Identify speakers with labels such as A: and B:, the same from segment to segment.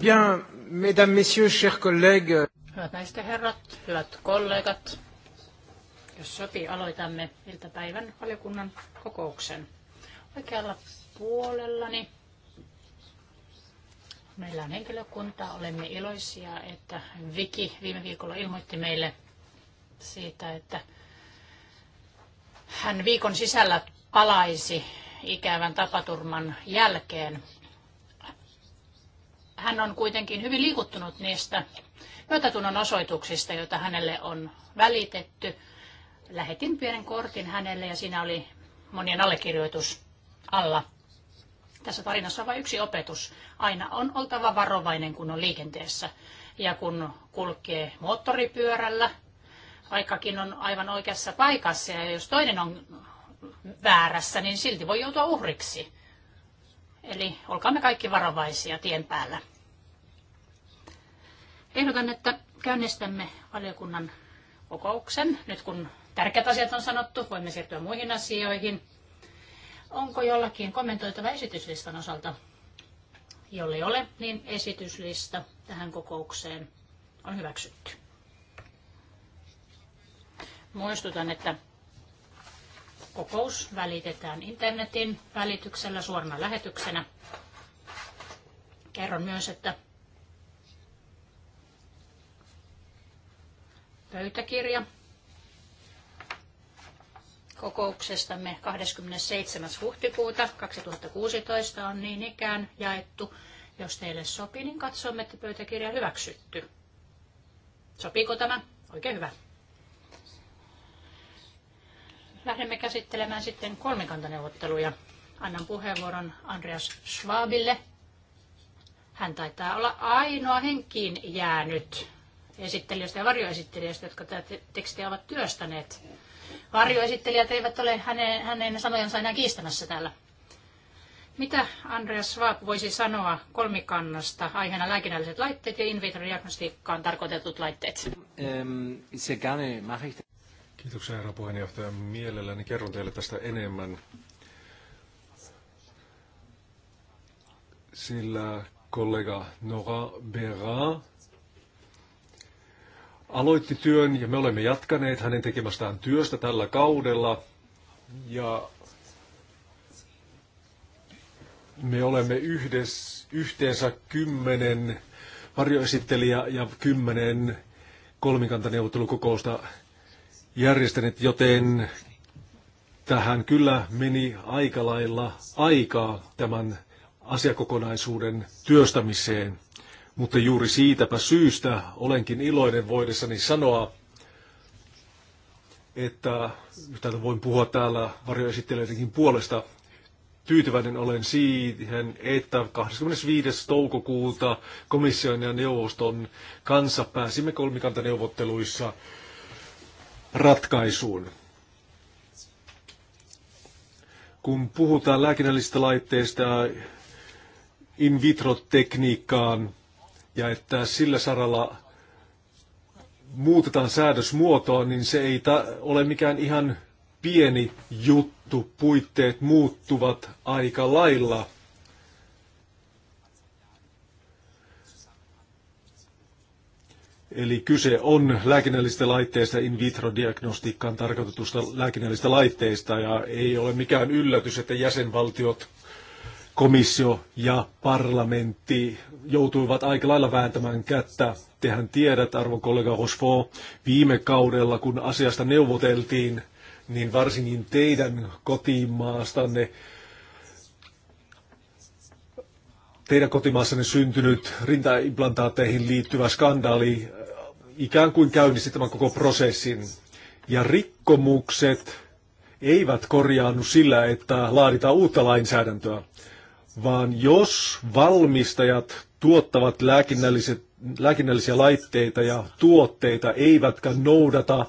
A: Bien, mesdames, messieurs, chers collègues.
B: Hyvät naiset ja herrat, hyvät kollegat. Jos sopii, aloitamme iltapäivän valiokunnan kokouksen. Oikealla puolellani meillä on henkilökunta. Olemme iloisia, että Viki viime viikolla ilmoitti meille siitä, että hän viikon sisällä palaisi ikävän tapaturman jälkeen hän on kuitenkin hyvin liikuttunut niistä myötätunnon osoituksista, joita hänelle on välitetty. Lähetin pienen kortin hänelle ja siinä oli monien allekirjoitus alla. Tässä tarinassa on vain yksi opetus. Aina on oltava varovainen, kun on liikenteessä ja kun kulkee moottoripyörällä, vaikkakin on aivan oikeassa paikassa ja jos toinen on väärässä, niin silti voi joutua uhriksi. Eli olkaamme kaikki varovaisia tien päällä. Ehdotan, että käynnistämme valiokunnan kokouksen. Nyt kun tärkeät asiat on sanottu, voimme siirtyä muihin asioihin. Onko jollakin kommentoitava esityslistan osalta? Jollei ole, niin esityslista tähän kokoukseen on hyväksytty. Muistutan, että kokous välitetään internetin välityksellä suorana lähetyksenä. Kerron myös, että pöytäkirja kokouksestamme 27. huhtikuuta 2016 on niin ikään jaettu. Jos teille sopii, niin katsomme, että pöytäkirja hyväksytty. Sopiiko tämä? Oikein hyvä lähdemme käsittelemään sitten kolmikantaneuvotteluja. Annan puheenvuoron Andreas Schwabille. Hän taitaa olla ainoa henkiin jäänyt esittelijöistä ja varjoesittelijöistä, jotka tätä tekstiä ovat työstäneet. Varjoesittelijät eivät ole hänen, hänen sanojansa enää kiistämässä täällä. Mitä Andreas Schwab voisi sanoa kolmikannasta aiheena lääkinnälliset laitteet ja in vitro-diagnostiikkaan tarkoitetut laitteet?
C: Ähm, Kiitoksia herra puheenjohtaja. Mielelläni kerron teille tästä enemmän, sillä kollega Nora Berra aloitti työn ja me olemme jatkaneet hänen tekemästään työstä tällä kaudella. Ja me olemme yhdessä, yhteensä kymmenen varjoesittelijä ja kymmenen kolmikantaneuvottelukokousta järjestänyt, joten tähän kyllä meni aika lailla aikaa tämän asiakokonaisuuden työstämiseen. Mutta juuri siitäpä syystä olenkin iloinen voidessani sanoa, että yhtäältä voin puhua täällä varjoesittelijöidenkin puolesta. Tyytyväinen olen siihen, että 25. toukokuuta komission ja neuvoston kanssa pääsimme kolmikantaneuvotteluissa neuvotteluissa ratkaisuun. Kun puhutaan lääkinnällisistä laitteista in vitro-tekniikkaan ja että sillä saralla muutetaan säädösmuotoa, niin se ei ole mikään ihan pieni juttu. Puitteet muuttuvat aika lailla – Eli kyse on lääkinnällisistä laitteista, in vitro-diagnostiikkaan tarkoitetusta lääkinnällisistä laitteista, ja ei ole mikään yllätys, että jäsenvaltiot, komissio ja parlamentti joutuivat aika lailla vääntämään kättä. Tehän tiedät, arvon kollega Hosfo, viime kaudella, kun asiasta neuvoteltiin, niin varsinkin teidän kotimaastanne teidän kotimaassanne syntynyt rintaimplantaatteihin liittyvä skandaali ikään kuin käynnisti tämän koko prosessin. Ja rikkomukset eivät korjaannu sillä, että laaditaan uutta lainsäädäntöä, vaan jos valmistajat tuottavat lääkinnälliset, lääkinnällisiä laitteita ja tuotteita eivätkä noudata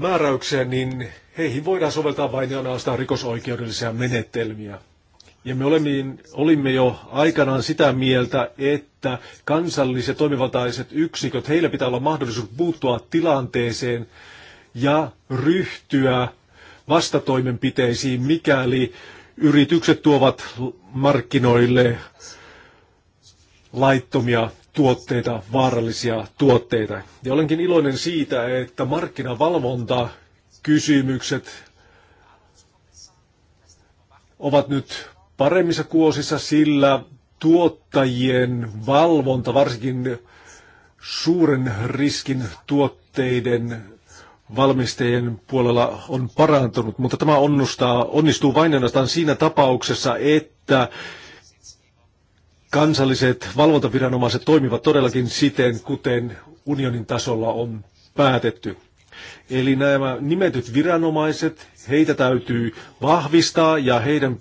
C: määräyksiä, niin heihin voidaan soveltaa vain ja ainoastaan rikosoikeudellisia menetelmiä. Ja me olemme olimme jo aikanaan sitä mieltä, että kansalliset toimivaltaiset yksiköt, heillä pitää olla mahdollisuus puuttua tilanteeseen ja ryhtyä vastatoimenpiteisiin, mikäli yritykset tuovat markkinoille laittomia tuotteita, vaarallisia tuotteita. Ja olenkin iloinen siitä, että markkinavalvonta kysymykset ovat nyt paremmissa kuosissa, sillä tuottajien valvonta, varsinkin suuren riskin tuotteiden valmistajien puolella on parantunut, mutta tämä onnustaa, onnistuu vain ainoastaan siinä tapauksessa, että kansalliset valvontaviranomaiset toimivat todellakin siten, kuten unionin tasolla on päätetty. Eli nämä nimetyt viranomaiset, heitä täytyy vahvistaa ja heidän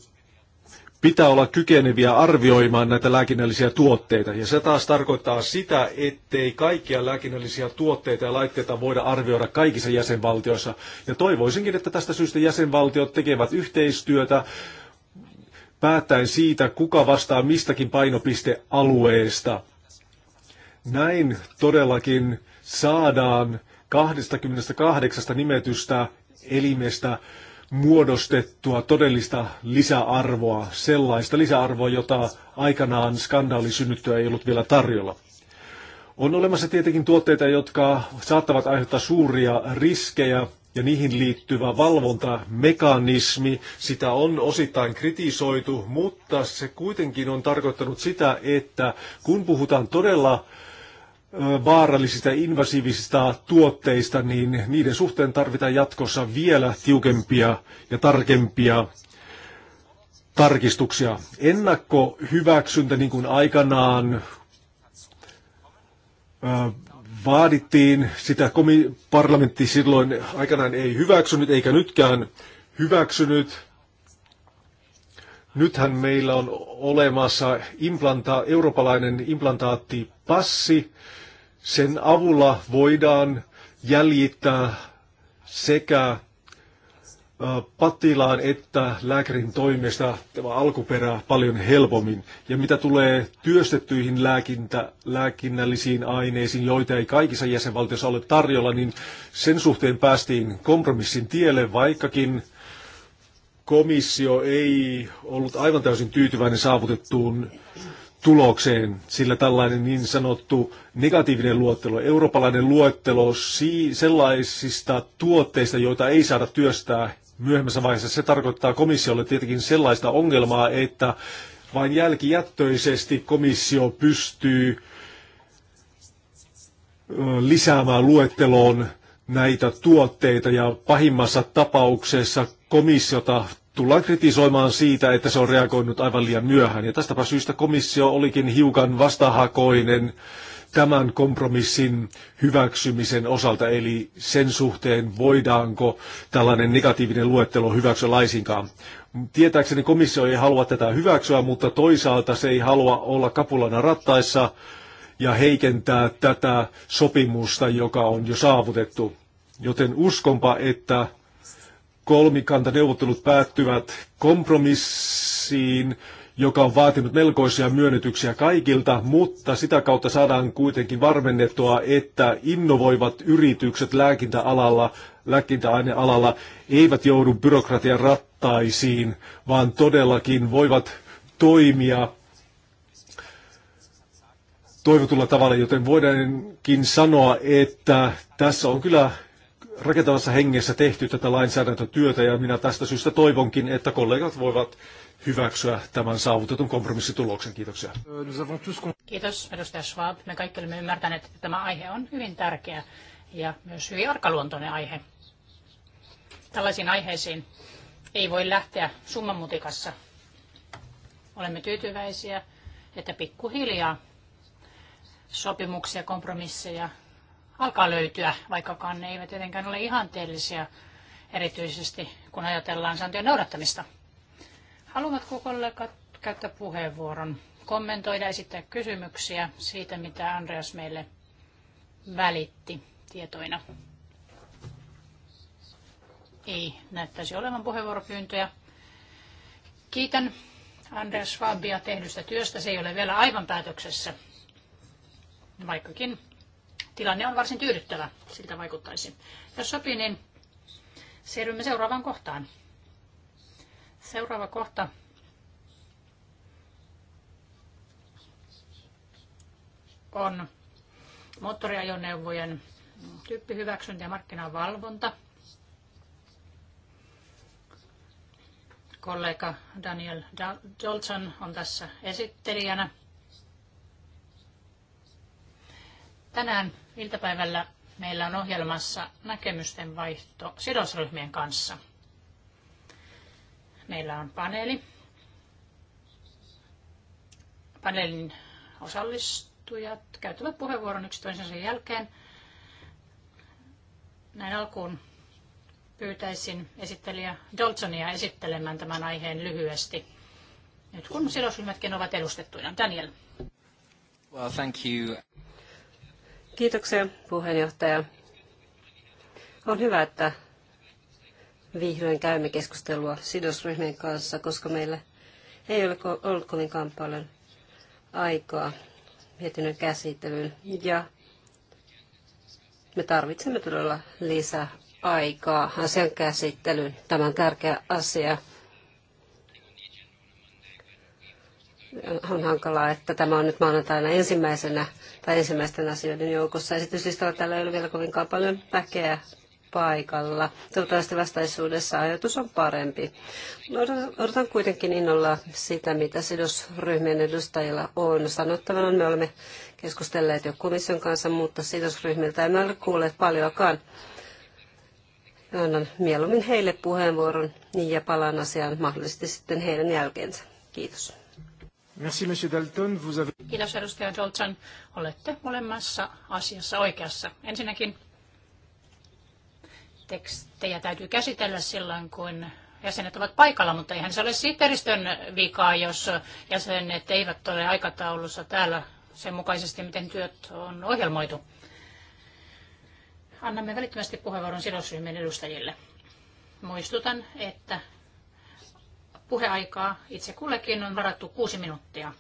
C: pitää olla kykeneviä arvioimaan näitä lääkinnällisiä tuotteita. Ja se taas tarkoittaa sitä, ettei kaikkia lääkinnällisiä tuotteita ja laitteita voida arvioida kaikissa jäsenvaltioissa. Ja toivoisinkin, että tästä syystä jäsenvaltiot tekevät yhteistyötä päättäen siitä, kuka vastaa mistäkin painopistealueesta. Näin todellakin saadaan 28 nimetystä elimestä muodostettua todellista lisäarvoa, sellaista lisäarvoa, jota aikanaan skandaali synnyttyä ei ollut vielä tarjolla. On olemassa tietenkin tuotteita, jotka saattavat aiheuttaa suuria riskejä ja niihin liittyvä valvontamekanismi, sitä on osittain kritisoitu, mutta se kuitenkin on tarkoittanut sitä, että kun puhutaan todella vaarallisista invasiivisista tuotteista, niin niiden suhteen tarvitaan jatkossa vielä tiukempia ja tarkempia tarkistuksia. Ennakkohyväksyntä, niin kuin aikanaan vaadittiin, sitä parlamentti silloin aikanaan ei hyväksynyt eikä nytkään hyväksynyt. Nythän meillä on olemassa implanta, eurooppalainen implanttipassi, sen avulla voidaan jäljittää sekä patilaan että lääkärin toimesta tämä alkuperä paljon helpommin. Ja mitä tulee työstettyihin lääkintä, lääkinnällisiin aineisiin, joita ei kaikissa jäsenvaltioissa ole tarjolla, niin sen suhteen päästiin kompromissin tielle, vaikkakin komissio ei ollut aivan täysin tyytyväinen saavutettuun tulokseen, sillä tällainen niin sanottu negatiivinen luottelo, eurooppalainen luettelo sellaisista tuotteista, joita ei saada työstää myöhemmässä vaiheessa, se tarkoittaa komissiolle tietenkin sellaista ongelmaa, että vain jälkijättöisesti komissio pystyy lisäämään luetteloon näitä tuotteita ja pahimmassa tapauksessa komissiota tullaan kritisoimaan siitä, että se on reagoinut aivan liian myöhään. Ja tästäpä syystä komissio olikin hiukan vastahakoinen tämän kompromissin hyväksymisen osalta, eli sen suhteen voidaanko tällainen negatiivinen luettelo hyväksyä laisinkaan. Tietääkseni komissio ei halua tätä hyväksyä, mutta toisaalta se ei halua olla kapulana rattaissa ja heikentää tätä sopimusta, joka on jo saavutettu. Joten uskonpa, että kolmikantaneuvottelut päättyvät kompromissiin, joka on vaatinut melkoisia myönnytyksiä kaikilta, mutta sitä kautta saadaan kuitenkin varmennettua, että innovoivat yritykset lääkintäalalla, lääkintäainealalla eivät joudu byrokratian rattaisiin, vaan todellakin voivat toimia toivotulla tavalla, joten voidaankin sanoa, että tässä on kyllä rakentavassa hengessä tehty tätä lainsäädäntötyötä ja minä tästä syystä toivonkin, että kollegat voivat hyväksyä tämän saavutetun kompromissituloksen. Kiitoksia.
B: Kiitos edustaja Schwab. Me kaikki olemme ymmärtäneet, että tämä aihe on hyvin tärkeä ja myös hyvin arkaluontoinen aihe. Tällaisiin aiheisiin ei voi lähteä summanmutikassa. Olemme tyytyväisiä, että pikkuhiljaa sopimuksia, kompromisseja alkaa löytyä, vaikkakaan ne eivät tietenkään ole ihanteellisia, erityisesti kun ajatellaan sääntöjen noudattamista. Haluatko kollegat käyttää puheenvuoron, kommentoida, esittää kysymyksiä siitä, mitä Andreas meille välitti tietoina? Ei näyttäisi olevan puheenvuoropyyntöjä. Kiitän Andreas Schwabia tehdystä työstä. Se ei ole vielä aivan päätöksessä, vaikkakin tilanne on varsin tyydyttävä, siltä vaikuttaisi. Jos sopii, niin siirrymme seuraavaan kohtaan. Seuraava kohta on moottoriajoneuvojen tyyppihyväksyntä ja markkinavalvonta. Kollega Daniel Dalton on tässä esittelijänä. Tänään iltapäivällä meillä on ohjelmassa näkemysten vaihto sidosryhmien kanssa. Meillä on paneeli. Paneelin osallistujat käyttävät puheenvuoron yksi toisensa jälkeen. Näin alkuun pyytäisin esittelijä Dolsonia esittelemään tämän aiheen lyhyesti. Nyt kun sidosryhmätkin ovat edustettuina. Daniel.
D: Well, thank you. Kiitoksia puheenjohtaja. On hyvä, että vihdoin käymme keskustelua sidosryhmien kanssa, koska meillä ei ole ollut kovinkaan paljon aikaa mietinnön käsittelyyn. Ja me tarvitsemme todella lisää aikaa asian käsittelyyn. Tämä on tärkeä asia. on hankalaa, että tämä on nyt maanantaina ensimmäisenä tai ensimmäisten asioiden joukossa. Esityslistalla täällä ei ole vielä kovinkaan paljon väkeä paikalla. Toivottavasti vastaisuudessa ajatus on parempi. Odotan kuitenkin innolla sitä, mitä sidosryhmien edustajilla on sanottavana. Me olemme keskustelleet jo komission kanssa, mutta sidosryhmiltä emme ole kuulleet paljonkaan. Annan mieluummin heille puheenvuoron ja palaan asiaan mahdollisesti sitten heidän jälkeensä. Kiitos.
A: Merci, Monsieur Dalton. Vous avez... Kiitos,
B: edustaja Dalton. Olette molemmassa asiassa oikeassa. Ensinnäkin tekstejä täytyy käsitellä silloin, kun jäsenet ovat paikalla, mutta eihän se ole sihteeristön vikaa, jos jäsenet eivät ole aikataulussa täällä sen mukaisesti, miten työt on ohjelmoitu. Annamme välittömästi puheenvuoron sidosryhmien edustajille. Muistutan, että Puheaikaa itse kullekin on varattu kuusi minuuttia.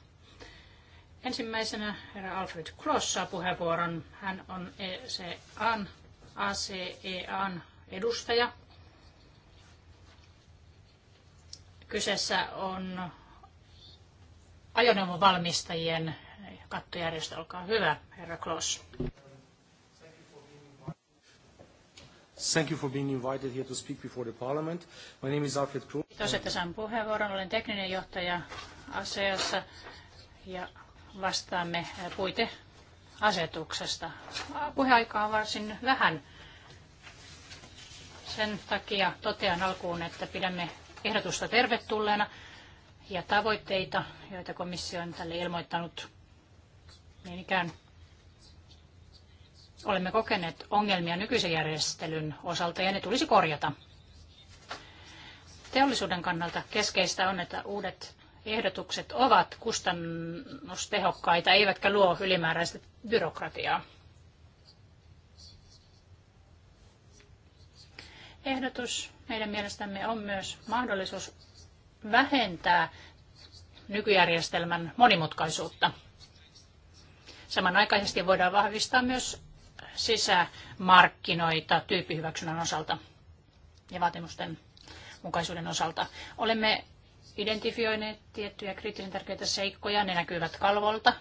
B: Ensimmäisenä herra Alfred Cross saa puheenvuoron. Hän on ECAN, ACEAN edustaja. Kyseessä on ajoneuvovalmistajien kattojärjestö. Olkaa hyvä, herra Kloss.
C: Thank you for being invited here to speak before the parliament. My name is Alfred Krull. Kiitos, että saan
B: puheenvuoron. Olen tekninen johtaja aseassa ja vastaamme puiteasetuksesta. Puheaikaa on varsin vähän. Sen takia totean alkuun, että pidämme ehdotusta tervetulleena ja tavoitteita, joita komissio on tälle ilmoittanut, niin ikään olemme kokeneet ongelmia nykyisen järjestelyn osalta ja ne tulisi korjata. Teollisuuden kannalta keskeistä on, että uudet ehdotukset ovat kustannustehokkaita eivätkä luo ylimääräistä byrokratiaa. Ehdotus meidän mielestämme on myös mahdollisuus vähentää nykyjärjestelmän monimutkaisuutta. Samanaikaisesti voidaan vahvistaa myös sisämarkkinoita tyyppihyväksynnän osalta ja vaatimusten mukaisuuden osalta. Olemme identifioineet tiettyjä kriittisen tärkeitä seikkoja. Ne näkyvät kalvolta.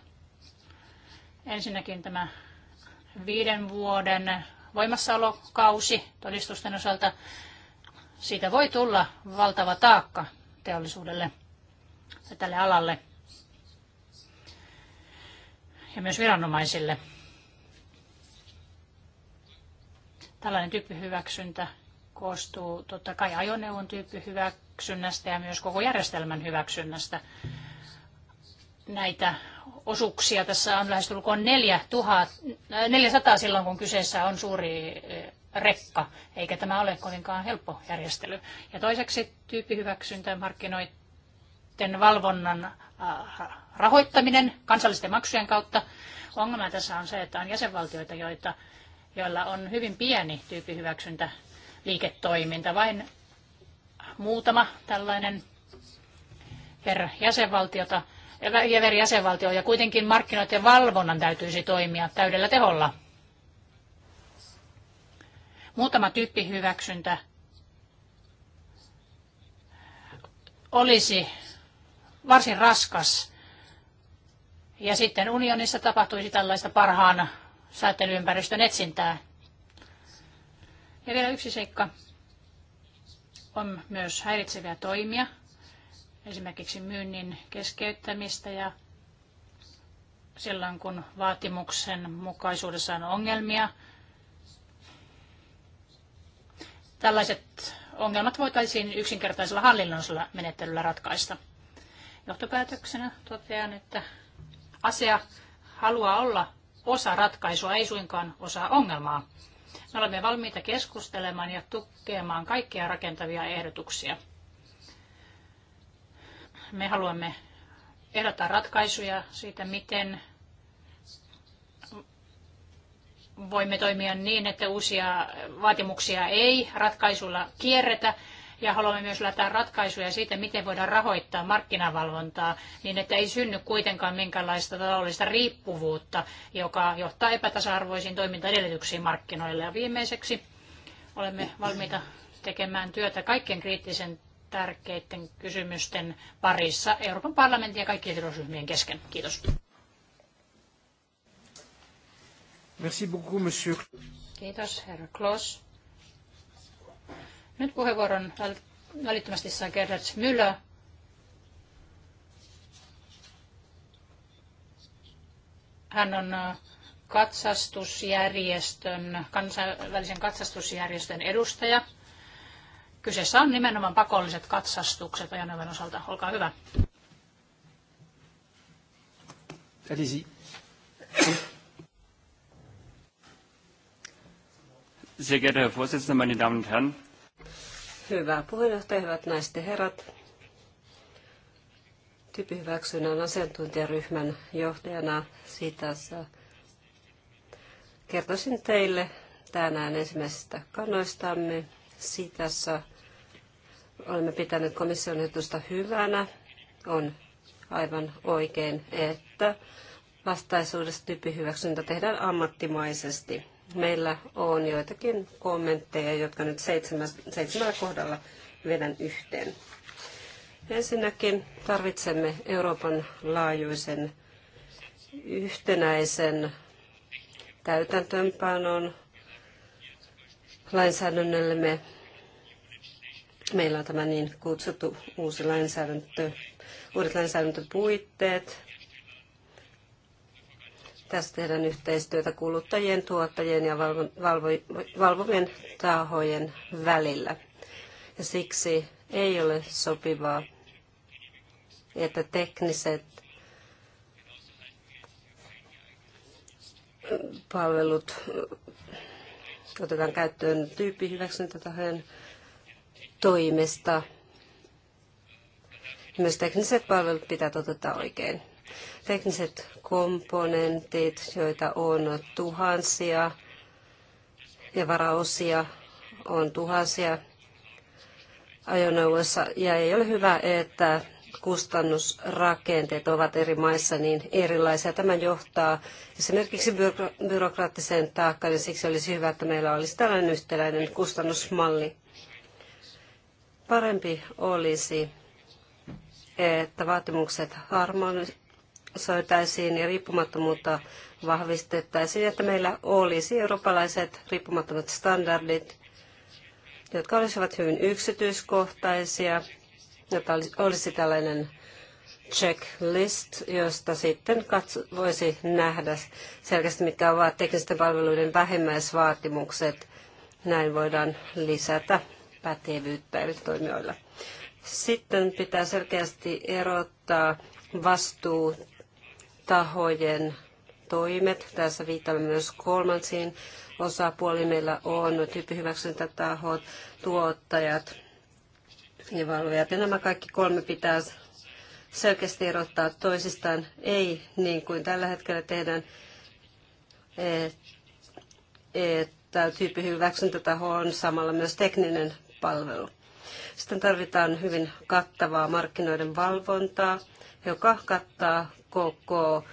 B: Ensinnäkin tämä viiden vuoden voimassaolokausi todistusten osalta. Siitä voi tulla valtava taakka teollisuudelle ja tälle alalle ja myös viranomaisille. Tällainen tyyppihyväksyntä koostuu totta kai ajoneuvon tyyppihyväksynnästä ja myös koko järjestelmän hyväksynnästä. Näitä osuuksia tässä on lähestulkoon 400 äh, silloin, kun kyseessä on suuri äh, rekka, eikä tämä ole kovinkaan helppo järjestely. Ja toiseksi tyyppihyväksyntä markkinoiden valvonnan äh, rahoittaminen kansallisten maksujen kautta. Ongelma tässä on se, että on jäsenvaltioita, joita joilla on hyvin pieni tyyppihyväksyntä liiketoiminta, vain muutama tällainen per jäsenvaltiota ja per jäsenvaltio, ja kuitenkin markkinoiden valvonnan täytyisi toimia täydellä teholla. Muutama tyyppihyväksyntä olisi varsin raskas. Ja sitten unionissa tapahtuisi tällaista parhaan säätelyympäristön etsintää. Ja vielä yksi seikka on myös häiritseviä toimia, esimerkiksi myynnin keskeyttämistä ja silloin kun vaatimuksen mukaisuudessa on ongelmia. Tällaiset ongelmat voitaisiin yksinkertaisella hallinnollisella menettelyllä ratkaista. Johtopäätöksenä totean, että asia haluaa olla osa ratkaisua, ei suinkaan osa ongelmaa. Me olemme valmiita keskustelemaan ja tukemaan kaikkia rakentavia ehdotuksia. Me haluamme ehdottaa ratkaisuja siitä, miten voimme toimia niin, että uusia vaatimuksia ei ratkaisulla kierretä ja haluamme myös laittaa ratkaisuja siitä, miten voidaan rahoittaa markkinavalvontaa niin, että ei synny kuitenkaan minkäänlaista taloudellista riippuvuutta, joka johtaa epätasa-arvoisiin toimintaedellytyksiin markkinoille. Ja viimeiseksi olemme valmiita tekemään työtä kaikkien kriittisen tärkeiden kysymysten parissa Euroopan parlamentin ja kaikkien sidosryhmien kesken. Kiitos.
A: Merci beaucoup, monsieur.
B: Kiitos, herra Kloss. Nyt puheenvuoron välittömästi saa Gerhard Müller. Hän on äh, katsastusjärjestön, kansainvälisen katsastusjärjestön edustaja. Kyseessä on nimenomaan pakolliset katsastukset ajoneuvon osalta. Olkaa hyvä.
A: Allez-y.
D: Sehr geehrter Herr Vorsitzender, meine Damen und Herren, Hyvää puheenjohtaja, hyvät naiset ja herrat. Tyyppihyväksynnän asiantuntijaryhmän johtajana siitä kertoisin teille tänään ensimmäisistä kannoistamme. Siitä olemme pitäneet komission ehdotusta hyvänä. On aivan oikein, että vastaisuudessa tyyppihyväksyntä tehdään ammattimaisesti meillä on joitakin kommentteja, jotka nyt seitsemällä kohdalla vedän yhteen. Ensinnäkin tarvitsemme Euroopan laajuisen yhtenäisen täytäntöönpanon lainsäädännöllemme. Meillä on tämä niin kutsuttu uusi lainsäädäntö, uudet lainsäädäntöpuitteet, tässä tehdään yhteistyötä kuluttajien, tuottajien ja valvovien tahojen välillä. Ja siksi ei ole sopivaa, että tekniset palvelut otetaan käyttöön tyyppihyväksyntätahojen toimesta. Myös tekniset palvelut pitää toteuttaa oikein. Tekniset komponentit, joita on tuhansia ja varaosia on tuhansia ajoneuvoissa. Ja ei ole hyvä, että kustannusrakenteet ovat eri maissa niin erilaisia. Tämä johtaa esimerkiksi byrokraattiseen taakkaan ja siksi olisi hyvä, että meillä olisi tällainen yhtäläinen kustannusmalli. Parempi olisi, että vaatimukset saataisiin ja riippumattomuutta vahvistettaisiin, että meillä olisi eurooppalaiset riippumattomat standardit, jotka olisivat hyvin yksityiskohtaisia, jota olisi tällainen checklist, josta sitten katso, voisi nähdä selkeästi, mitkä ovat teknisten palveluiden vähimmäisvaatimukset. Näin voidaan lisätä pätevyyttä eri toimijoilla. Sitten pitää selkeästi erottaa vastuu tahojen toimet. Tässä viittaamme myös kolmansiin osapuoliin. Meillä on tyyppihyväksyntätahot, tuottajat ja valvojat. Ja nämä kaikki kolme pitää selkeästi erottaa toisistaan. Ei niin kuin tällä hetkellä tehdään, että tyyppihyväksyntätaho on samalla myös tekninen palvelu. Sitten tarvitaan hyvin kattavaa markkinoiden valvontaa, joka kattaa koko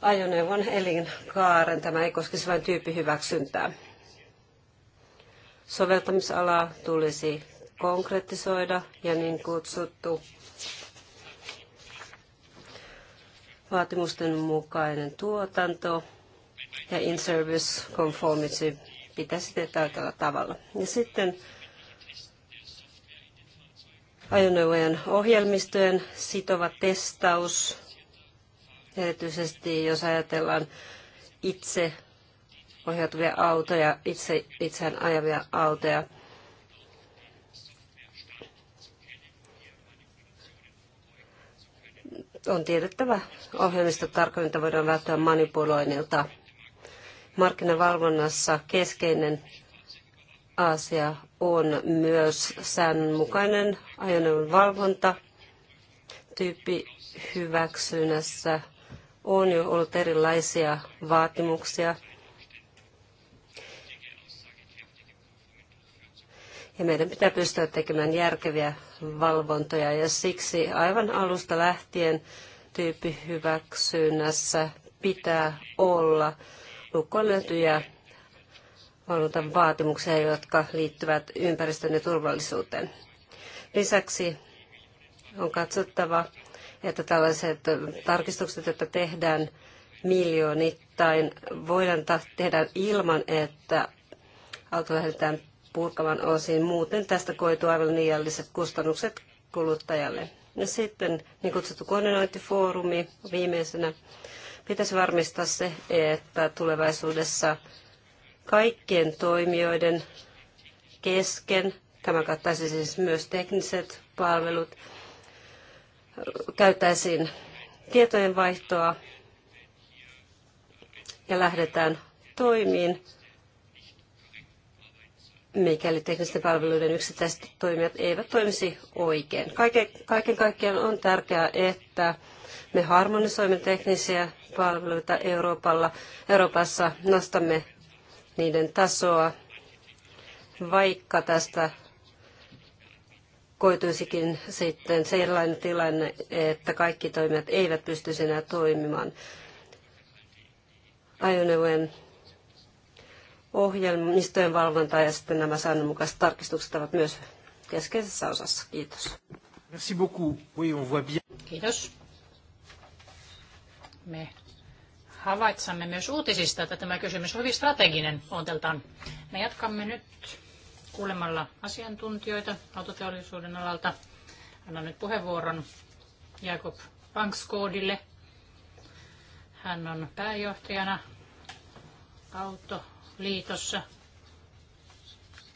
D: ajoneuvon elinkaaren. Tämä ei koskisi vain tyyppihyväksyntää. Soveltamisala tulisi konkretisoida ja niin kutsuttu vaatimusten mukainen tuotanto ja in-service conformity pitäisi tehdä tällä tavalla. Ja sitten ajoneuvojen ohjelmistojen sitova testaus Erityisesti jos ajatellaan itse ohjautuvia autoja, itse, itseään ajavia autoja. On tiedettävä ohjelmista tarkemmin, voidaan välttää manipuloinnilta. Markkinavalvonnassa keskeinen asia on myös säännönmukainen ajoneuvon valvonta tyyppi hyväksynnässä – on jo ollut erilaisia vaatimuksia. Ja meidän pitää pystyä tekemään järkeviä valvontoja ja siksi aivan alusta lähtien tyyppihyväksynnässä pitää olla lukkoon löytyjä valvontan vaatimuksia, jotka liittyvät ympäristön ja turvallisuuteen. Lisäksi on katsottava, että tällaiset tarkistukset, joita tehdään miljoonittain, voidaan tehdä ilman, että auto lähdetään purkamaan osiin. Muuten tästä koituu aivan liialliset kustannukset kuluttajalle. Ja sitten niin kutsuttu koordinointifoorumi viimeisenä. Pitäisi varmistaa se, että tulevaisuudessa kaikkien toimijoiden kesken, tämä kattaisi siis myös tekniset palvelut, käytäisiin tietojenvaihtoa ja lähdetään toimiin, mikäli teknisten palveluiden yksittäiset toimijat eivät toimisi oikein. Kaiken, kaiken kaikkiaan on tärkeää, että me harmonisoimme teknisiä palveluita Euroopalla, Euroopassa, nostamme niiden tasoa, vaikka tästä koituisikin sitten sellainen tilanne, että kaikki toimijat eivät pysty enää toimimaan. Ajoneuvojen ohjelmistojen valvonta ja sitten nämä säännönmukaiset tarkistukset ovat myös keskeisessä osassa.
A: Kiitos. Merci beaucoup. Oui, on voit bien. Kiitos.
B: Me havaitsemme myös uutisista, että tämä kysymys on hyvin strateginen luonteeltaan. Me jatkamme nyt kuulemalla asiantuntijoita autoteollisuuden alalta. Annan nyt puheenvuoron Jakob Bankskoodille. Hän on pääjohtajana Autoliitossa.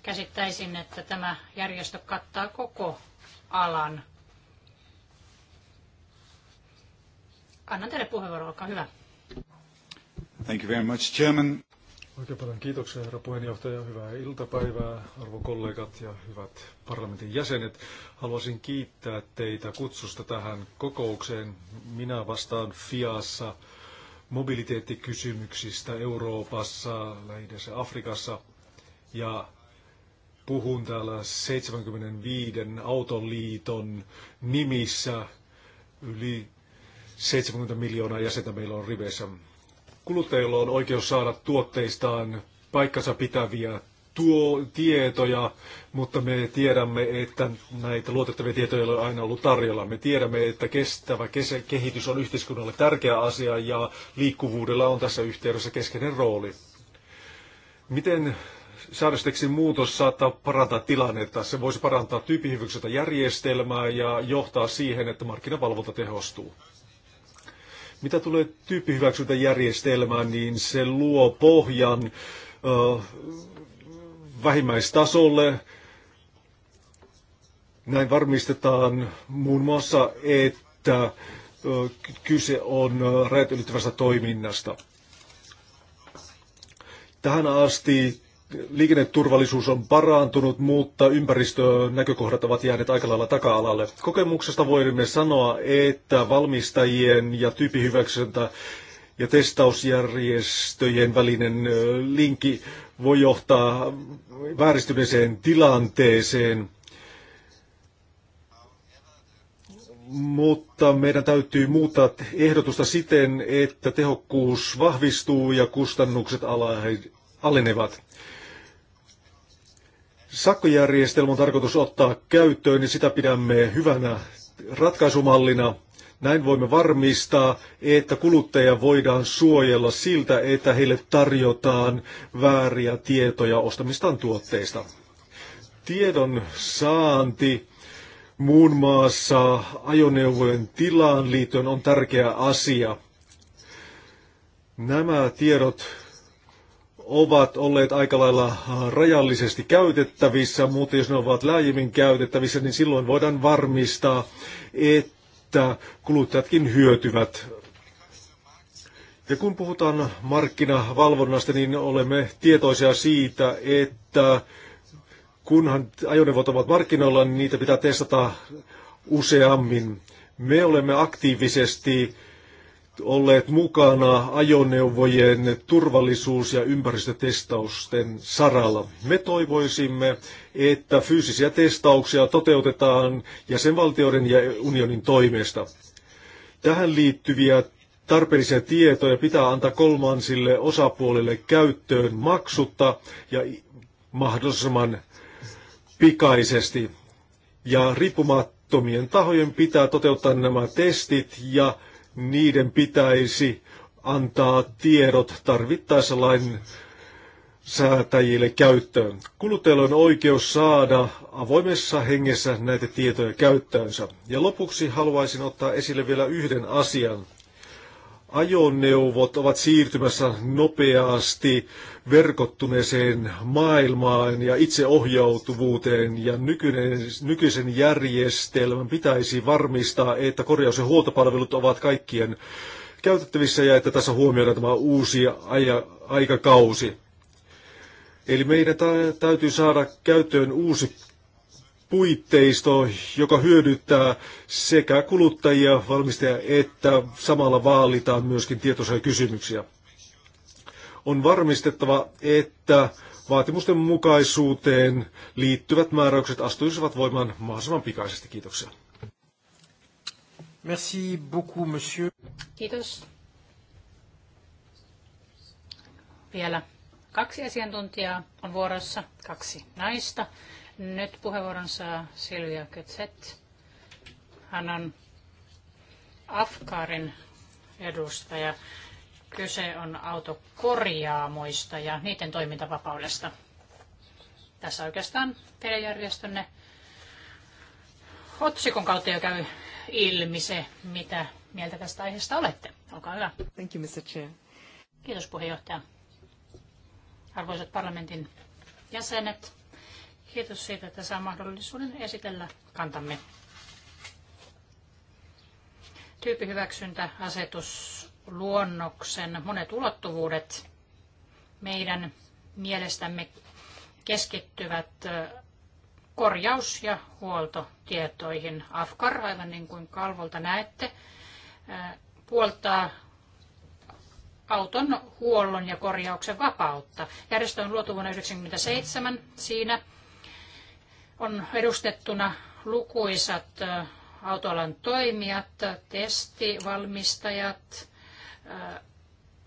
B: Käsittäisin, että tämä järjestö kattaa koko alan. Annan teille puheenvuoron,
C: olkaa hyvä. Thank you very much, Chairman. Oikein paljon kiitoksia, herra puheenjohtaja. Hyvää iltapäivää, arvon kollegat ja hyvät parlamentin jäsenet. Haluaisin kiittää teitä kutsusta tähän kokoukseen. Minä vastaan FIAssa mobiliteettikysymyksistä Euroopassa, lähi Afrikassa ja puhun täällä 75 autoliiton nimissä. Yli 70 miljoonaa jäsentä meillä on riveissä kuluttajilla on oikeus saada tuotteistaan paikkansa pitäviä tuo tietoja, mutta me tiedämme, että näitä luotettavia tietoja ei ole aina ollut tarjolla. Me tiedämme, että kestävä kehitys on yhteiskunnalle tärkeä asia ja liikkuvuudella on tässä yhteydessä keskeinen rooli. Miten säädösteksin muutos saattaa parantaa tilannetta? Se voisi parantaa tyyppihyvyksiltä järjestelmää ja johtaa siihen, että markkinavalvonta tehostuu. Mitä tulee tyyppihyväksyntäjärjestelmään, niin se luo pohjan vähimmäistasolle. Näin varmistetaan muun muassa, että kyse on rajat ylittävästä toiminnasta. Tähän asti liikenneturvallisuus on parantunut, mutta ympäristönäkökohdat ovat jääneet aika lailla taka-alalle. Kokemuksesta voimme sanoa, että valmistajien ja tyypihyväksyntä ja testausjärjestöjen välinen linkki voi johtaa vääristyneeseen tilanteeseen. Mutta meidän täytyy muuttaa ehdotusta siten, että tehokkuus vahvistuu ja kustannukset alenevat. Sakkojärjestelmä on tarkoitus ottaa käyttöön, niin sitä pidämme hyvänä ratkaisumallina. Näin voimme varmistaa, että kuluttaja voidaan suojella siltä, että heille tarjotaan vääriä tietoja ostamistaan tuotteista. Tiedon saanti muun maassa ajoneuvojen tilaan liittyen on tärkeä asia. Nämä tiedot ovat olleet aika lailla rajallisesti käytettävissä, mutta jos ne ovat laajemmin käytettävissä, niin silloin voidaan varmistaa, että kuluttajatkin hyötyvät. Ja kun puhutaan markkinavalvonnasta, niin olemme tietoisia siitä, että kunhan ajoneuvot ovat markkinoilla, niin niitä pitää testata useammin. Me olemme aktiivisesti olleet mukana ajoneuvojen turvallisuus- ja ympäristötestausten saralla. Me toivoisimme, että fyysisiä testauksia toteutetaan jäsenvaltioiden ja unionin toimesta. Tähän liittyviä tarpeellisia tietoja pitää antaa kolmansille osapuolille käyttöön maksutta ja mahdollisimman pikaisesti. Ja riippumattomien tahojen pitää toteuttaa nämä testit ja niiden pitäisi antaa tiedot tarvittaessa lain säätäjille käyttöön. Kuluttajilla on oikeus saada avoimessa hengessä näitä tietoja käyttöönsä. Ja lopuksi haluaisin ottaa esille vielä yhden asian ajoneuvot ovat siirtymässä nopeasti verkottuneeseen maailmaan ja itseohjautuvuuteen ja nykyinen, nykyisen järjestelmän pitäisi varmistaa, että korjaus- ja huoltopalvelut ovat kaikkien käytettävissä ja että tässä huomioidaan tämä uusi aja, aikakausi. Eli meidän täytyy saada käyttöön uusi puitteisto, joka hyödyttää sekä kuluttajia, valmistajia että samalla vaalitaan myöskin tietoisia kysymyksiä. On varmistettava, että vaatimusten mukaisuuteen liittyvät määräykset astuisivat voimaan mahdollisimman pikaisesti. Kiitoksia.
A: Merci beaucoup, monsieur. Kiitos.
B: Vielä kaksi asiantuntijaa on vuorossa, kaksi naista. Nyt puheenvuoron saa Silvia Kötset. Hän on Afkarin edustaja. Kyse on autokorjaamoista ja niiden toimintavapaudesta. Tässä oikeastaan teidän otsikon kautta jo käy ilmi se, mitä mieltä tästä aiheesta olette. Olkaa hyvä. Thank you, Mr. Chair. Kiitos puheenjohtaja. Arvoisat parlamentin jäsenet, Kiitos siitä, että saa mahdollisuuden esitellä kantamme. asetus luonnoksen, monet ulottuvuudet meidän mielestämme keskittyvät korjaus- ja huoltotietoihin. Afkar, aivan niin kuin kalvolta näette, puoltaa auton huollon ja korjauksen vapautta. Järjestö on luotu vuonna 1997. Siinä on edustettuna lukuisat autoalan toimijat, testivalmistajat,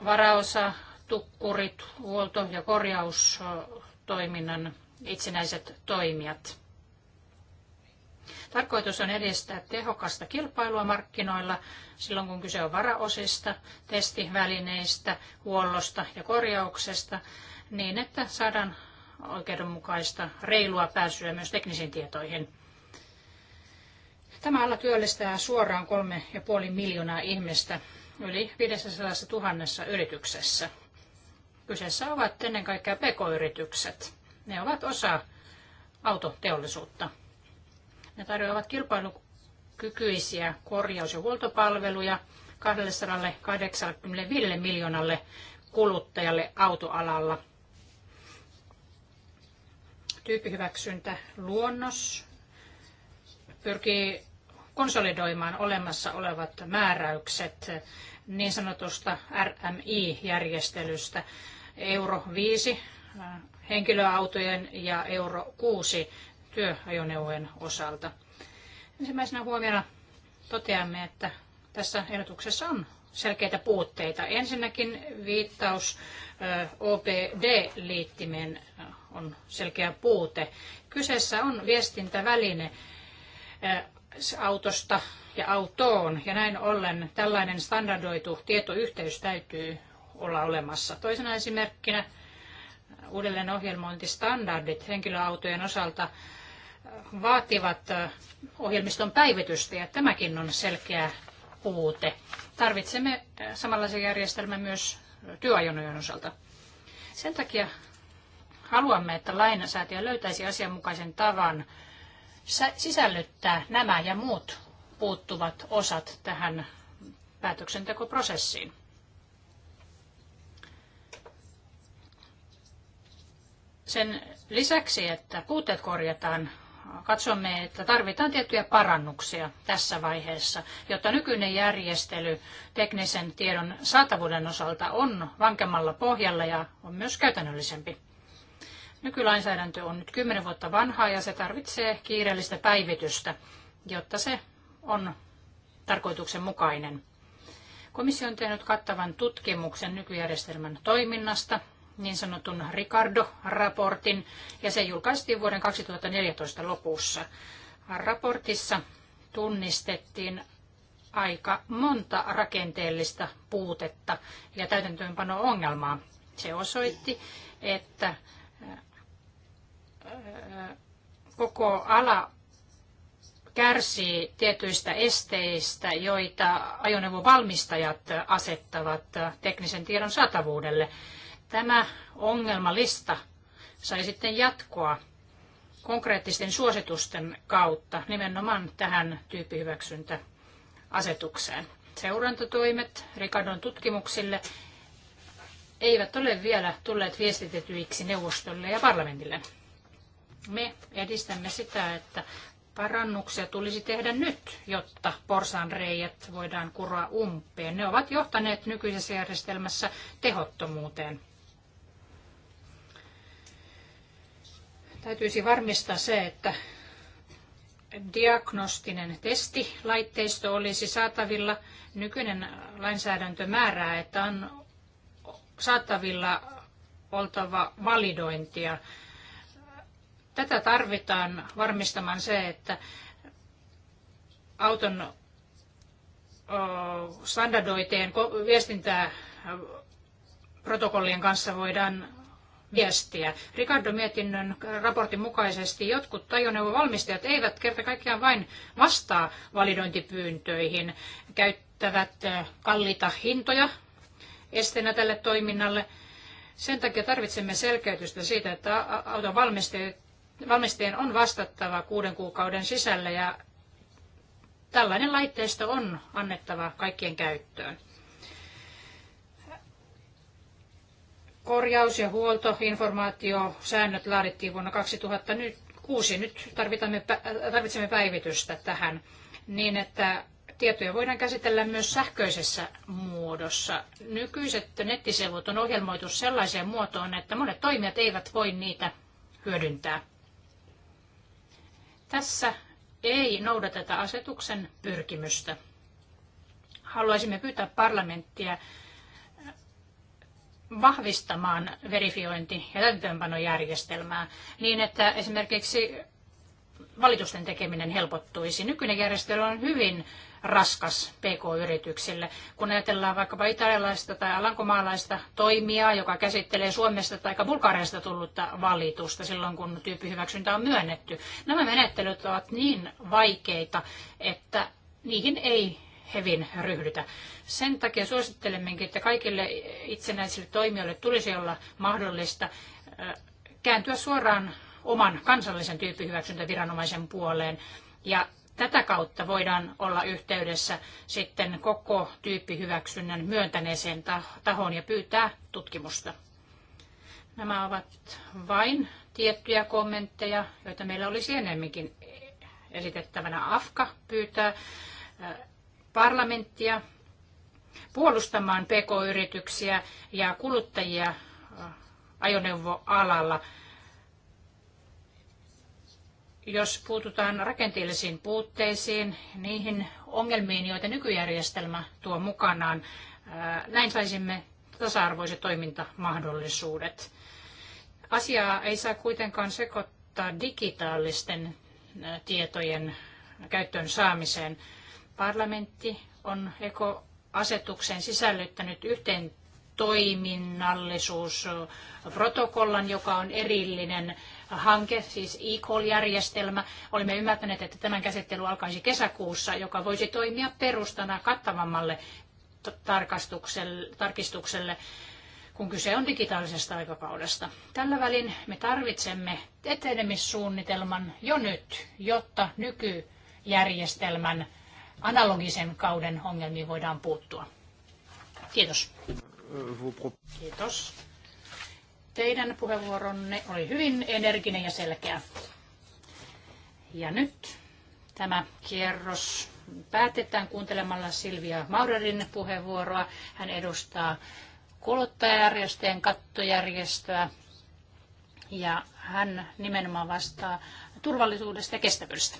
B: varaosa, tukkurit, huolto- ja korjaustoiminnan itsenäiset toimijat. Tarkoitus on edistää tehokasta kilpailua markkinoilla silloin, kun kyse on varaosista, testivälineistä, huollosta ja korjauksesta, niin että saadaan oikeudenmukaista, reilua pääsyä myös teknisiin tietoihin. Tämä ala työllistää suoraan 3,5 miljoonaa ihmistä yli 500 000 yrityksessä. Kyseessä ovat ennen kaikkea pk-yritykset. Ne ovat osa autoteollisuutta. Ne tarjoavat kilpailukykyisiä korjaus- ja huoltopalveluja 285 miljoonalle kuluttajalle autoalalla tyyppihyväksyntä luonnos pyrkii konsolidoimaan olemassa olevat määräykset niin sanotusta RMI-järjestelystä. Euro 5 henkilöautojen ja euro 6 työajoneuvojen osalta. Ensimmäisenä huomiona toteamme, että tässä ehdotuksessa on selkeitä puutteita. Ensinnäkin viittaus OPD-liittimen on selkeä puute. Kyseessä on viestintäväline eh, autosta ja autoon, ja näin ollen tällainen standardoitu tietoyhteys täytyy olla olemassa. Toisena esimerkkinä uudelleen ohjelmointistandardit henkilöautojen osalta eh, vaativat eh, ohjelmiston päivitystä, ja tämäkin on selkeä puute. Tarvitsemme samanlaisen järjestelmän myös työajonojen osalta. Sen takia Haluamme, että lainasäätiö löytäisi asianmukaisen tavan sisällyttää nämä ja muut puuttuvat osat tähän päätöksentekoprosessiin. Sen lisäksi, että puutteet korjataan, katsomme, että tarvitaan tiettyjä parannuksia tässä vaiheessa, jotta nykyinen järjestely teknisen tiedon saatavuuden osalta on vankemmalla pohjalla ja on myös käytännöllisempi. Nykylainsäädäntö on nyt 10 vuotta vanhaa ja se tarvitsee kiireellistä päivitystä, jotta se on tarkoituksenmukainen. Komissio on tehnyt kattavan tutkimuksen nykyjärjestelmän toiminnasta, niin sanotun Ricardo-raportin, ja se julkaistiin vuoden 2014 lopussa. Raportissa tunnistettiin aika monta rakenteellista puutetta ja täytäntöönpano-ongelmaa. Se osoitti, että koko ala kärsii tietyistä esteistä, joita ajoneuvovalmistajat asettavat teknisen tiedon saatavuudelle. Tämä ongelmalista sai sitten jatkoa konkreettisten suositusten kautta nimenomaan tähän tyyppihyväksyntäasetukseen. Seurantatoimet Rikardon tutkimuksille eivät ole vielä tulleet viestitetyiksi neuvostolle ja parlamentille. Me edistämme sitä, että parannuksia tulisi tehdä nyt, jotta porsan reijät voidaan kuroa umpeen. Ne ovat johtaneet nykyisessä järjestelmässä tehottomuuteen. Täytyisi varmistaa se, että diagnostinen testi, laitteisto olisi saatavilla. Nykyinen lainsäädäntö määrää, että on saatavilla oltava validointia Tätä tarvitaan varmistamaan se, että auton standardoiteen viestintää protokollien kanssa voidaan viestiä. Ricardo mietinnön raportin mukaisesti jotkut ajoneuvovalmistajat eivät kerta kaikkiaan vain vastaa validointipyyntöihin, käyttävät kalliita hintoja esteenä tälle toiminnalle. Sen takia tarvitsemme selkeytystä siitä, että auton valmistajat valmistajien on vastattava kuuden kuukauden sisällä ja tällainen laitteisto on annettava kaikkien käyttöön. Korjaus- ja huoltoinformaatiosäännöt laadittiin vuonna 2006. Nyt äh, tarvitsemme päivitystä tähän niin, että tietoja voidaan käsitellä myös sähköisessä muodossa. Nykyiset nettisivut on ohjelmoitu sellaiseen muotoon, että monet toimijat eivät voi niitä hyödyntää. Tässä ei noudateta asetuksen pyrkimystä. Haluaisimme pyytää parlamenttia äh, vahvistamaan verifiointi- ja täytäntöönpanojärjestelmää niin, että esimerkiksi valitusten tekeminen helpottuisi. Nykyinen järjestelmä on hyvin raskas PK-yrityksille. Kun ajatellaan vaikkapa italialaista tai alankomaalaista toimijaa, joka käsittelee Suomesta tai Bulgariasta tullutta valitusta silloin, kun tyyppihyväksyntä on myönnetty. Nämä menettelyt ovat niin vaikeita, että niihin ei hevin ryhdytä. Sen takia suosittelemmekin, että kaikille itsenäisille toimijoille tulisi olla mahdollista kääntyä suoraan oman kansallisen tyyppihyväksyntäviranomaisen puoleen ja tätä kautta voidaan olla yhteydessä sitten koko tyyppihyväksynnän myöntäneeseen tahoon ja pyytää tutkimusta. Nämä ovat vain tiettyjä kommentteja, joita meillä olisi enemminkin esitettävänä. AFKA pyytää parlamenttia puolustamaan pk-yrityksiä ja kuluttajia ajoneuvoalalla – jos puututaan rakenteellisiin puutteisiin, niihin ongelmiin, joita nykyjärjestelmä tuo mukanaan, näin saisimme tasa-arvoiset toimintamahdollisuudet. Asiaa ei saa kuitenkaan sekoittaa digitaalisten tietojen käyttöön saamiseen. Parlamentti on ekoasetukseen sisällyttänyt yhteen toiminnallisuusprotokollan, joka on erillinen hanke, siis e-call-järjestelmä. Olimme ymmärtäneet, että tämän käsittely alkaisi kesäkuussa, joka voisi toimia perustana kattavammalle tarkistukselle, kun kyse on digitaalisesta aikakaudesta. Tällä välin me tarvitsemme etenemissuunnitelman jo nyt, jotta nykyjärjestelmän analogisen kauden ongelmiin voidaan puuttua. Kiitos. Kiitos. Teidän puheenvuoronne oli hyvin energinen ja selkeä. Ja nyt tämä kierros päätetään kuuntelemalla Silvia Maurerin puheenvuoroa. Hän edustaa kuluttajajärjestöjen kattojärjestöä ja hän nimenomaan vastaa turvallisuudesta ja kestävyydestä.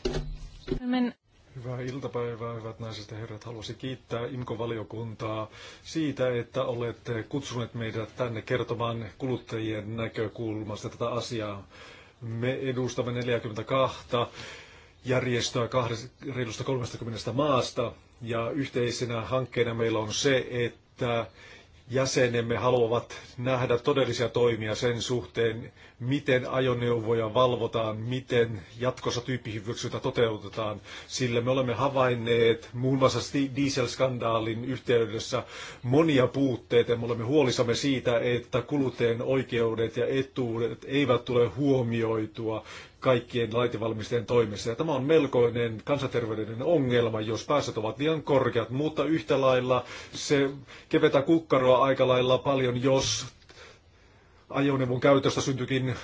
C: Hyvää iltapäivää, hyvät naiset ja herrat. Haluaisin kiittää IMKO-valiokuntaa siitä, että olette kutsuneet meidät tänne kertomaan kuluttajien näkökulmasta tätä asiaa. Me edustamme 42 järjestöä reilusta 30 maasta ja yhteisenä hankkeena meillä on se, että jäsenemme haluavat nähdä todellisia toimia sen suhteen, miten ajoneuvoja valvotaan, miten jatkossa tyyppihyväksyntä toteutetaan, sillä me olemme havainneet muun muassa dieselskandaalin yhteydessä monia puutteita ja me olemme huolissamme siitä, että kuluttajien oikeudet ja etuudet eivät tule huomioitua kaikkien laitevalmistajien toimesta. Ja tämä on melkoinen kansanterveydellinen ongelma, jos päästöt ovat liian korkeat, mutta yhtä lailla se keventää kukkaroa aika lailla paljon, jos ajoneuvon käytöstä syntyikin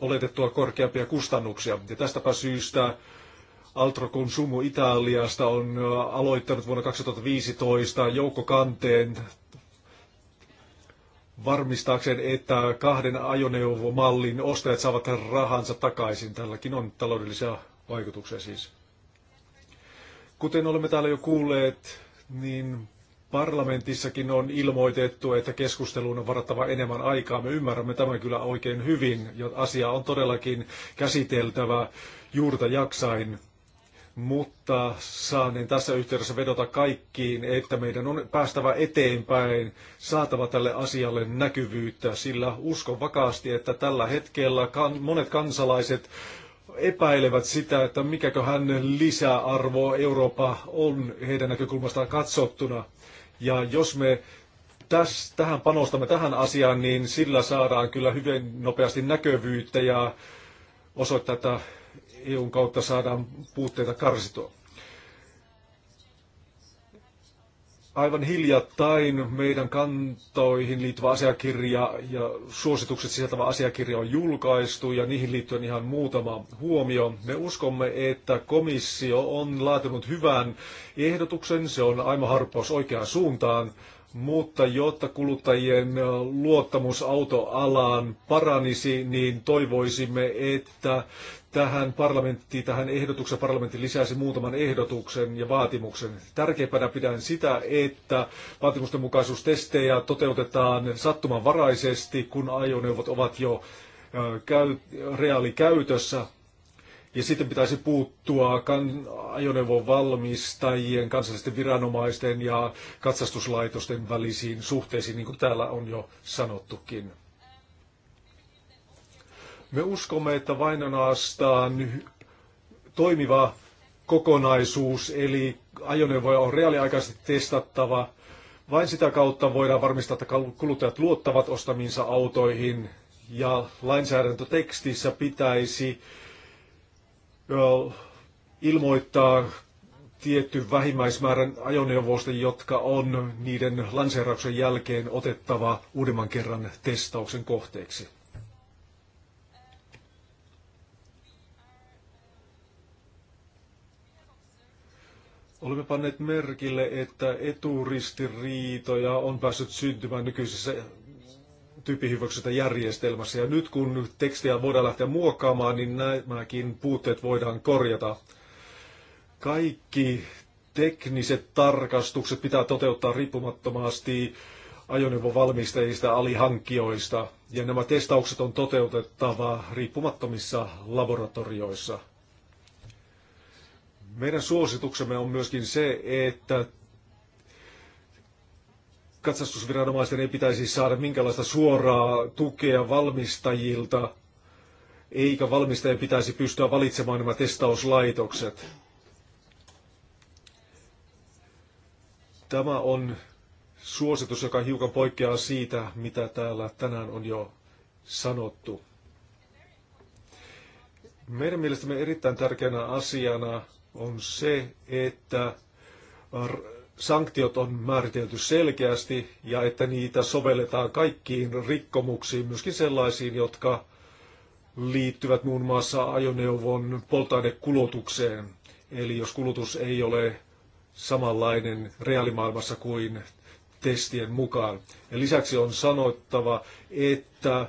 C: oletettua korkeampia kustannuksia. Ja tästäpä syystä Altro Consumo Italiasta on aloittanut vuonna 2015 joukkokanteen varmistaakseen, että kahden ajoneuvomallin ostajat saavat rahansa takaisin. Tälläkin on taloudellisia vaikutuksia siis. Kuten olemme täällä jo kuulleet, niin Parlamentissakin on ilmoitettu, että keskusteluun on varattava enemmän aikaa. Me ymmärrämme tämän kyllä oikein hyvin, ja asia on todellakin käsiteltävä juurta jaksain. Mutta saanen tässä yhteydessä vedota kaikkiin, että meidän on päästävä eteenpäin, saatava tälle asialle näkyvyyttä, sillä uskon vakaasti, että tällä hetkellä monet kansalaiset epäilevät sitä, että mikäköhän lisäarvo Eurooppa on heidän näkökulmastaan katsottuna. Ja jos me täs, tähän panostamme tähän asiaan, niin sillä saadaan kyllä hyvin nopeasti näkyvyyttä ja osoittaa, että EUn kautta saadaan puutteita karsitua. aivan hiljattain meidän kantoihin liittyvä asiakirja ja suositukset sisältävä asiakirja on julkaistu ja niihin liittyen ihan muutama huomio. Me uskomme, että komissio on laatinut hyvän ehdotuksen, se on aimo harppaus oikeaan suuntaan, mutta jotta kuluttajien luottamus autoalaan paranisi, niin toivoisimme, että tähän parlamenttiin, tähän ehdotukseen parlamentti lisäsi muutaman ehdotuksen ja vaatimuksen. Tärkeimpänä pidän sitä, että vaatimusten toteutetaan sattumanvaraisesti, kun ajoneuvot ovat jo käy, reaalikäytössä. Ja sitten pitäisi puuttua kan, ajoneuvon valmistajien, kansallisten viranomaisten ja katsastuslaitosten välisiin suhteisiin, niin kuin täällä on jo sanottukin. Me uskomme, että vain astaan toimiva kokonaisuus, eli ajoneuvoja on reaaliaikaisesti testattava. Vain sitä kautta voidaan varmistaa, että kuluttajat luottavat ostamiinsa autoihin ja lainsäädäntötekstissä pitäisi ilmoittaa tietty vähimmäismäärän ajoneuvoista, jotka on niiden lanseerauksen jälkeen otettava uudemman kerran testauksen kohteeksi. Olemme panneet merkille, että eturistiriitoja on päässyt syntymään nykyisessä tyyppihyväksytä järjestelmässä. Ja nyt kun tekstiä voidaan lähteä muokkaamaan, niin nämäkin puutteet voidaan korjata. Kaikki tekniset tarkastukset pitää toteuttaa riippumattomasti ajoneuvovalmistajista, alihankkijoista, ja nämä testaukset on toteutettava riippumattomissa laboratorioissa. Meidän suosituksemme on myöskin se, että katsastusviranomaisten ei pitäisi saada minkälaista suoraa tukea valmistajilta, eikä valmistajien pitäisi pystyä valitsemaan nämä testauslaitokset. Tämä on suositus, joka hiukan poikkeaa siitä, mitä täällä tänään on jo sanottu. Meidän mielestämme erittäin tärkeänä asiana on se, että sanktiot on määritelty selkeästi ja että niitä sovelletaan kaikkiin rikkomuksiin, myöskin sellaisiin, jotka liittyvät muun muassa ajoneuvon polttoainekulutukseen. Eli jos kulutus ei ole samanlainen reaalimaailmassa kuin testien mukaan. Ja lisäksi on sanottava, että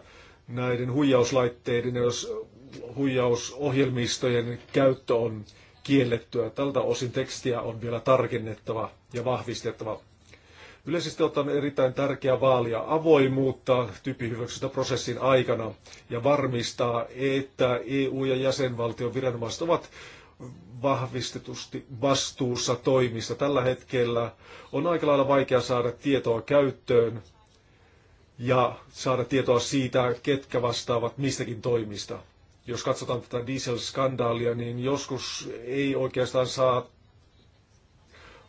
C: näiden huijauslaitteiden, jos huijausohjelmistojen käyttö on kiellettyä. Tältä osin tekstiä on vielä tarkennettava ja vahvistettava. Yleisesti ottaen on erittäin tärkeää vaalia avoimuutta tyyppihyväksyntäprosessin aikana ja varmistaa, että EU- ja jäsenvaltion viranomaiset ovat vahvistetusti vastuussa toimissa. Tällä hetkellä on aika lailla vaikea saada tietoa käyttöön ja saada tietoa siitä, ketkä vastaavat mistäkin toimista. Jos katsotaan tätä dieselskandaalia, niin joskus ei oikeastaan saa,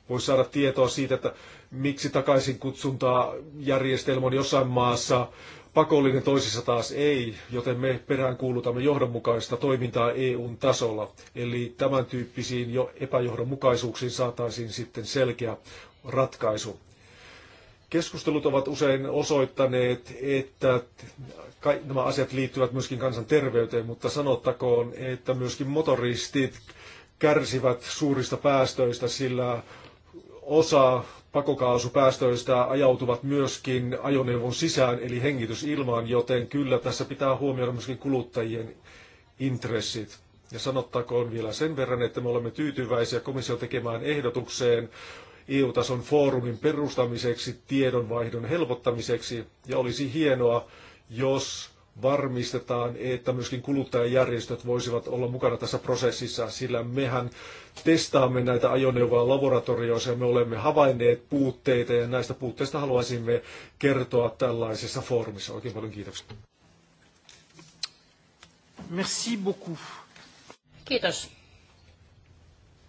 C: voi saada tietoa siitä, että miksi takaisin kutsuntaa järjestelmä on jossain maassa pakollinen, toisissa taas ei, joten me peräänkuulutamme johdonmukaista toimintaa EUn tasolla. Eli tämän tyyppisiin jo epäjohdonmukaisuuksiin saataisiin sitten selkeä ratkaisu. Keskustelut ovat usein osoittaneet, että nämä asiat liittyvät myöskin kansanterveyteen, mutta sanottakoon, että myöskin motoristit kärsivät suurista päästöistä, sillä osa pakokaasupäästöistä ajautuvat myöskin ajoneuvon sisään eli hengitysilmaan, joten kyllä tässä pitää huomioida myöskin kuluttajien intressit. Ja sanottakoon vielä sen verran, että me olemme tyytyväisiä komission tekemään ehdotukseen EU-tason foorumin perustamiseksi tiedonvaihdon helpottamiseksi ja olisi hienoa, jos varmistetaan, että myöskin kuluttajajärjestöt voisivat olla mukana tässä prosessissa, sillä mehän testaamme näitä ajoneuvoja laboratorioissa ja me olemme havainneet puutteita ja näistä puutteista haluaisimme kertoa tällaisessa foorumissa. Oikein paljon kiitoksia.
A: Merci beaucoup. Kiitos.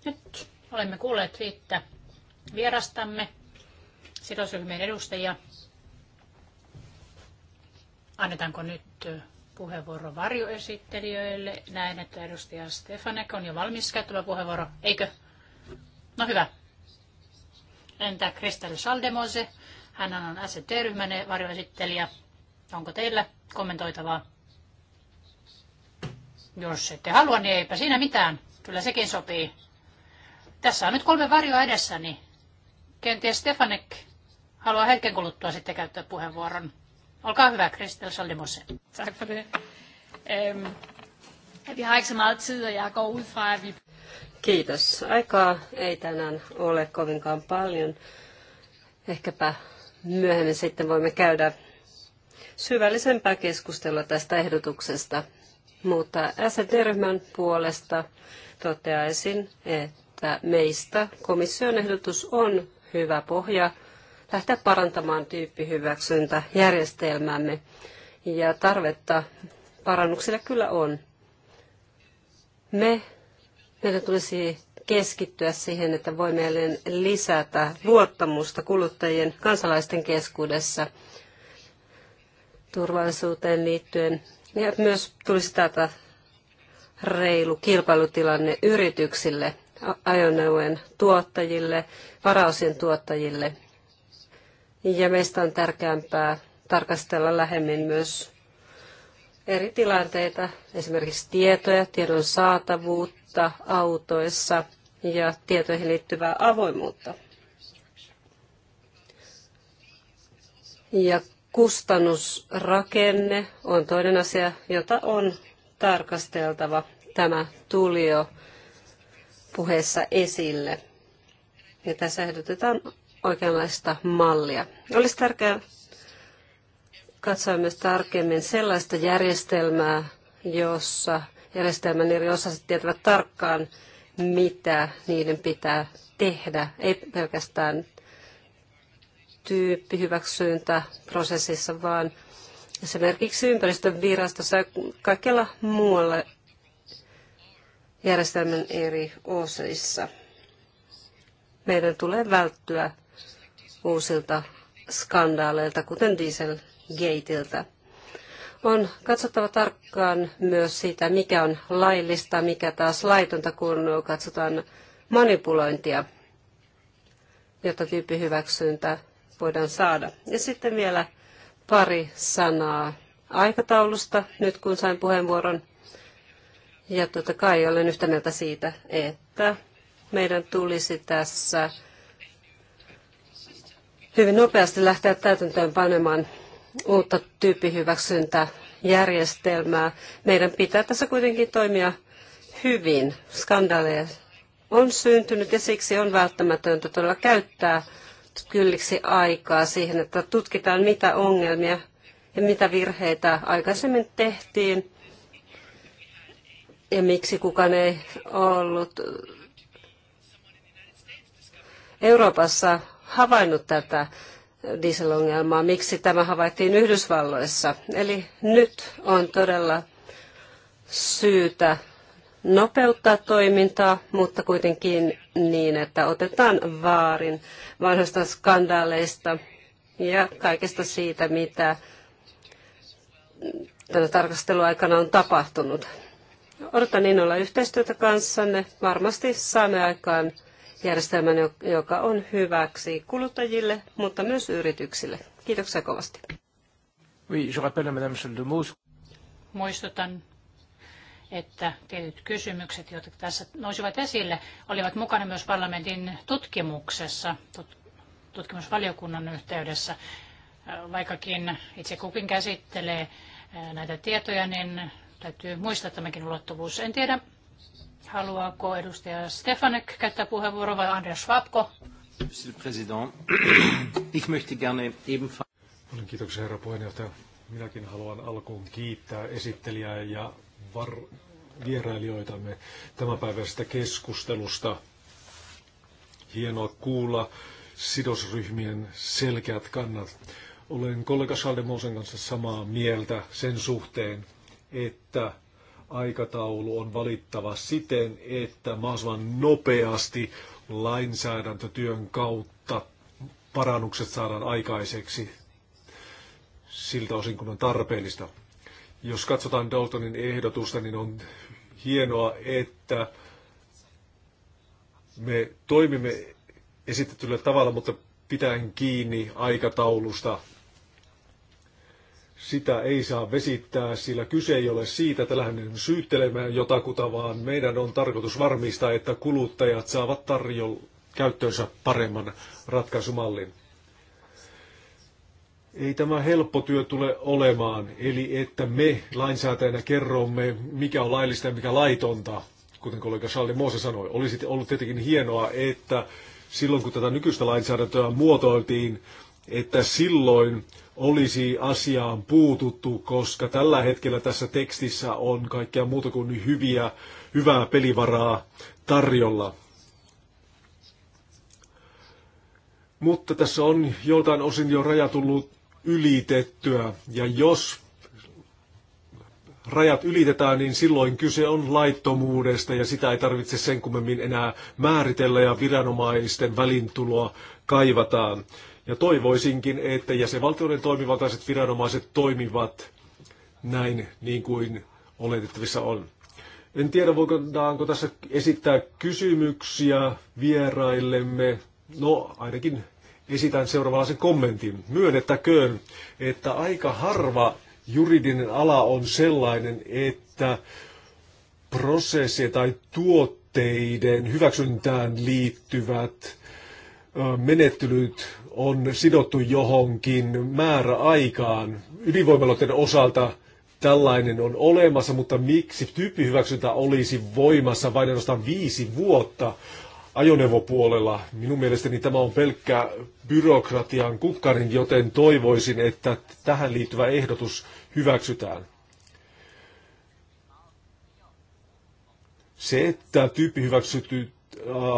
B: Nyt olemme kuulleet riittää vierastamme, sidosryhmien edustajia. Annetaanko nyt puheenvuoro varjoesittelijöille? Näen, että edustaja Stefanek on jo valmis käyttämään puheenvuoro. Eikö? No hyvä. Entä Kristel Saldemose? Hän on ST-ryhmän varjoesittelijä. Onko teillä kommentoitavaa? Jos ette halua, niin eipä siinä mitään. Kyllä sekin sopii. Tässä on nyt kolme varjoa edessäni. Kenties Stefanek haluaa hetken kuluttua sitten käyttää puheenvuoron. Olkaa hyvä, Kristel Saldemose. Tack för det. vi har så tid, går fra, vi...
D: Kiitos. Aikaa ei tänään ole kovinkaan paljon. Ehkäpä myöhemmin sitten voimme käydä syvällisempää keskustelua tästä ehdotuksesta. Mutta ST-ryhmän puolesta toteaisin, että meistä komission ehdotus on hyvä pohja lähteä parantamaan tyyppihyväksyntäjärjestelmämme. Ja tarvetta parannuksille kyllä on. Me, meidän tulisi keskittyä siihen, että voimme lisätä luottamusta kuluttajien kansalaisten keskuudessa turvallisuuteen liittyen. Ja myös tulisi tätä reilu kilpailutilanne yrityksille ajoneuvojen tuottajille, varaosien tuottajille. Ja meistä on tärkeämpää tarkastella lähemmin myös eri tilanteita, esimerkiksi tietoja, tiedon saatavuutta autoissa ja tietoihin liittyvää avoimuutta. Ja kustannusrakenne on toinen asia, jota on tarkasteltava. Tämä tuli jo puheessa esille. Ja tässä ehdotetaan oikeanlaista mallia. Olisi tärkeää katsoa myös tarkemmin sellaista järjestelmää, jossa järjestelmän eri osaset tietävät tarkkaan, mitä niiden pitää tehdä, ei pelkästään tyyppihyväksyntä prosessissa, vaan esimerkiksi ympäristövirastossa ja kaikilla muualla järjestelmän eri osissa. Meidän tulee välttyä uusilta skandaaleilta, kuten Dieselgateilta. On katsottava tarkkaan myös sitä, mikä on laillista, mikä taas laitonta, kun katsotaan manipulointia, jotta tyyppihyväksyntä voidaan saada. Ja sitten vielä pari sanaa aikataulusta, nyt kun sain puheenvuoron. Ja totta kai olen yhtä mieltä siitä, että meidän tulisi tässä hyvin nopeasti lähteä täytäntöön panemaan uutta tyyppihyväksyntäjärjestelmää. Meidän pitää tässä kuitenkin toimia hyvin. Skandaaleja on syntynyt ja siksi on välttämätöntä todella käyttää kylliksi aikaa siihen, että tutkitaan mitä ongelmia ja mitä virheitä aikaisemmin tehtiin ja miksi kukaan ei ollut Euroopassa havainnut tätä dieselongelmaa, miksi tämä havaittiin Yhdysvalloissa. Eli nyt on todella syytä nopeuttaa toimintaa, mutta kuitenkin niin, että otetaan vaarin vanhoista skandaaleista ja kaikesta siitä, mitä tänä tarkasteluaikana on tapahtunut. Odotan innolla yhteistyötä kanssanne. Varmasti saamme aikaan järjestelmän, joka on hyväksi kuluttajille, mutta myös yrityksille.
A: Kiitoksia kovasti. Oui, je rappelle Madame
B: Muistutan, että tietyt kysymykset, jotka tässä nousivat esille, olivat mukana myös parlamentin tutkimuksessa, tutkimusvaliokunnan yhteydessä. Vaikkakin itse kukin käsittelee näitä tietoja, niin Täytyy muistaa tämäkin ulottuvuus. En tiedä, haluaako edustaja Stefanek käyttää puheenvuoron vai Anders Schwabko?
C: ich möchte gerne ebenfalls... kiitoksia herra puheenjohtaja. Minäkin haluan alkuun kiittää esittelijää ja var- vierailijoitamme tämänpäiväisestä keskustelusta. Hienoa kuulla sidosryhmien selkeät kannat. Olen kollega Schaldemosen kanssa samaa mieltä sen suhteen, että aikataulu on valittava siten, että mahdollisimman nopeasti lainsäädäntötyön kautta parannukset saadaan aikaiseksi siltä osin, kun on tarpeellista. Jos katsotaan Daltonin ehdotusta, niin on hienoa, että me toimimme esitettyllä tavalla, mutta pitäen kiinni aikataulusta sitä ei saa vesittää, sillä kyse ei ole siitä, että lähden syyttelemään jotakuta, vaan meidän on tarkoitus varmistaa, että kuluttajat saavat tarjolla käyttöönsä paremman ratkaisumallin. Ei tämä helppo työ tule olemaan, eli että me lainsäätäjänä kerromme, mikä on laillista ja mikä laitonta, kuten kollega Charlie Moose sanoi. Olisi ollut tietenkin hienoa, että silloin kun tätä nykyistä lainsäädäntöä muotoiltiin, että silloin olisi asiaan puututtu, koska tällä hetkellä tässä tekstissä on kaikkea muuta kuin hyviä, hyvää pelivaraa tarjolla. Mutta tässä on joltain osin jo raja tullut ylitettyä, ja jos rajat ylitetään, niin silloin kyse on laittomuudesta ja sitä ei tarvitse sen kummemmin enää määritellä ja viranomaisten välintuloa kaivataan. Ja toivoisinkin, että jäsenvaltioiden toimivaltaiset viranomaiset toimivat näin niin kuin oletettavissa on. En tiedä, voidaanko tässä esittää kysymyksiä vieraillemme. No, ainakin esitän seuraavanlaisen kommentin. Myönnettäköön, että aika harva juridinen ala on sellainen, että prosessien tai tuotteiden hyväksyntään liittyvät menettelyt on sidottu johonkin määräaikaan. Ydinvoimaloiden osalta tällainen on olemassa, mutta miksi tyyppihyväksyntä olisi voimassa vain ainoastaan viisi vuotta ajoneuvopuolella? Minun mielestäni tämä on pelkkä byrokratian kukkarin, joten toivoisin, että tähän liittyvä ehdotus hyväksytään. Se, että tyyppihyväksytyt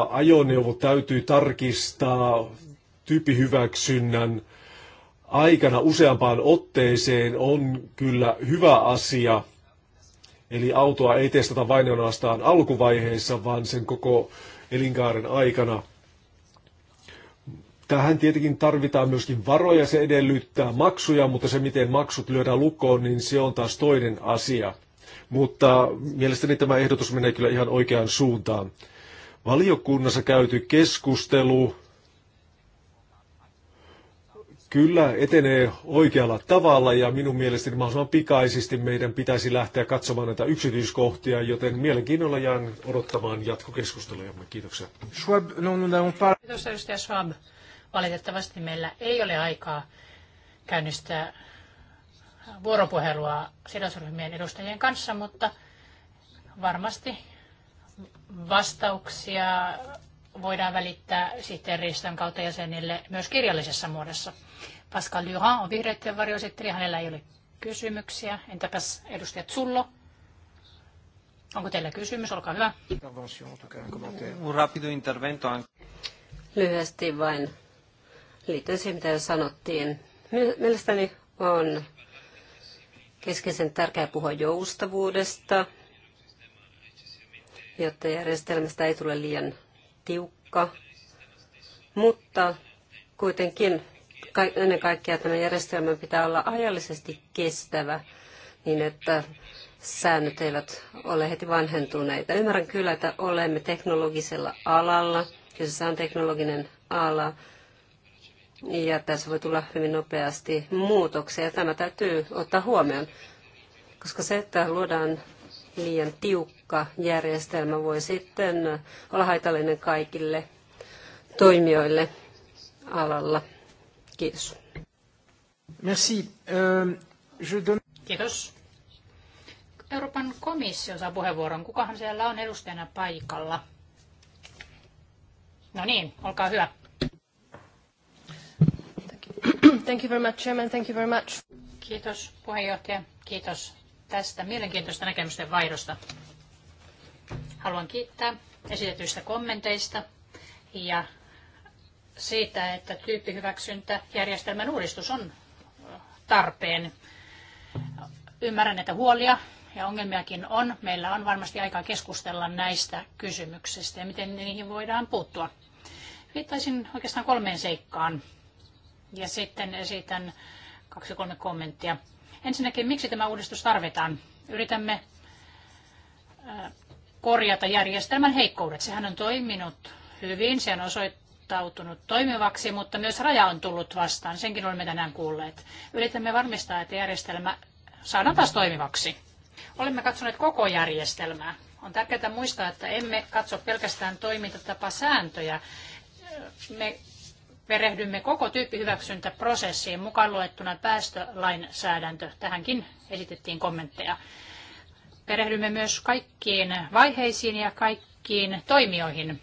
C: ajoneuvo täytyy tarkistaa tyyppihyväksynnän aikana useampaan otteeseen on kyllä hyvä asia. Eli autoa ei testata vain ainoastaan alkuvaiheessa, vaan sen koko elinkaaren aikana. Tähän tietenkin tarvitaan myöskin varoja, se edellyttää maksuja, mutta se miten maksut lyödään lukkoon, niin se on taas toinen asia. Mutta mielestäni tämä ehdotus menee kyllä ihan oikeaan suuntaan. Valiokunnassa käyty keskustelu kyllä etenee oikealla tavalla ja minun mielestäni mahdollisimman pikaisesti meidän pitäisi lähteä katsomaan näitä yksityiskohtia, joten mielenkiinnolla jään odottamaan jatkokeskustelujamme. Kiitoksia. Schwab, no, no, no, no par-
B: Kiitos edustaja Schwab. Valitettavasti meillä ei ole aikaa käynnistää vuoropuhelua sidosryhmien edustajien kanssa, mutta varmasti vastauksia voidaan välittää sihteeristön kautta jäsenille myös kirjallisessa muodossa. Pascal Durand on vihreiden varjoesittelijä, hänellä ei ole kysymyksiä. Entäpäs edustaja Zullo? Onko teillä kysymys? Olkaa hyvä.
D: Lyhyesti vain liittyen siihen, mitä jo sanottiin. Mielestäni on keskeisen tärkeää puhua joustavuudesta, jotta järjestelmästä ei tule liian tiukka, mutta kuitenkin ennen kaikkea tämä järjestelmä pitää olla ajallisesti kestävä niin, että säännöt eivät ole heti vanhentuneita. Ymmärrän kyllä, että olemme teknologisella alalla. Kyseessä on teknologinen ala. Ja tässä voi tulla hyvin nopeasti muutoksia. Tämä täytyy ottaa huomioon, koska se, että luodaan liian tiukka vaikka järjestelmä voi sitten olla haitallinen kaikille toimijoille alalla. Kiitos.
A: Merci. Euh, Kiitos.
B: Euroopan komissio saa puheenvuoron. Kukahan siellä on edustajana paikalla? No niin, olkaa hyvä. Thank you very much, Chairman. Thank you very much. Kiitos puheenjohtaja. Kiitos tästä mielenkiintoista näkemysten vaihdosta. Haluan kiittää esitetyistä kommenteista ja siitä, että tyyppihyväksyntäjärjestelmän uudistus on äh, tarpeen. Ymmärrän, että huolia ja ongelmiakin on. Meillä on varmasti aikaa keskustella näistä kysymyksistä ja miten niihin voidaan puuttua. Viittaisin oikeastaan kolmeen seikkaan ja sitten esitän kaksi-kolme kommenttia. Ensinnäkin, miksi tämä uudistus tarvitaan? Yritämme äh, korjata järjestelmän heikkoudet. Sehän on toiminut hyvin, se on osoittautunut toimivaksi, mutta myös raja on tullut vastaan. Senkin olemme tänään kuulleet. Yritämme varmistaa, että järjestelmä saadaan taas toimivaksi. Olemme katsoneet koko järjestelmää. On tärkeää muistaa, että emme katso pelkästään toimintatapasääntöjä. Me perehdymme koko tyyppihyväksyntäprosessiin mukaan luettuna päästölainsäädäntö. Tähänkin esitettiin kommentteja perehdymme myös kaikkiin vaiheisiin ja kaikkiin toimijoihin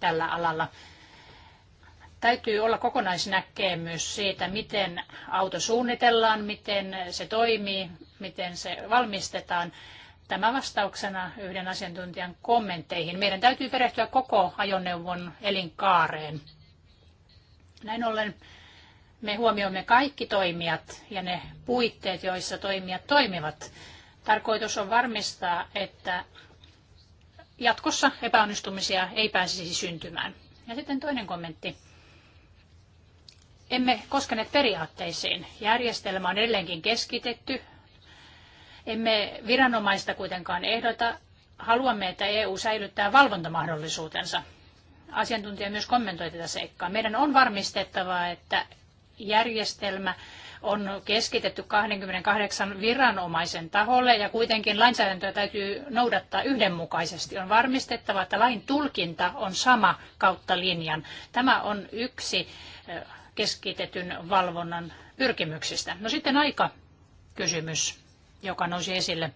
B: tällä alalla. Täytyy olla kokonaisnäkemys siitä, miten auto suunnitellaan, miten se toimii, miten se valmistetaan. Tämä vastauksena yhden asiantuntijan kommentteihin. Meidän täytyy perehtyä koko ajoneuvon elinkaareen. Näin ollen me huomioimme kaikki toimijat ja ne puitteet, joissa toimijat toimivat. Tarkoitus on varmistaa, että jatkossa epäonnistumisia ei pääsisi syntymään. Ja sitten toinen kommentti. Emme koskeneet periaatteisiin. Järjestelmä on edelleenkin keskitetty. Emme viranomaista kuitenkaan ehdota. Haluamme, että EU säilyttää valvontamahdollisuutensa. Asiantuntija myös kommentoi tätä seikkaa. Meidän on varmistettava, että järjestelmä on keskitetty 28 viranomaisen taholle ja kuitenkin lainsäädäntöä täytyy noudattaa yhdenmukaisesti. On varmistettava, että lain tulkinta on sama kautta linjan. Tämä on yksi keskitetyn valvonnan pyrkimyksistä. No sitten aika kysymys, joka nousi esille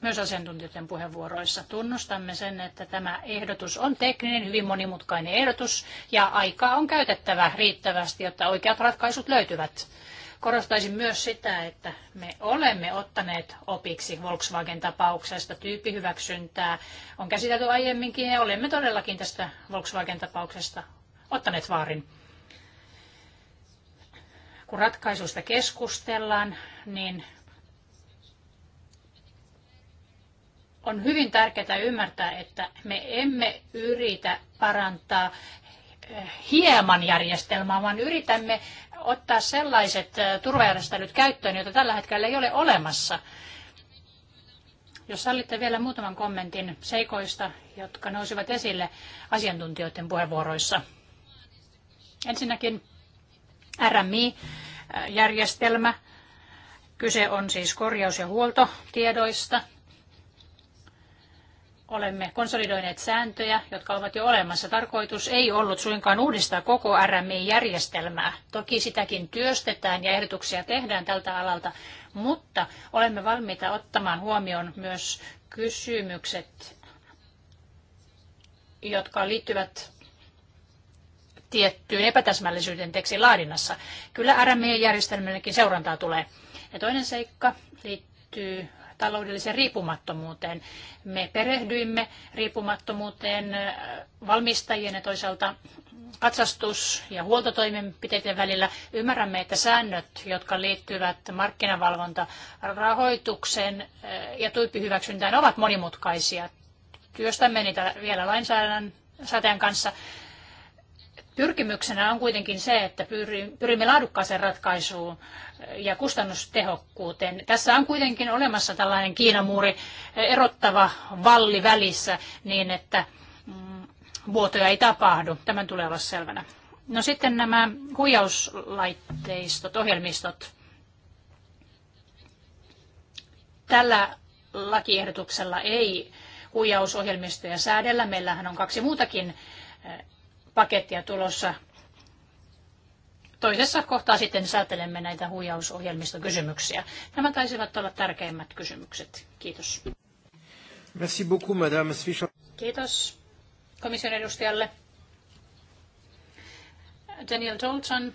B: myös asiantuntijoiden puheenvuoroissa. Tunnustamme sen, että tämä ehdotus on tekninen, hyvin monimutkainen ehdotus ja aikaa on käytettävä riittävästi, jotta oikeat ratkaisut löytyvät. Korostaisin myös sitä, että me olemme ottaneet opiksi Volkswagen-tapauksesta. Tyyppihyväksyntää on käsitelty aiemminkin ja olemme todellakin tästä Volkswagen-tapauksesta ottaneet vaarin. Kun ratkaisusta keskustellaan, niin on hyvin tärkeää ymmärtää, että me emme yritä parantaa hieman järjestelmää, vaan yritämme ottaa sellaiset äh, turvajärjestelyt käyttöön, joita tällä hetkellä ei ole olemassa. Jos sallitte vielä muutaman kommentin seikoista, jotka nousivat esille asiantuntijoiden puheenvuoroissa. Ensinnäkin RMI-järjestelmä. Äh, Kyse on siis korjaus- ja huoltotiedoista olemme konsolidoineet sääntöjä, jotka ovat jo olemassa. Tarkoitus ei ollut suinkaan uudistaa koko RMI-järjestelmää. Toki sitäkin työstetään ja ehdotuksia tehdään tältä alalta, mutta olemme valmiita ottamaan huomioon myös kysymykset, jotka liittyvät tiettyyn epätäsmällisyyteen tekstin laadinnassa. Kyllä RMI-järjestelmällekin seurantaa tulee. Ja toinen seikka liittyy taloudelliseen riippumattomuuteen. Me perehdyimme riippumattomuuteen valmistajien ja toisaalta katsastus- ja huoltotoimenpiteiden välillä. Ymmärrämme, että säännöt, jotka liittyvät markkinavalvontarahoitukseen ja tyyppihyväksyntään ovat monimutkaisia. Työstämme niitä vielä lainsäädännön kanssa Pyrkimyksenä on kuitenkin se, että pyrimme laadukkaaseen ratkaisuun ja kustannustehokkuuteen. Tässä on kuitenkin olemassa tällainen Kiinamuuri erottava valli välissä niin, että mm, vuotoja ei tapahdu. Tämän tulee olla selvänä. No sitten nämä huijauslaitteistot, ohjelmistot. Tällä lakiehdotuksella ei huijausohjelmistoja säädellä. Meillähän on kaksi muutakin pakettia tulossa. Toisessa kohtaa sitten säätelemme näitä huijausohjelmistokysymyksiä. Nämä taisivat olla tärkeimmät kysymykset. Kiitos.
A: Merci beaucoup, Madame Fischer.
B: Kiitos komission edustajalle. Daniel Dalton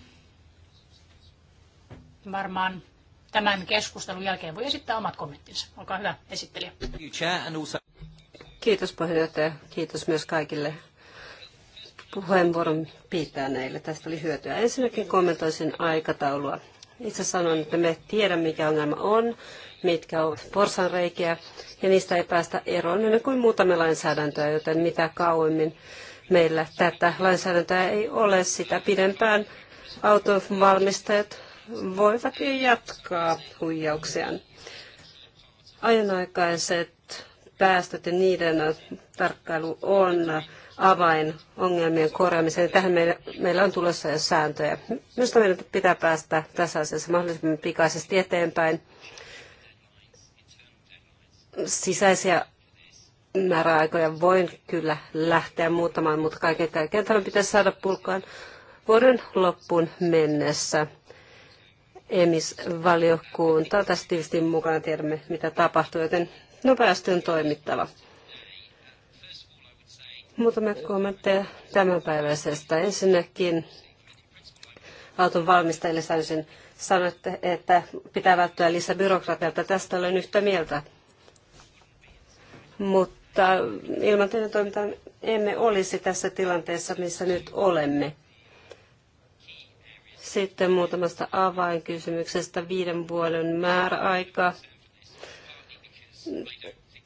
B: varmaan tämän keskustelun jälkeen voi esittää omat kommenttinsa. Olkaa hyvä, esittelijä.
D: Kiitos puheenjohtaja. Kiitos myös kaikille puheenvuoron näille. Tästä oli hyötyä. Ensinnäkin kommentoisin aikataulua. Itse sanoin, että me tiedämme, mikä ongelma on, mitkä ovat porsanreikiä, ja niistä ei päästä eroon ennen kuin muutamme lainsäädäntöä, joten mitä kauemmin meillä tätä lainsäädäntöä ei ole, sitä pidempään autovalmistajat voivat jatkaa huijauksiaan. Ajanaikaiset päästöt ja niiden tarkkailu on avain ongelmien korjaamiseen. Tähän meillä on tulossa jo sääntöjä. Minusta meidän pitää päästä tässä asiassa mahdollisimman pikaisesti eteenpäin. Sisäisiä määräaikoja voin kyllä lähteä muuttamaan, mutta kaiken kaikkiaan tämä pitäisi saada pulkkaan vuoden loppuun mennessä. EMIS-valiokunta on tässä mukana, tiedämme mitä tapahtuu, joten nopeasti on toimittava. Muutamia kommentteja tämänpäiväisestä. Ensinnäkin auton valmistajille sanoisin, sanoitte, että pitää välttyä lisäbyrokratialta. Tästä olen yhtä mieltä. Mutta ilman teidän toimintaa emme olisi tässä tilanteessa, missä nyt olemme. Sitten muutamasta avainkysymyksestä viiden vuoden määräaika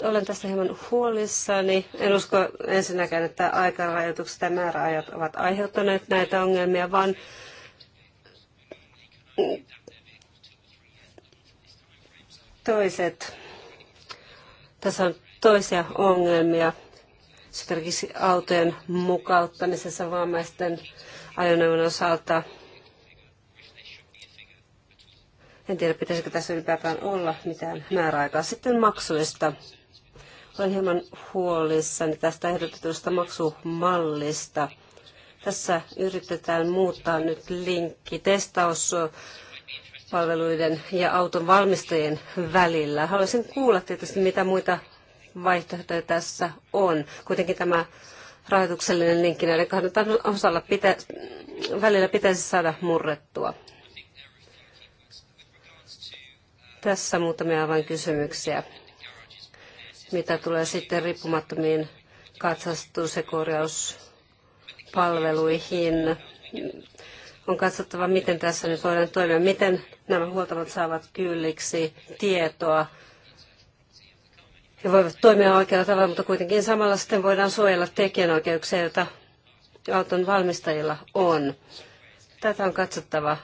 D: olen tässä hieman huolissani. En usko ensinnäkään, että aikarajoitukset ja määräajat ovat aiheuttaneet näitä ongelmia, vaan toiset. Tässä on toisia ongelmia. Esimerkiksi autojen mukauttamisessa vammaisten ajoneuvon osalta. En tiedä, pitäisikö tässä ylipäätään olla mitään määräaikaa. Sitten maksuista. Olen hieman huolissani tästä ehdotetusta maksumallista. Tässä yritetään muuttaa nyt linkki testauspalveluiden ja auton valmistajien välillä. Haluaisin kuulla tietysti, mitä muita vaihtoehtoja tässä on. Kuitenkin tämä rahoituksellinen linkki näiden kahden osalla pitä, välillä pitäisi saada murrettua. Tässä muutamia avainkysymyksiä mitä tulee sitten riippumattomiin katsastus- ja korjauspalveluihin. On katsottava, miten tässä nyt voidaan toimia, miten nämä huoltavat saavat kylliksi tietoa ja voivat toimia oikealla tavalla, mutta kuitenkin samalla sitten voidaan suojella tekijänoikeuksia, joita auton valmistajilla on. Tätä on katsottava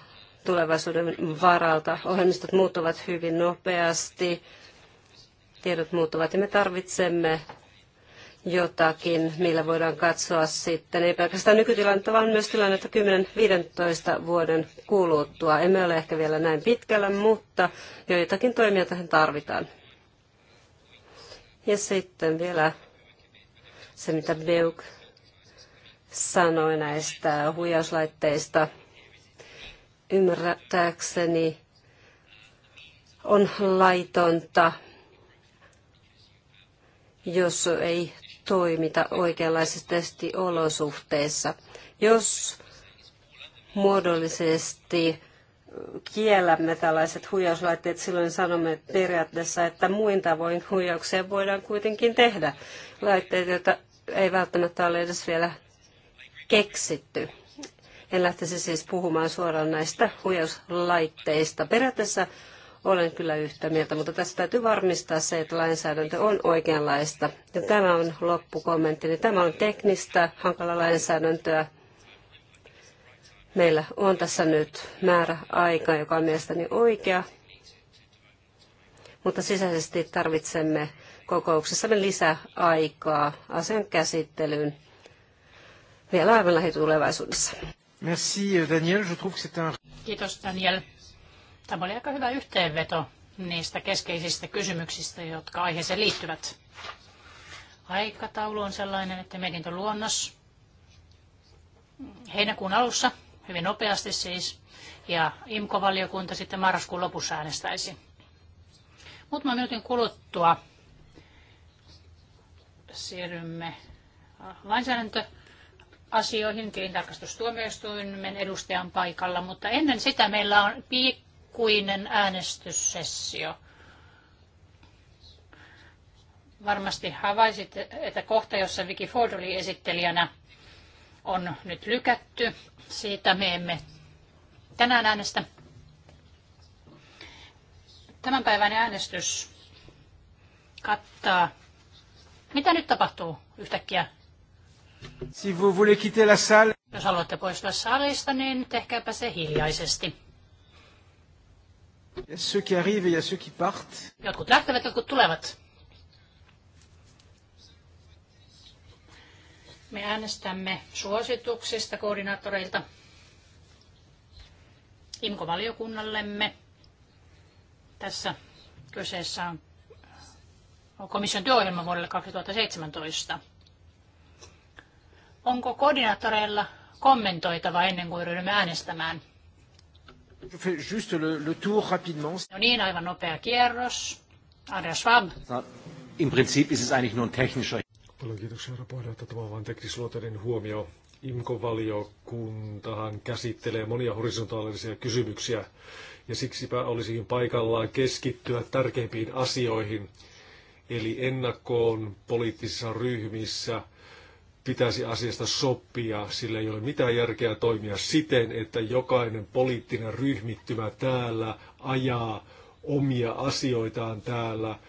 D: tulevaisuuden varalta. Ohjelmistot muuttuvat hyvin nopeasti tiedot muuttuvat ja me tarvitsemme jotakin, millä voidaan katsoa sitten, ei pelkästään nykytilannetta, vaan myös tilannetta 10-15 vuoden kuluttua. Emme ole ehkä vielä näin pitkällä, mutta joitakin toimia tähän tarvitaan. Ja sitten vielä se, mitä Beuk sanoi näistä huijauslaitteista. Ymmärtääkseni on laitonta jos ei toimita oikeanlaisissa testiolosuhteissa. Jos muodollisesti kiellämme tällaiset huijauslaitteet, silloin sanomme periaatteessa, että muin tavoin huijauksia voidaan kuitenkin tehdä. Laitteet, joita ei välttämättä ole edes vielä keksitty. En lähtisi siis puhumaan suoraan näistä huijauslaitteista. Periaatteessa olen kyllä yhtä mieltä, mutta tässä täytyy varmistaa se, että lainsäädäntö on oikeanlaista. Ja tämä on loppukommentti. Tämä on teknistä, hankala lainsäädäntöä. Meillä on tässä nyt määrä aika, joka on mielestäni oikea, mutta sisäisesti tarvitsemme kokouksessamme lisää aikaa asian käsittelyyn vielä
A: aivan lähitulevaisuudessa. Merci Daniel, je trouve que c'est un...
B: Kiitos Daniel Tämä oli aika hyvä yhteenveto niistä keskeisistä kysymyksistä, jotka aiheeseen liittyvät. Aikataulu on sellainen, että luonnos heinäkuun alussa, hyvin nopeasti siis, ja IMKO-valiokunta sitten marraskuun lopussa äänestäisi. Muutama minuutin kuluttua siirrymme lainsäädäntöasioihin. Tilintarkastustuomioistuimen edustajan paikalla, mutta ennen sitä meillä on ikuinen äänestyssessio. Varmasti havaisit, että kohta, jossa Vicky Ford oli esittelijänä, on nyt lykätty. Siitä me emme tänään äänestä. Tämän päivän äänestys kattaa. Mitä nyt tapahtuu yhtäkkiä?
A: Si vous voulez quitter la salle. Jos
B: haluatte poistua salista, niin tehkääpä se hiljaisesti. Jotkut lähtevät, jotkut tulevat. Me äänestämme suosituksista koordinaattoreilta IMKO-valiokunnallemme. Tässä kyseessä on komission työohjelma vuodelle 2017. Onko koordinaattoreilla kommentoitava ennen kuin ryhdymme äänestämään?
A: Juste le, le tour rapidement.
B: No niin, aivan nopea kierros. Arja Schwab.
A: Im
C: ist es eigentlich nur ein technischer. Paljon kiitoksia, herra puheenjohtaja. Tämä on vain teknisluotainen huomio. IMKO-valiokuntahan käsittelee monia horisontaalisia kysymyksiä, ja siksipä olisikin paikallaan keskittyä tärkeimpiin asioihin, eli ennakkoon poliittisissa ryhmissä – pitäisi asiasta sopia, sillä ei ole mitään järkeä toimia siten, että jokainen poliittinen ryhmittymä täällä ajaa omia asioitaan täällä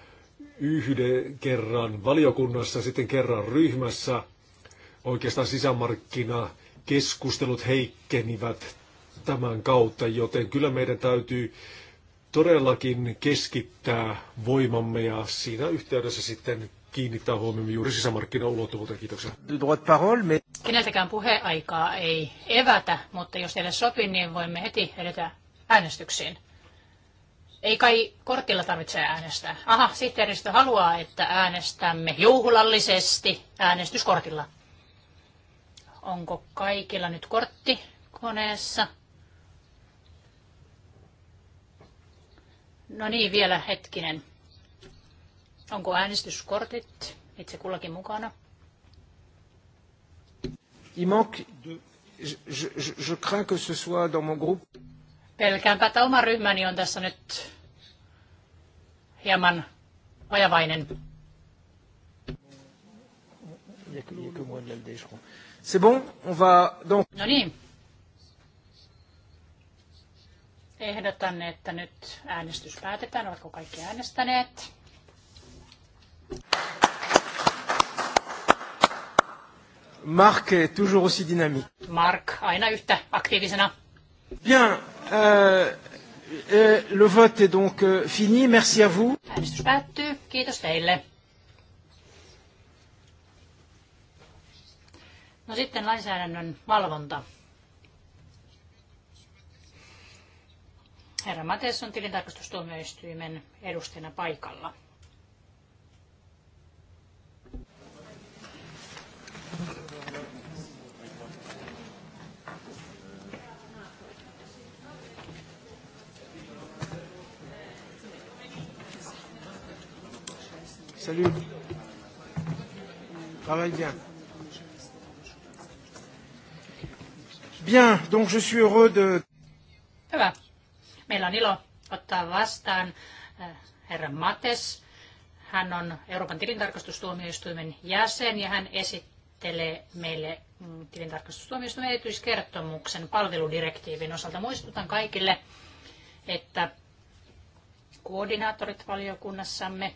C: yhden kerran valiokunnassa, sitten kerran ryhmässä. Oikeastaan sisämarkkina keskustelut heikkenivät tämän kautta, joten kyllä meidän täytyy todellakin keskittää voimamme ja siinä yhteydessä sitten kiinnittää huomioon juuri sisämarkkinaulottuvuuteen. Kiitoksia.
B: Keneltäkään puheaikaa ei evätä, mutta jos teille sopii, niin voimme heti edetä äänestyksiin. Ei kai kortilla tarvitse äänestää. Aha, sihteeristö haluaa, että äänestämme juhlallisesti äänestyskortilla. Onko kaikilla nyt kortti koneessa? No niin, vielä hetkinen. Onko äänestyskortit itse kullakin mukana?
A: Il manque de... Je, je, je crains que ce soit dans mon groupe.
B: Pelkäänpä, että oma ryhmäni on tässä nyt hieman vajavainen.
A: C'est bon, on va donc... No niin.
B: Ehdotan, että nyt äänestys päätetään. Ovatko kaikki äänestäneet?
A: Mark est toujours aussi dynamique.
B: Mark, aina yhtä aktiivisena.
A: Bien, euh, euh, le vote est donc euh, fini. Merci à vous.
B: Äänestys päättyy. Kiitos teille. No sitten lainsäädännön valvonta. Herra Mates on tilintarkastustuomioistuimen edustajana paikalla.
A: Bien, donc je suis heureux de...
B: Hyvä. Meillä on ilo ottaa vastaan äh, herra Mates. Hän on Euroopan tilintarkastustuomioistuimen jäsen ja hän esittelee meille mm, tilintarkastustuomioistuimen erityiskertomuksen palveludirektiivin osalta. Muistutan kaikille, että koordinaattorit valiokunnassamme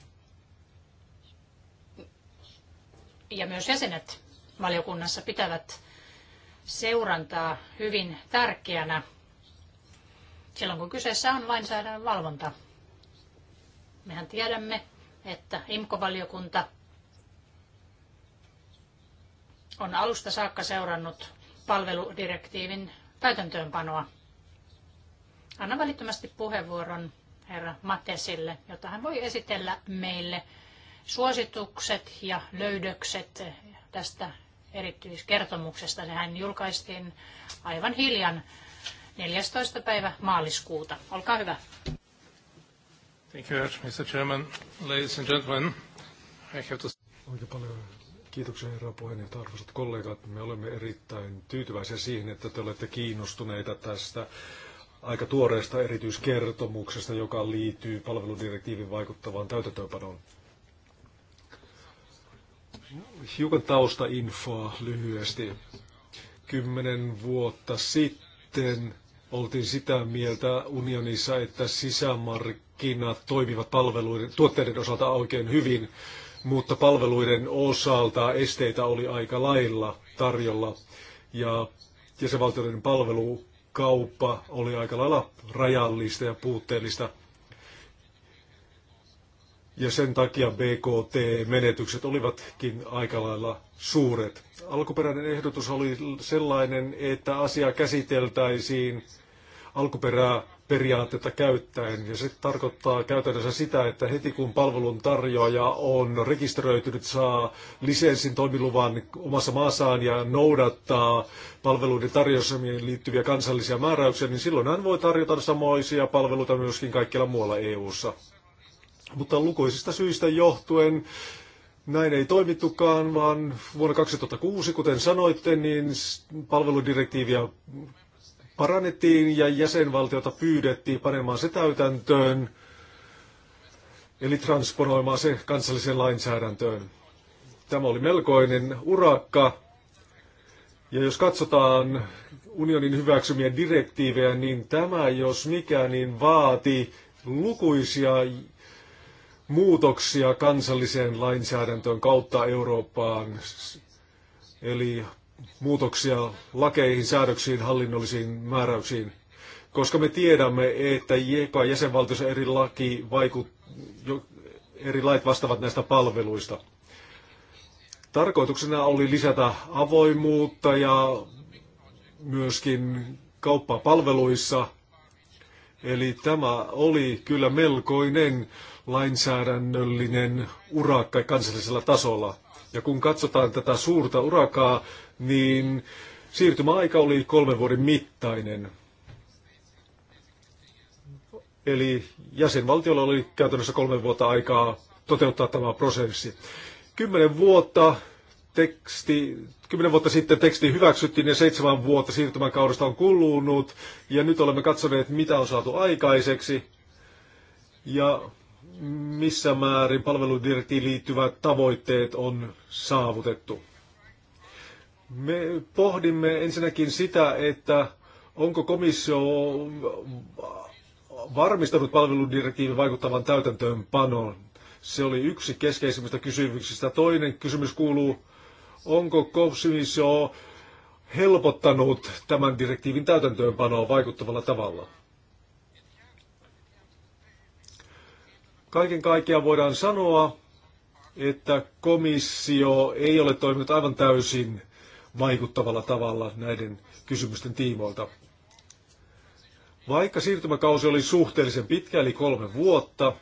B: ja myös jäsenet valiokunnassa pitävät seurantaa hyvin tärkeänä silloin, kun kyseessä on lainsäädännön valvonta. Mehän tiedämme, että Imkovaliokunta valiokunta on alusta saakka seurannut palveludirektiivin täytäntöönpanoa. Anna välittömästi puheenvuoron herra Matesille, jota hän voi esitellä meille suositukset ja löydökset tästä erityiskertomuksesta. Sehän julkaistiin aivan hiljan 14. päivä maaliskuuta. Olkaa hyvä.
C: Thank you, Mr. Chairman. Ladies and gentlemen, I have to... Oikein paljon kiitoksia herra puheenjohtaja, arvoisat kollegat. Me olemme erittäin tyytyväisiä siihen, että te olette kiinnostuneita tästä aika tuoreesta erityiskertomuksesta, joka liittyy palveludirektiivin vaikuttavaan täytäntöönpanoon. Hiukan taustainfoa lyhyesti. Kymmenen vuotta sitten oltiin sitä mieltä unionissa, että sisämarkkinat toimivat palveluiden, tuotteiden osalta oikein hyvin, mutta palveluiden osalta esteitä oli aika lailla tarjolla ja jäsenvaltioiden palvelukauppa oli aika lailla rajallista ja puutteellista. Ja sen takia BKT-menetykset olivatkin aika lailla suuret. Alkuperäinen ehdotus oli sellainen, että asia käsiteltäisiin alkuperää periaatetta käyttäen. Ja se tarkoittaa käytännössä sitä, että heti kun palvelun tarjoaja on rekisteröitynyt, saa lisenssin toimiluvan omassa maassaan ja noudattaa palveluiden tarjoamiseen liittyviä kansallisia määräyksiä, niin silloin hän voi tarjota samoisia palveluita myöskin kaikkialla muualla EU-ssa. Mutta lukuisista syistä johtuen näin ei toimittukaan, vaan vuonna 2006, kuten sanoitte, niin palveludirektiiviä parannettiin ja jäsenvaltiota pyydettiin panemaan se täytäntöön, eli transponoimaan se kansalliseen lainsäädäntöön. Tämä oli melkoinen urakka, ja jos katsotaan unionin hyväksymien direktiivejä, niin tämä, jos mikä, niin vaati lukuisia muutoksia kansalliseen lainsäädäntöön kautta Eurooppaan, eli muutoksia lakeihin, säädöksiin, hallinnollisiin määräyksiin, koska me tiedämme, että joka jäsenvaltiossa eri laki vaikut, eri lait vastaavat näistä palveluista. Tarkoituksena oli lisätä avoimuutta ja myöskin kauppapalveluissa. Eli tämä oli kyllä melkoinen lainsäädännöllinen urakka kansallisella tasolla. Ja kun katsotaan tätä suurta urakaa, niin siirtymäaika oli kolmen vuoden mittainen. Eli jäsenvaltiolla oli käytännössä kolme vuotta aikaa toteuttaa tämä prosessi. Kymmenen vuotta teksti, kymmenen vuotta sitten teksti hyväksyttiin ja seitsemän vuotta siirtymäkaudesta on kulunut. Ja nyt olemme katsoneet, mitä on saatu aikaiseksi. Ja missä määrin palveludirektiin liittyvät tavoitteet on saavutettu. Me pohdimme ensinnäkin sitä, että onko komissio varmistanut palveludirektiivin vaikuttavan täytäntöönpanoon. Se oli yksi keskeisimmistä kysymyksistä. Toinen kysymys kuuluu, onko komissio helpottanut tämän direktiivin täytäntöönpanoa vaikuttavalla tavalla. Kaiken kaikkiaan voidaan sanoa, että komissio ei ole toiminut aivan täysin vaikuttavalla tavalla näiden kysymysten tiimoilta. Vaikka siirtymäkausi oli suhteellisen pitkä, eli kolme vuotta,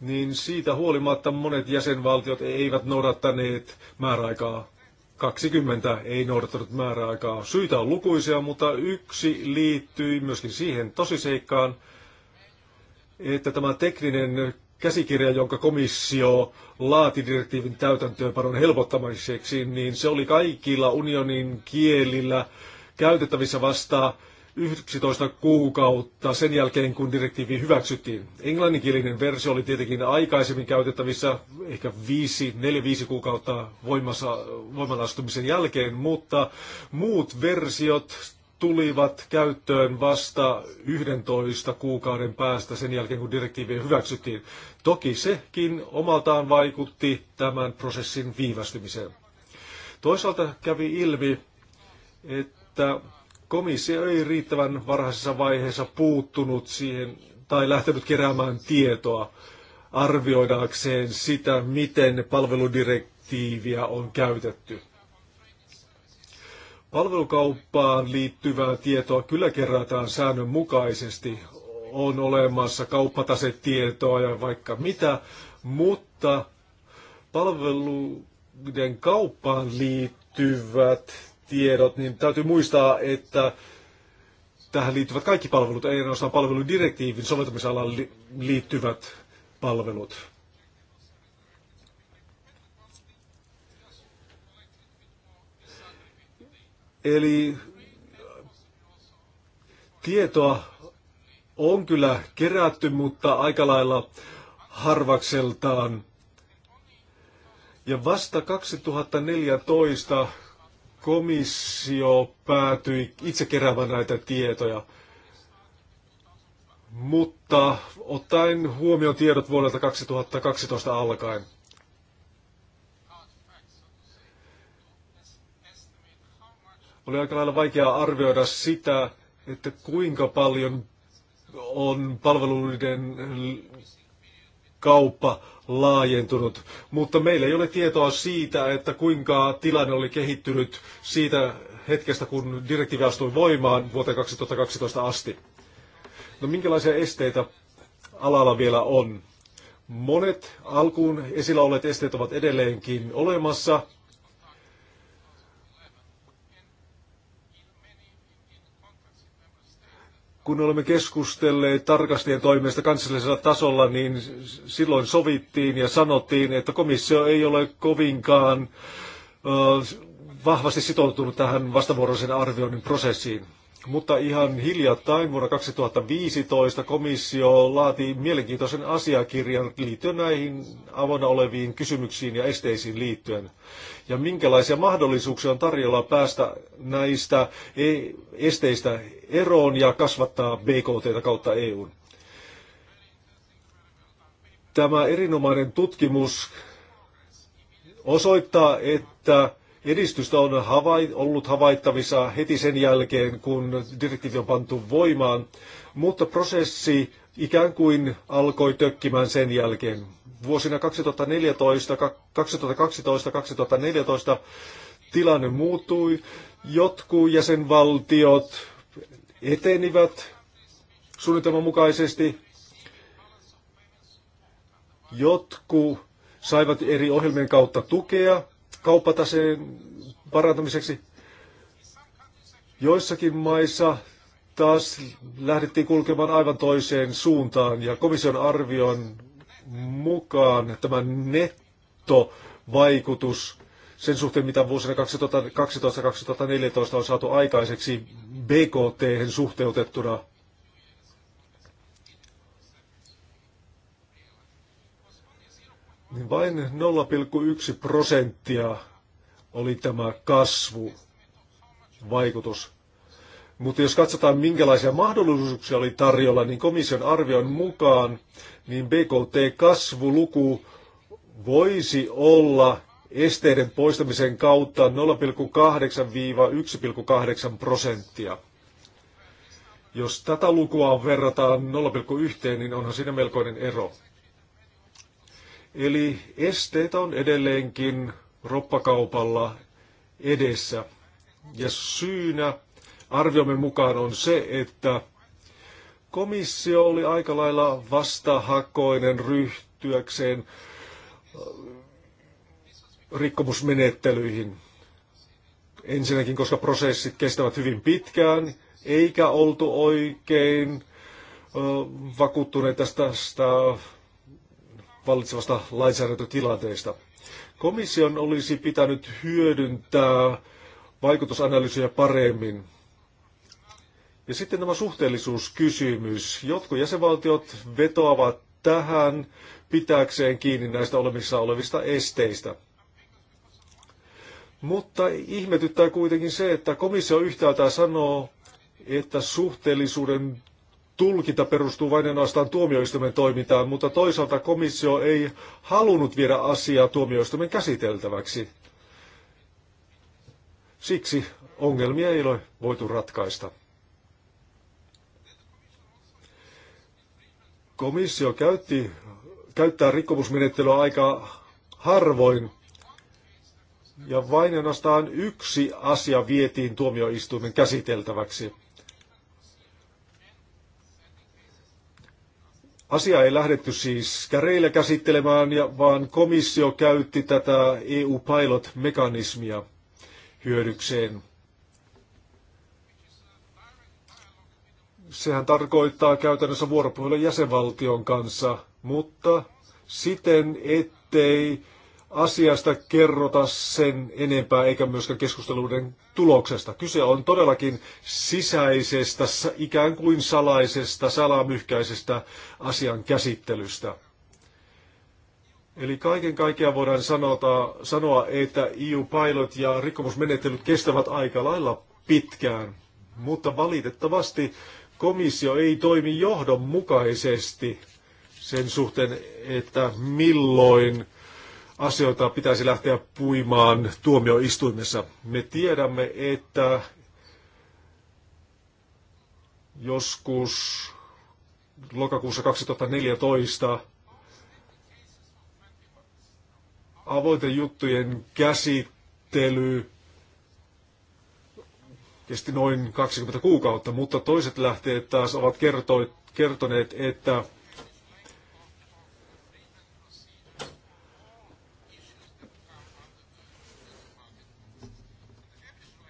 C: niin siitä huolimatta monet jäsenvaltiot eivät noudattaneet määräaikaa. 20 ei noudattanut määräaikaa. Syitä on lukuisia, mutta yksi liittyi myöskin siihen tosiseikkaan, seikkaan, että tämä tekninen käsikirja, jonka komissio laati direktiivin täytäntöönpanon helpottamiseksi, niin se oli kaikilla unionin kielillä käytettävissä vasta 11 kuukautta sen jälkeen, kun direktiivi hyväksyttiin. Englanninkielinen versio oli tietenkin aikaisemmin käytettävissä, ehkä 4-5 kuukautta voimassa, voimanastumisen jälkeen, mutta muut versiot tulivat käyttöön vasta 11 kuukauden päästä sen jälkeen, kun direktiivi hyväksyttiin. Toki sekin omaltaan vaikutti tämän prosessin viivästymiseen. Toisaalta kävi ilmi, että komissio ei riittävän varhaisessa vaiheessa puuttunut siihen tai lähtenyt keräämään tietoa arvioidakseen sitä, miten palveludirektiiviä on käytetty. Palvelukauppaan liittyvää tietoa kyllä kerätään säännönmukaisesti. On olemassa kauppatasetietoa ja vaikka mitä, mutta palveluiden kauppaan liittyvät tiedot, niin täytyy muistaa, että tähän liittyvät kaikki palvelut, ei ainoastaan palveludirektiivin soveltamisalaan liittyvät palvelut. Eli äh, tietoa on kyllä kerätty, mutta aika lailla harvakseltaan. Ja vasta 2014 komissio päätyi itse keräämään näitä tietoja. Mutta ottaen huomioon tiedot vuodelta 2012 alkaen. Oli aika lailla vaikea arvioida sitä, että kuinka paljon on palveluiden kauppa laajentunut, mutta meillä ei ole tietoa siitä, että kuinka tilanne oli kehittynyt siitä hetkestä, kun direktiivi astui voimaan vuoteen 2012 asti. No minkälaisia esteitä alalla vielä on? Monet alkuun esillä olleet esteet ovat edelleenkin olemassa, kun olemme keskustelleet tarkastajien toimesta kansallisella tasolla, niin silloin sovittiin ja sanottiin, että komissio ei ole kovinkaan vahvasti sitoutunut tähän vastavuoroisen arvioinnin prosessiin. Mutta ihan hiljattain vuonna 2015 komissio laati mielenkiintoisen asiakirjan liittyen näihin avona oleviin kysymyksiin ja esteisiin liittyen. Ja minkälaisia mahdollisuuksia on tarjolla päästä näistä e- esteistä eroon ja kasvattaa BKT kautta EUn. Tämä erinomainen tutkimus osoittaa, että Edistystä on havai- ollut havaittavissa heti sen jälkeen, kun direktiivi on pantu voimaan, mutta prosessi ikään kuin alkoi tökkimään sen jälkeen. Vuosina 2014, 2012, 2014 tilanne muuttui. Jotkut jäsenvaltiot etenivät suunnitelman mukaisesti. Jotkut saivat eri ohjelmien kautta tukea kauppataseen parantamiseksi. Joissakin maissa taas lähdettiin kulkemaan aivan toiseen suuntaan ja komission arvion mukaan tämä nettovaikutus sen suhteen, mitä vuosina 2012-2014 on saatu aikaiseksi BKT suhteutettuna niin vain 0,1 prosenttia oli tämä kasvu vaikutus. Mutta jos katsotaan, minkälaisia mahdollisuuksia oli tarjolla, niin komission arvion mukaan niin BKT-kasvuluku voisi olla esteiden poistamisen kautta 0,8-1,8 prosenttia. Jos tätä lukua verrataan 0,1, niin onhan siinä melkoinen ero. Eli esteitä on edelleenkin roppakaupalla edessä. Ja syynä arviomme mukaan on se, että komissio oli aika lailla vastahakoinen ryhtyäkseen äh, rikkomusmenettelyihin. Ensinnäkin, koska prosessit kestävät hyvin pitkään, eikä oltu oikein äh, vakuuttuneet tästä, tästä vallitsevasta lainsäädäntötilanteesta. Komission olisi pitänyt hyödyntää vaikutusanalyysiä paremmin. Ja sitten tämä suhteellisuuskysymys. Jotkut jäsenvaltiot vetoavat tähän pitääkseen kiinni näistä olemissa olevista esteistä. Mutta ihmetyttää kuitenkin se, että komissio yhtäältä sanoo, että suhteellisuuden tulkinta perustuu vain ainoastaan tuomioistuimen toimintaan, mutta toisaalta komissio ei halunnut viedä asiaa tuomioistuimen käsiteltäväksi. Siksi ongelmia ei ole voitu ratkaista. Komissio käytti, käyttää rikkomusmenettelyä aika harvoin, ja vain ainoastaan yksi asia vietiin tuomioistuimen käsiteltäväksi. Asia ei lähdetty siis käreillä käsittelemään, vaan komissio käytti tätä EU-pilot-mekanismia hyödykseen. Sehän tarkoittaa käytännössä vuoropuhelun jäsenvaltion kanssa, mutta siten, ettei asiasta kerrota sen enempää eikä myöskään keskusteluiden tuloksesta. Kyse on todellakin sisäisestä, ikään kuin salaisesta, salamyhkäisestä asian käsittelystä. Eli kaiken kaikkiaan voidaan sanota, sanoa, että EU-pilot ja rikkomusmenettelyt kestävät aika lailla pitkään, mutta valitettavasti komissio ei toimi johdonmukaisesti sen suhteen, että milloin asioita pitäisi lähteä puimaan tuomioistuimessa. Me tiedämme, että joskus lokakuussa 2014 avoitejuttujen käsittely kesti noin 20 kuukautta, mutta toiset lähteet taas ovat kertoneet, että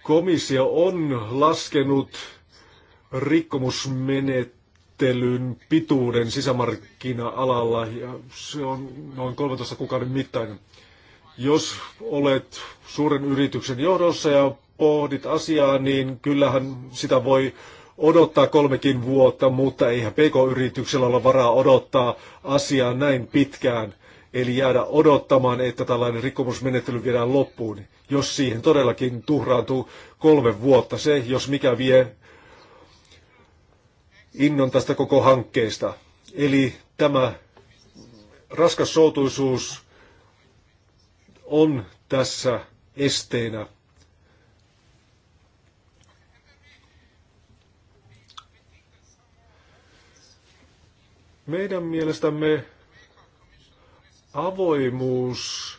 C: Komissio on laskenut rikkomusmenettelyn pituuden sisämarkkina-alalla ja se on noin 13 kuukauden mittainen. Jos olet suuren yrityksen johdossa ja pohdit asiaa, niin kyllähän sitä voi odottaa kolmekin vuotta, mutta eihän PK-yrityksellä ole varaa odottaa asiaa näin pitkään, eli jäädä odottamaan, että tällainen rikkomusmenettely viedään loppuun jos siihen todellakin tuhraantuu kolme vuotta. Se, jos mikä vie innon tästä koko hankkeesta. Eli tämä raskas soutuisuus on tässä esteenä. Meidän mielestämme avoimuus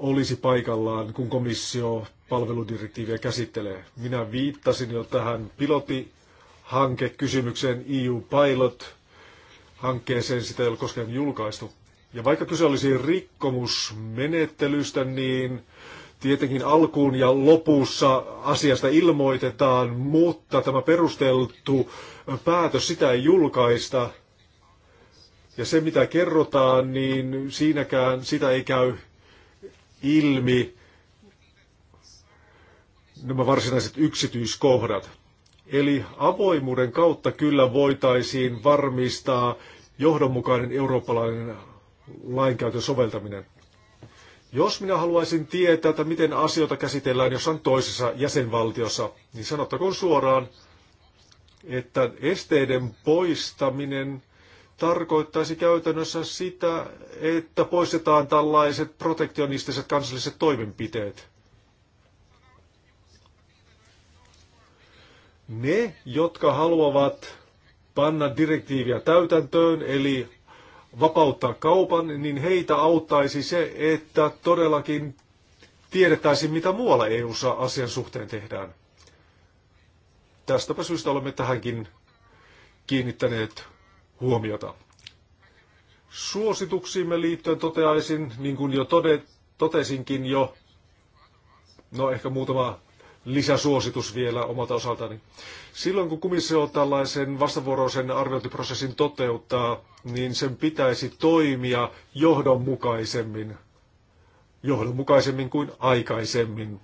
C: olisi paikallaan, kun komissio palveludirektiiviä käsittelee. Minä viittasin jo tähän pilotihankekysymykseen EU Pilot hankkeeseen, sitä ei ole koskaan julkaistu. Ja vaikka kyse olisi rikkomusmenettelystä, niin tietenkin alkuun ja lopussa asiasta ilmoitetaan, mutta tämä perusteltu päätös sitä ei julkaista. Ja se mitä kerrotaan, niin siinäkään sitä ei käy ilmi nämä varsinaiset yksityiskohdat. Eli avoimuuden kautta kyllä voitaisiin varmistaa johdonmukainen eurooppalainen lainkäytön soveltaminen. Jos minä haluaisin tietää, että miten asioita käsitellään jossain toisessa jäsenvaltiossa, niin sanottakoon suoraan, että esteiden poistaminen tarkoittaisi käytännössä sitä, että poistetaan tällaiset protektionistiset kansalliset toimenpiteet. Ne, jotka haluavat panna direktiiviä täytäntöön, eli vapauttaa kaupan, niin heitä auttaisi se, että todellakin tiedettäisiin, mitä muualla EU-ssa asian suhteen tehdään. Tästäpä syystä olemme tähänkin kiinnittäneet huomiota. Suosituksiimme liittyen toteaisin, niin kuin jo tode, totesinkin jo, no ehkä muutama lisäsuositus vielä omalta osaltani. Silloin kun komissio tällaisen vastavuoroisen arviointiprosessin toteuttaa, niin sen pitäisi toimia johdonmukaisemmin, johdonmukaisemmin kuin aikaisemmin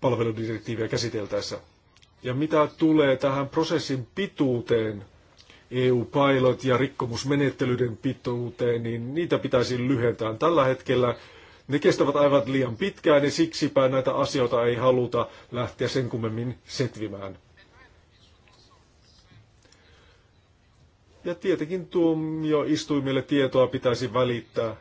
C: palveludirektiiviä käsiteltäessä. Ja mitä tulee tähän prosessin pituuteen, eu pailot ja rikkomusmenettelyiden pituuteen, niin niitä pitäisi lyhentää. Tällä hetkellä ne kestävät aivan liian pitkään ja siksipä näitä asioita ei haluta lähteä sen kummemmin setvimään. Ja tietenkin tuomioistuimille tietoa pitäisi välittää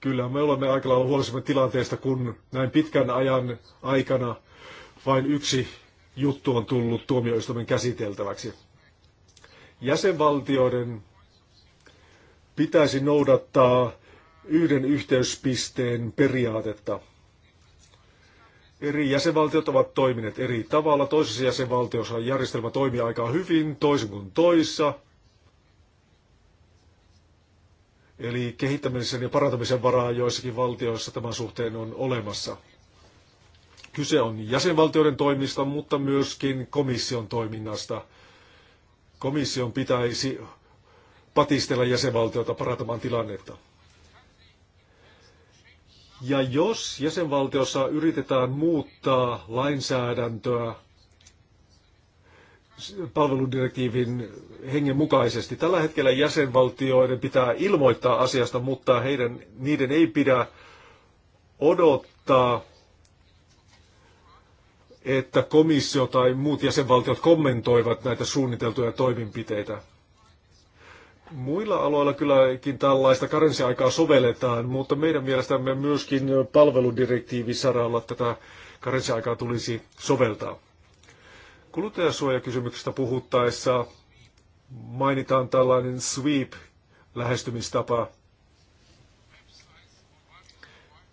C: Kyllä me olemme aika lailla huolissamme tilanteesta, kun näin pitkän ajan aikana vain yksi juttu on tullut tuomioistuimen käsiteltäväksi. Jäsenvaltioiden pitäisi noudattaa yhden yhteyspisteen periaatetta. Eri jäsenvaltiot ovat toimineet eri tavalla. Toisessa jäsenvaltiossa järjestelmä toimii aika hyvin, toisin kuin toissa. Eli kehittämisen ja parantamisen varaa joissakin valtioissa tämän suhteen on olemassa. Kyse on jäsenvaltioiden toimista, mutta myöskin komission toiminnasta. Komission pitäisi patistella jäsenvaltioita parantamaan tilannetta. Ja jos jäsenvaltiossa yritetään muuttaa lainsäädäntöä palveludirektiivin hengen mukaisesti. Tällä hetkellä jäsenvaltioiden pitää ilmoittaa asiasta, mutta heidän, niiden ei pidä odottaa, että komissio tai muut jäsenvaltiot kommentoivat näitä suunniteltuja toimenpiteitä. Muilla aloilla kylläkin tällaista karenssiaikaa sovelletaan, mutta meidän mielestämme myöskin palveludirektiivisaralla tätä karenssiaikaa tulisi soveltaa. Kuluttajasuojakysymyksestä puhuttaessa mainitaan tällainen sweep-lähestymistapa.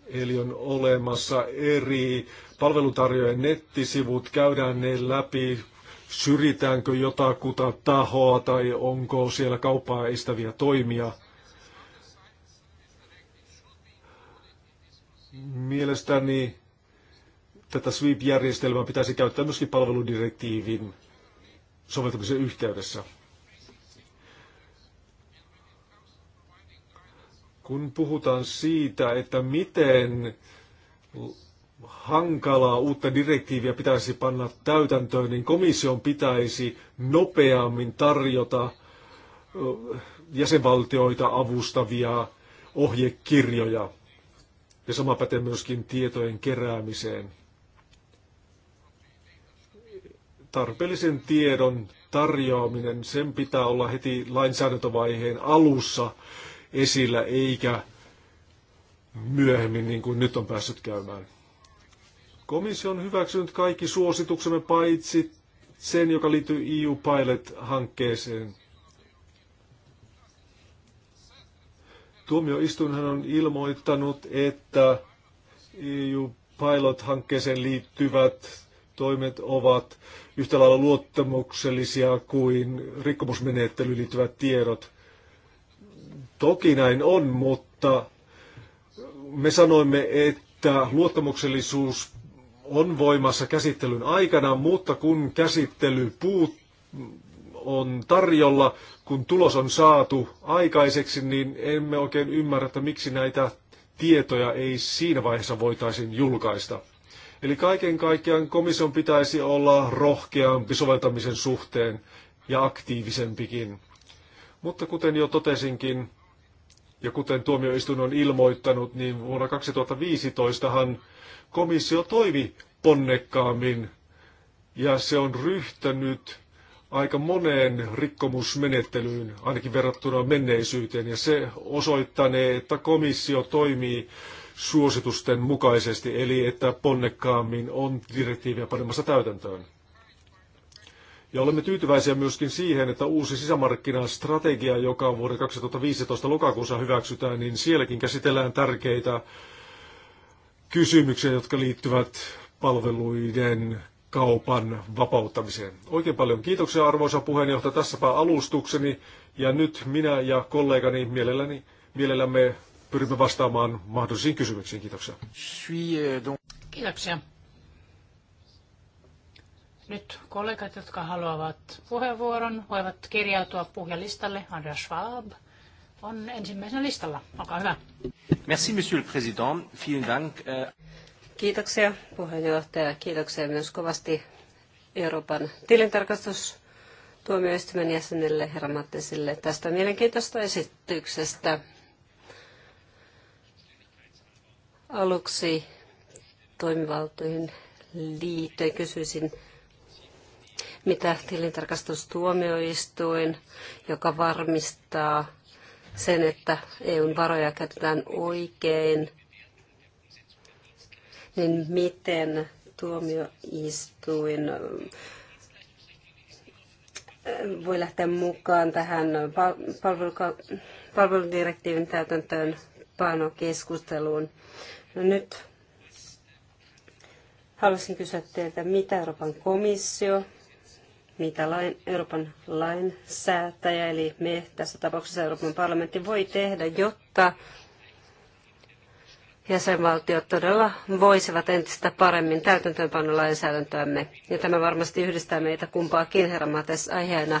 C: Eli on olemassa eri palveluntarjoajien nettisivut, käydään ne läpi, syrjitäänkö jotakuta tahoa tai onko siellä kauppaa estäviä toimia. Mielestäni tätä swip järjestelmää pitäisi käyttää myöskin palveludirektiivin soveltamisen yhteydessä. Kun puhutaan siitä, että miten hankalaa uutta direktiiviä pitäisi panna täytäntöön, niin komission pitäisi nopeammin tarjota jäsenvaltioita avustavia ohjekirjoja. Ja sama pätee myöskin tietojen keräämiseen. tarpeellisen tiedon tarjoaminen, sen pitää olla heti lainsäädäntövaiheen alussa esillä, eikä myöhemmin, niin kuin nyt on päässyt käymään. Komissio on hyväksynyt kaikki suosituksemme paitsi sen, joka liittyy EU Pilot-hankkeeseen. Tuomioistuinhan on ilmoittanut, että EU Pilot-hankkeeseen liittyvät toimet ovat yhtä lailla luottamuksellisia kuin rikkomusmenettelyyn liittyvät tiedot. Toki näin on, mutta me sanoimme, että luottamuksellisuus on voimassa käsittelyn aikana, mutta kun käsittely puuttuu, on tarjolla, kun tulos on saatu aikaiseksi, niin emme oikein ymmärrä, että miksi näitä tietoja ei siinä vaiheessa voitaisiin julkaista. Eli kaiken kaikkiaan komission pitäisi olla rohkeampi soveltamisen suhteen ja aktiivisempikin. Mutta kuten jo totesinkin, ja kuten tuomioistuin on ilmoittanut, niin vuonna 2015han komissio toimi ponnekkaammin ja se on ryhtynyt aika moneen rikkomusmenettelyyn, ainakin verrattuna menneisyyteen, ja se osoittanee, että komissio toimii suositusten mukaisesti, eli että ponnekkaammin on direktiiviä panemassa täytäntöön. Ja olemme tyytyväisiä myöskin siihen, että uusi sisämarkkinastrategia, joka vuoden 2015 lokakuussa hyväksytään, niin sielläkin käsitellään tärkeitä kysymyksiä, jotka liittyvät palveluiden kaupan vapauttamiseen. Oikein paljon kiitoksia arvoisa puheenjohtaja. Tässäpä alustukseni ja nyt minä ja kollegani mielelläni, mielellämme pyrimme vastaamaan mahdollisiin kysymyksiin. Kiitoksia.
A: Kiitoksia.
B: Nyt kollegat, jotka haluavat puheenvuoron, voivat kirjautua puhujalistalle. Andreas Schwab on ensimmäisenä listalla. Olkaa hyvä.
A: Merci, monsieur le président. Vielen dank. Äh.
D: Kiitoksia puheenjohtaja. Kiitoksia myös kovasti Euroopan tilintarkastus tuomioistuimen jäsenelle herra Mattisille tästä mielenkiintoista esityksestä. Aluksi toimivaltojen liittyen kysyisin, mitä tilintarkastustuomioistuin, joka varmistaa sen, että EUn varoja käytetään oikein, niin miten tuomioistuin äh, voi lähteä mukaan tähän palveludirektiivin täytäntöön panokeskusteluun. No nyt haluaisin kysyä teiltä, mitä Euroopan komissio, mitä lain, Euroopan lainsäätäjä, eli me tässä tapauksessa Euroopan parlamentti voi tehdä, jotta jäsenvaltiot todella voisivat entistä paremmin täytäntöönpanna lainsäädäntöämme. Ja tämä varmasti yhdistää meitä kumpaakin herra Mates aiheena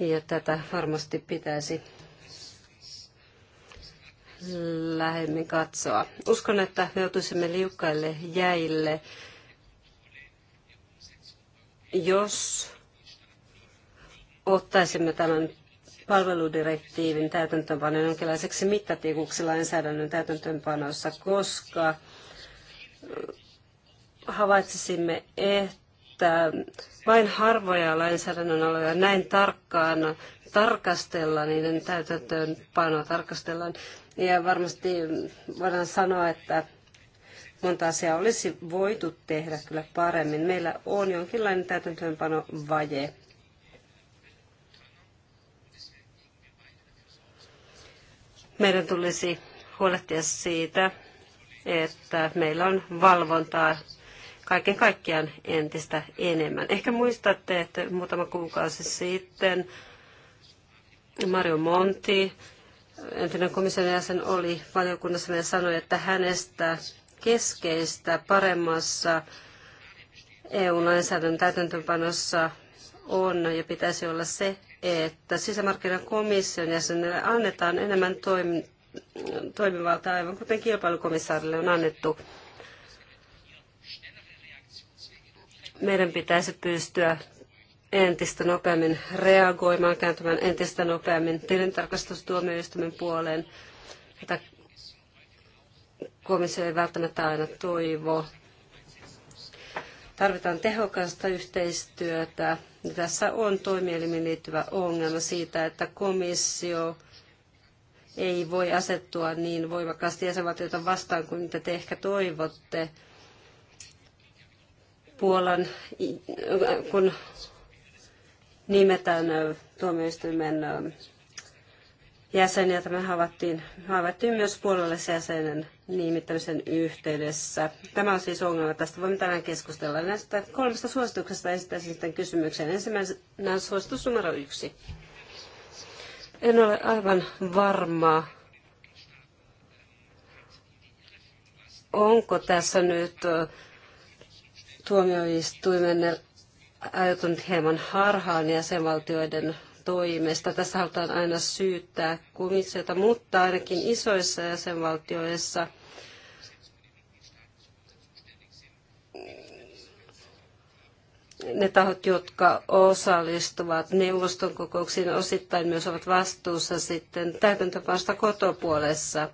D: Ja tätä varmasti pitäisi lähemmin katsoa. Uskon, että me joutuisimme liukkaille jäille, jos ottaisimme tämän palveludirektiivin täytäntöönpanon jonkinlaiseksi mittatikuksi lainsäädännön täytäntöönpanossa, koska havaitsisimme, että että vain harvoja lainsäädännön aloja näin tarkkaan tarkastellaan, niiden täytäntöönpanoa tarkastellaan. Ja varmasti voidaan sanoa, että monta asiaa olisi voitu tehdä kyllä paremmin. Meillä on jonkinlainen vaje. Meidän tulisi huolehtia siitä, että meillä on valvontaa kaiken kaikkiaan entistä enemmän. Ehkä muistatte, että muutama kuukausi sitten Mario Monti, entinen komission jäsen, oli valiokunnassa ja sanoi, että hänestä keskeistä paremmassa EU-lainsäädännön täytäntöönpanossa on ja pitäisi olla se, että komission jäsenille annetaan enemmän toimi, toimivaltaa, aivan kuten kilpailukomissaarille on annettu Meidän pitäisi pystyä entistä nopeammin reagoimaan, kääntymään entistä nopeammin tilintarkastustuomioistuimen puoleen, jota komissio ei välttämättä aina toivo. Tarvitaan tehokasta yhteistyötä. Tässä on toimielimiin liittyvä ongelma siitä, että komissio ei voi asettua niin voimakkaasti jäsenvaltioita vastaan kuin mitä te ehkä toivotte. Puolan, kun nimetään tuomioistuimen jäseniä. Tämä havaittiin, havaittiin myös jäsenen nimittämisen yhteydessä. Tämä on siis ongelma. Tästä voimme tänään keskustella. Näistä kolmesta suosituksesta esittäisin sitten kysymyksen. Ensimmäisenä suositus numero yksi. En ole aivan varma, onko tässä nyt tuomioistuimen ajatunut hieman harhaan jäsenvaltioiden toimesta. Tässä halutaan aina syyttää komissiota, mutta ainakin isoissa jäsenvaltioissa ne tahot, jotka osallistuvat neuvoston kokouksiin, osittain myös ovat vastuussa sitten täytäntöpasta kotopuolessa.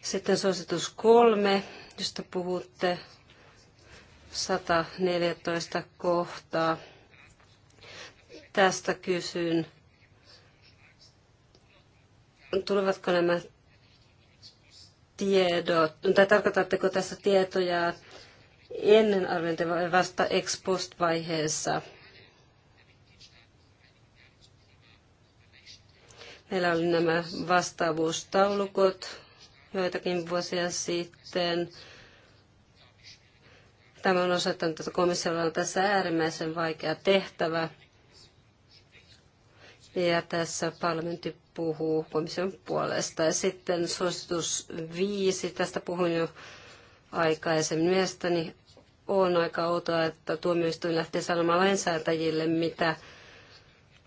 D: Sitten suositus kolme josta puhutte 114 kohtaa. Tästä kysyn, tulevatko nämä tiedot, tai tarkoitatteko tässä tietoja ennen arviointia vai vasta ex post vaiheessa? Meillä oli nämä vastaavuustaulukot, joitakin vuosia sitten. Tämä on osoittanut, että komissiolla on tässä äärimmäisen vaikea tehtävä. Ja tässä parlamentti puhuu komission puolesta. Ja sitten suositus viisi, tästä puhuin jo aikaisemmin mielestäni, on aika outoa, että tuomioistuin lähtee sanomaan lainsäätäjille, mitä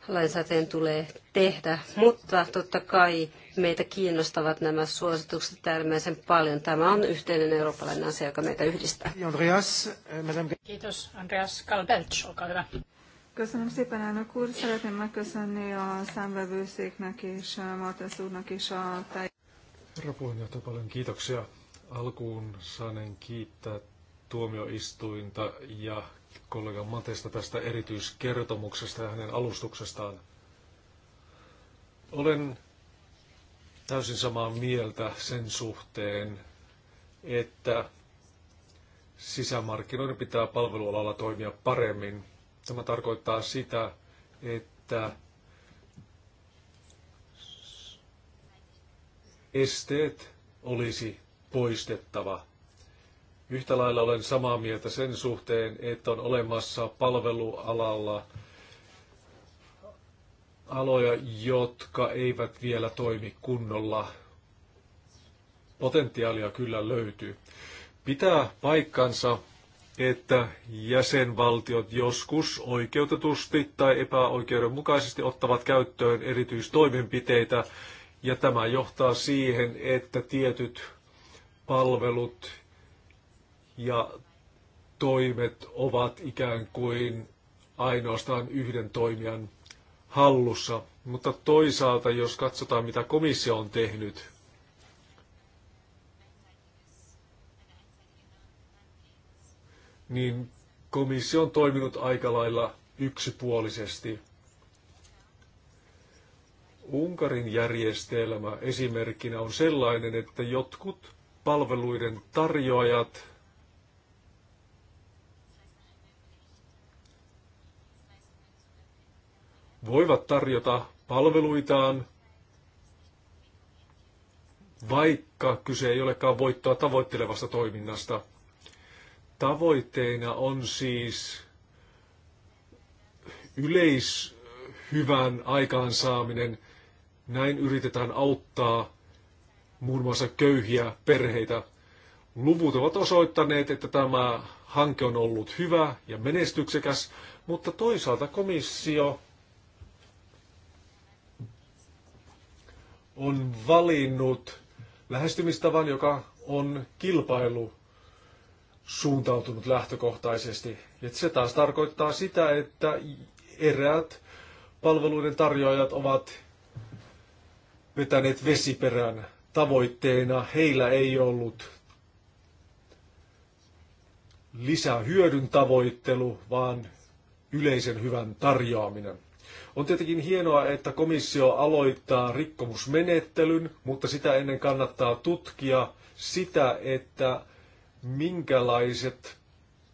D: lainsäätäjien tulee tehdä. Mutta totta kai Meitä kiinnostavat nämä suositukset äärimmäisen paljon. Tämä on yhteinen eurooppalainen asia, joka meitä yhdistää.
B: Andreas, eh, madame... Kiitos. Andreas Kalbelts, olkaa hyvä. Köszönöm szépen, elnök
D: úr. Szeretném megköszönni a számvevőszéknek és Martesz úrnak is a tej...
C: Herra puheenjohtaja, paljon kiitoksia. Alkuun saanen kiittää tuomioistuinta ja kollega Matesta tästä erityiskertomuksesta ja hänen alustuksestaan. Olen täysin samaa mieltä sen suhteen, että sisämarkkinoiden pitää palvelualalla toimia paremmin. Tämä tarkoittaa sitä, että esteet olisi poistettava. Yhtä lailla olen samaa mieltä sen suhteen, että on olemassa palvelualalla aloja, jotka eivät vielä toimi kunnolla. Potentiaalia kyllä löytyy. Pitää paikkansa, että jäsenvaltiot joskus oikeutetusti tai epäoikeudenmukaisesti ottavat käyttöön erityistoimenpiteitä, ja tämä johtaa siihen, että tietyt palvelut ja toimet ovat ikään kuin ainoastaan yhden toimijan hallussa. Mutta toisaalta, jos katsotaan mitä komissio on tehnyt, niin komissio on toiminut aika lailla yksipuolisesti. Unkarin järjestelmä esimerkkinä on sellainen, että jotkut palveluiden tarjoajat voivat tarjota palveluitaan, vaikka kyse ei olekaan voittoa tavoittelevasta toiminnasta. Tavoitteena on siis yleishyvän aikaansaaminen. Näin yritetään auttaa muun muassa köyhiä perheitä. Luvut ovat osoittaneet, että tämä hanke on ollut hyvä ja menestyksekäs, mutta toisaalta komissio on valinnut lähestymistavan, joka on kilpailu suuntautunut lähtökohtaisesti. Et se taas tarkoittaa sitä, että eräät palveluiden tarjoajat ovat vetäneet vesiperän tavoitteena. Heillä ei ollut lisähyödyn tavoittelu, vaan yleisen hyvän tarjoaminen. On tietenkin hienoa, että komissio aloittaa rikkomusmenettelyn, mutta sitä ennen kannattaa tutkia sitä, että minkälaiset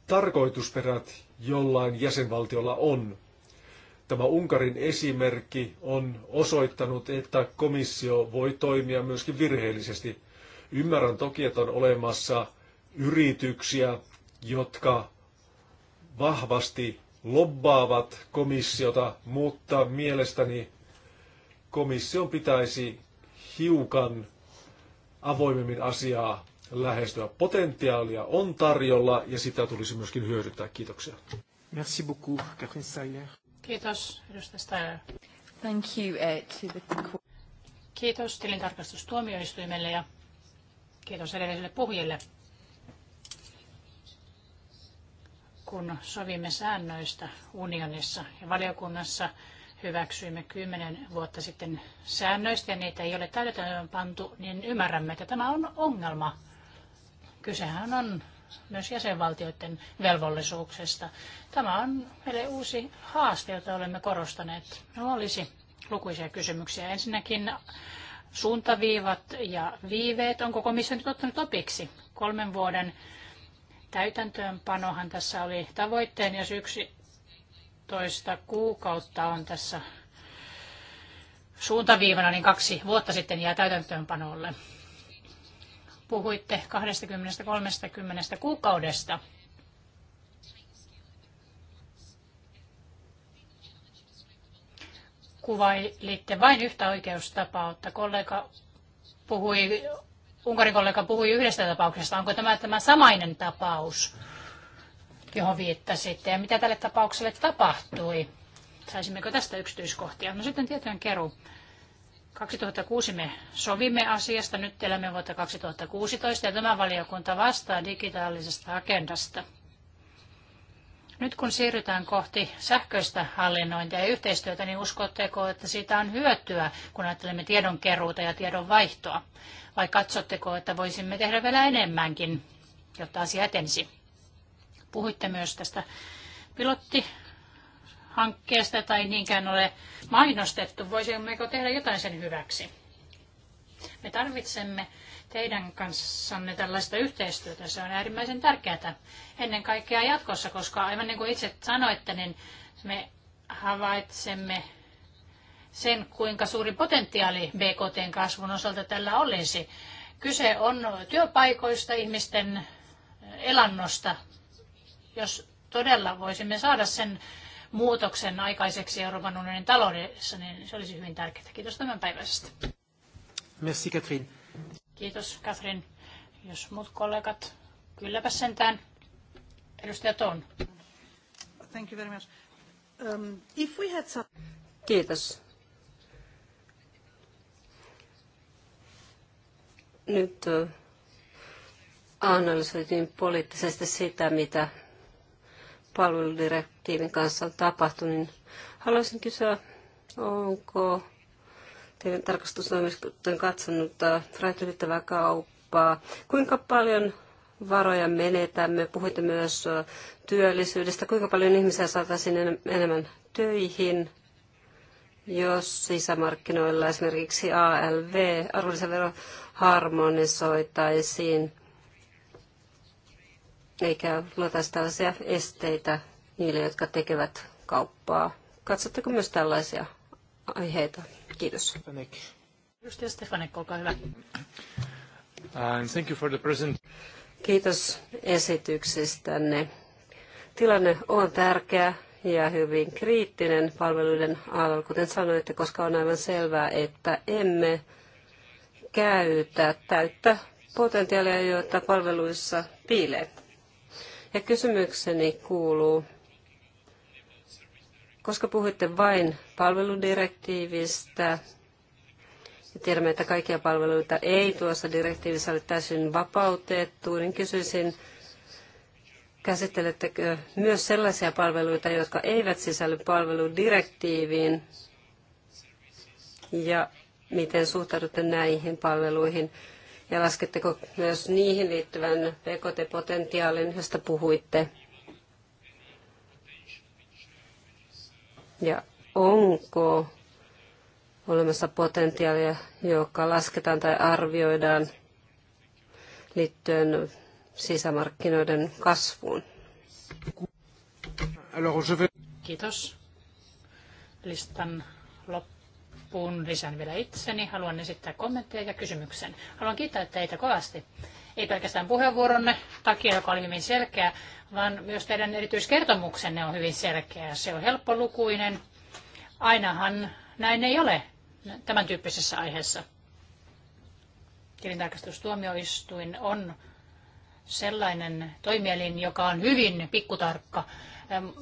C: tarkoitusperät jollain jäsenvaltiolla on. Tämä Unkarin esimerkki on osoittanut, että komissio voi toimia myöskin virheellisesti. Ymmärrän toki, että on olemassa yrityksiä, jotka vahvasti lobbaavat komissiota, mutta mielestäni komission pitäisi hiukan avoimemmin asiaa lähestyä. Potentiaalia on tarjolla ja sitä tulisi myöskin hyödyntää. Kiitoksia. Merci beaucoup, Catherine Steiner.
B: Kiitos, edustaja Steiner. Thank you, uh, to the... Kiitos tilintarkastustuomioistuimelle ja kiitos edelliselle puhujille. kun sovimme säännöistä unionissa ja valiokunnassa hyväksyimme kymmenen vuotta sitten säännöistä ja niitä ei ole täytäntöön pantu, niin ymmärrämme, että tämä on ongelma. Kysehän on myös jäsenvaltioiden velvollisuuksesta. Tämä on meille uusi haaste, jota olemme korostaneet. Minulla no, olisi lukuisia kysymyksiä. Ensinnäkin suuntaviivat ja viiveet. Onko komissio nyt ottanut opiksi kolmen vuoden Täytäntöönpanohan tässä oli tavoitteen, ja syksy toista kuukautta on tässä suuntaviivana, niin kaksi vuotta sitten jää täytäntöönpanolle. Puhuitte 20-30 kuukaudesta. kuvailitte vain yhtä oikeustapautta kollega puhui Unkarin kollega puhui yhdestä tapauksesta. Onko tämä tämä samainen tapaus, johon viittasitte? Ja mitä tälle tapaukselle tapahtui? Saisimmeko tästä yksityiskohtia? No sitten tietojen keruu. 2006 me sovimme asiasta, nyt elämme vuotta 2016 ja tämä valiokunta vastaa digitaalisesta agendasta – nyt kun siirrytään kohti sähköistä hallinnointia ja yhteistyötä, niin uskotteko, että siitä on hyötyä, kun ajattelemme tiedonkeruuta ja tiedon vaihtoa? Vai katsotteko, että voisimme tehdä vielä enemmänkin, jotta asia etensi? Puhuitte myös tästä pilottihankkeesta tai niinkään ole mainostettu. Voisimmeko tehdä jotain sen hyväksi? Me tarvitsemme teidän kanssanne tällaista yhteistyötä. Se on äärimmäisen tärkeää ennen kaikkea jatkossa, koska aivan niin kuin itse sanoitte, niin me havaitsemme sen, kuinka suuri potentiaali BKTn kasvun osalta tällä olisi. Kyse on työpaikoista, ihmisten elannosta. Jos todella voisimme saada sen muutoksen aikaiseksi Euroopan unionin taloudessa, niin se olisi hyvin tärkeää. Kiitos tämänpäiväisestä. Merci Kiitos, Katrin. Jos muut kollegat, kylläpä sentään. Edustaja Ton. Thank you very much. Um, if we had some... Kiitos.
D: Nyt analysoitiin poliittisesti sitä, mitä palveludirektiivin kanssa on tapahtunut. Niin haluaisin kysyä, onko teidän on katsonut rajat kauppaa. Kuinka paljon varoja menetämme? Puhuitte myös työllisyydestä. Kuinka paljon ihmisiä saataisiin enemmän töihin, jos sisämarkkinoilla esimerkiksi ALV, arvonlisävero, harmonisoitaisiin, eikä luotaisi tällaisia esteitä niille, jotka tekevät kauppaa. Katsotteko myös tällaisia aiheita? Kiitos.
B: Edustaja olkaa hyvä.
A: thank you for the present.
D: Kiitos esityksistänne. Tilanne on tärkeä ja hyvin kriittinen palveluiden alalla, kuten sanoitte, koska on aivan selvää, että emme käytä täyttä potentiaalia, jota palveluissa piilee. Ja kysymykseni kuuluu, koska puhuitte vain palveludirektiivistä, ja tiedämme, että kaikkia palveluita ei tuossa direktiivissä ole täysin vapautettu, niin kysyisin, käsittelettekö myös sellaisia palveluita, jotka eivät sisälly palveludirektiiviin, ja miten suhtaudutte näihin palveluihin, ja lasketteko myös niihin liittyvän PKT-potentiaalin, josta puhuitte? Ja onko olemassa potentiaalia, joka lasketaan tai arvioidaan liittyen sisämarkkinoiden kasvuun?
B: Kiitos. Listan loppuun lisään vielä itseni. Haluan esittää kommentteja ja kysymyksen. Haluan kiittää teitä kovasti ei pelkästään puheenvuoronne takia, joka oli hyvin selkeä, vaan myös teidän erityiskertomuksenne on hyvin selkeä. Se on helppolukuinen. Ainahan näin ei ole tämän tyyppisessä aiheessa. Tilintarkastustuomioistuin on sellainen toimielin, joka on hyvin pikkutarkka.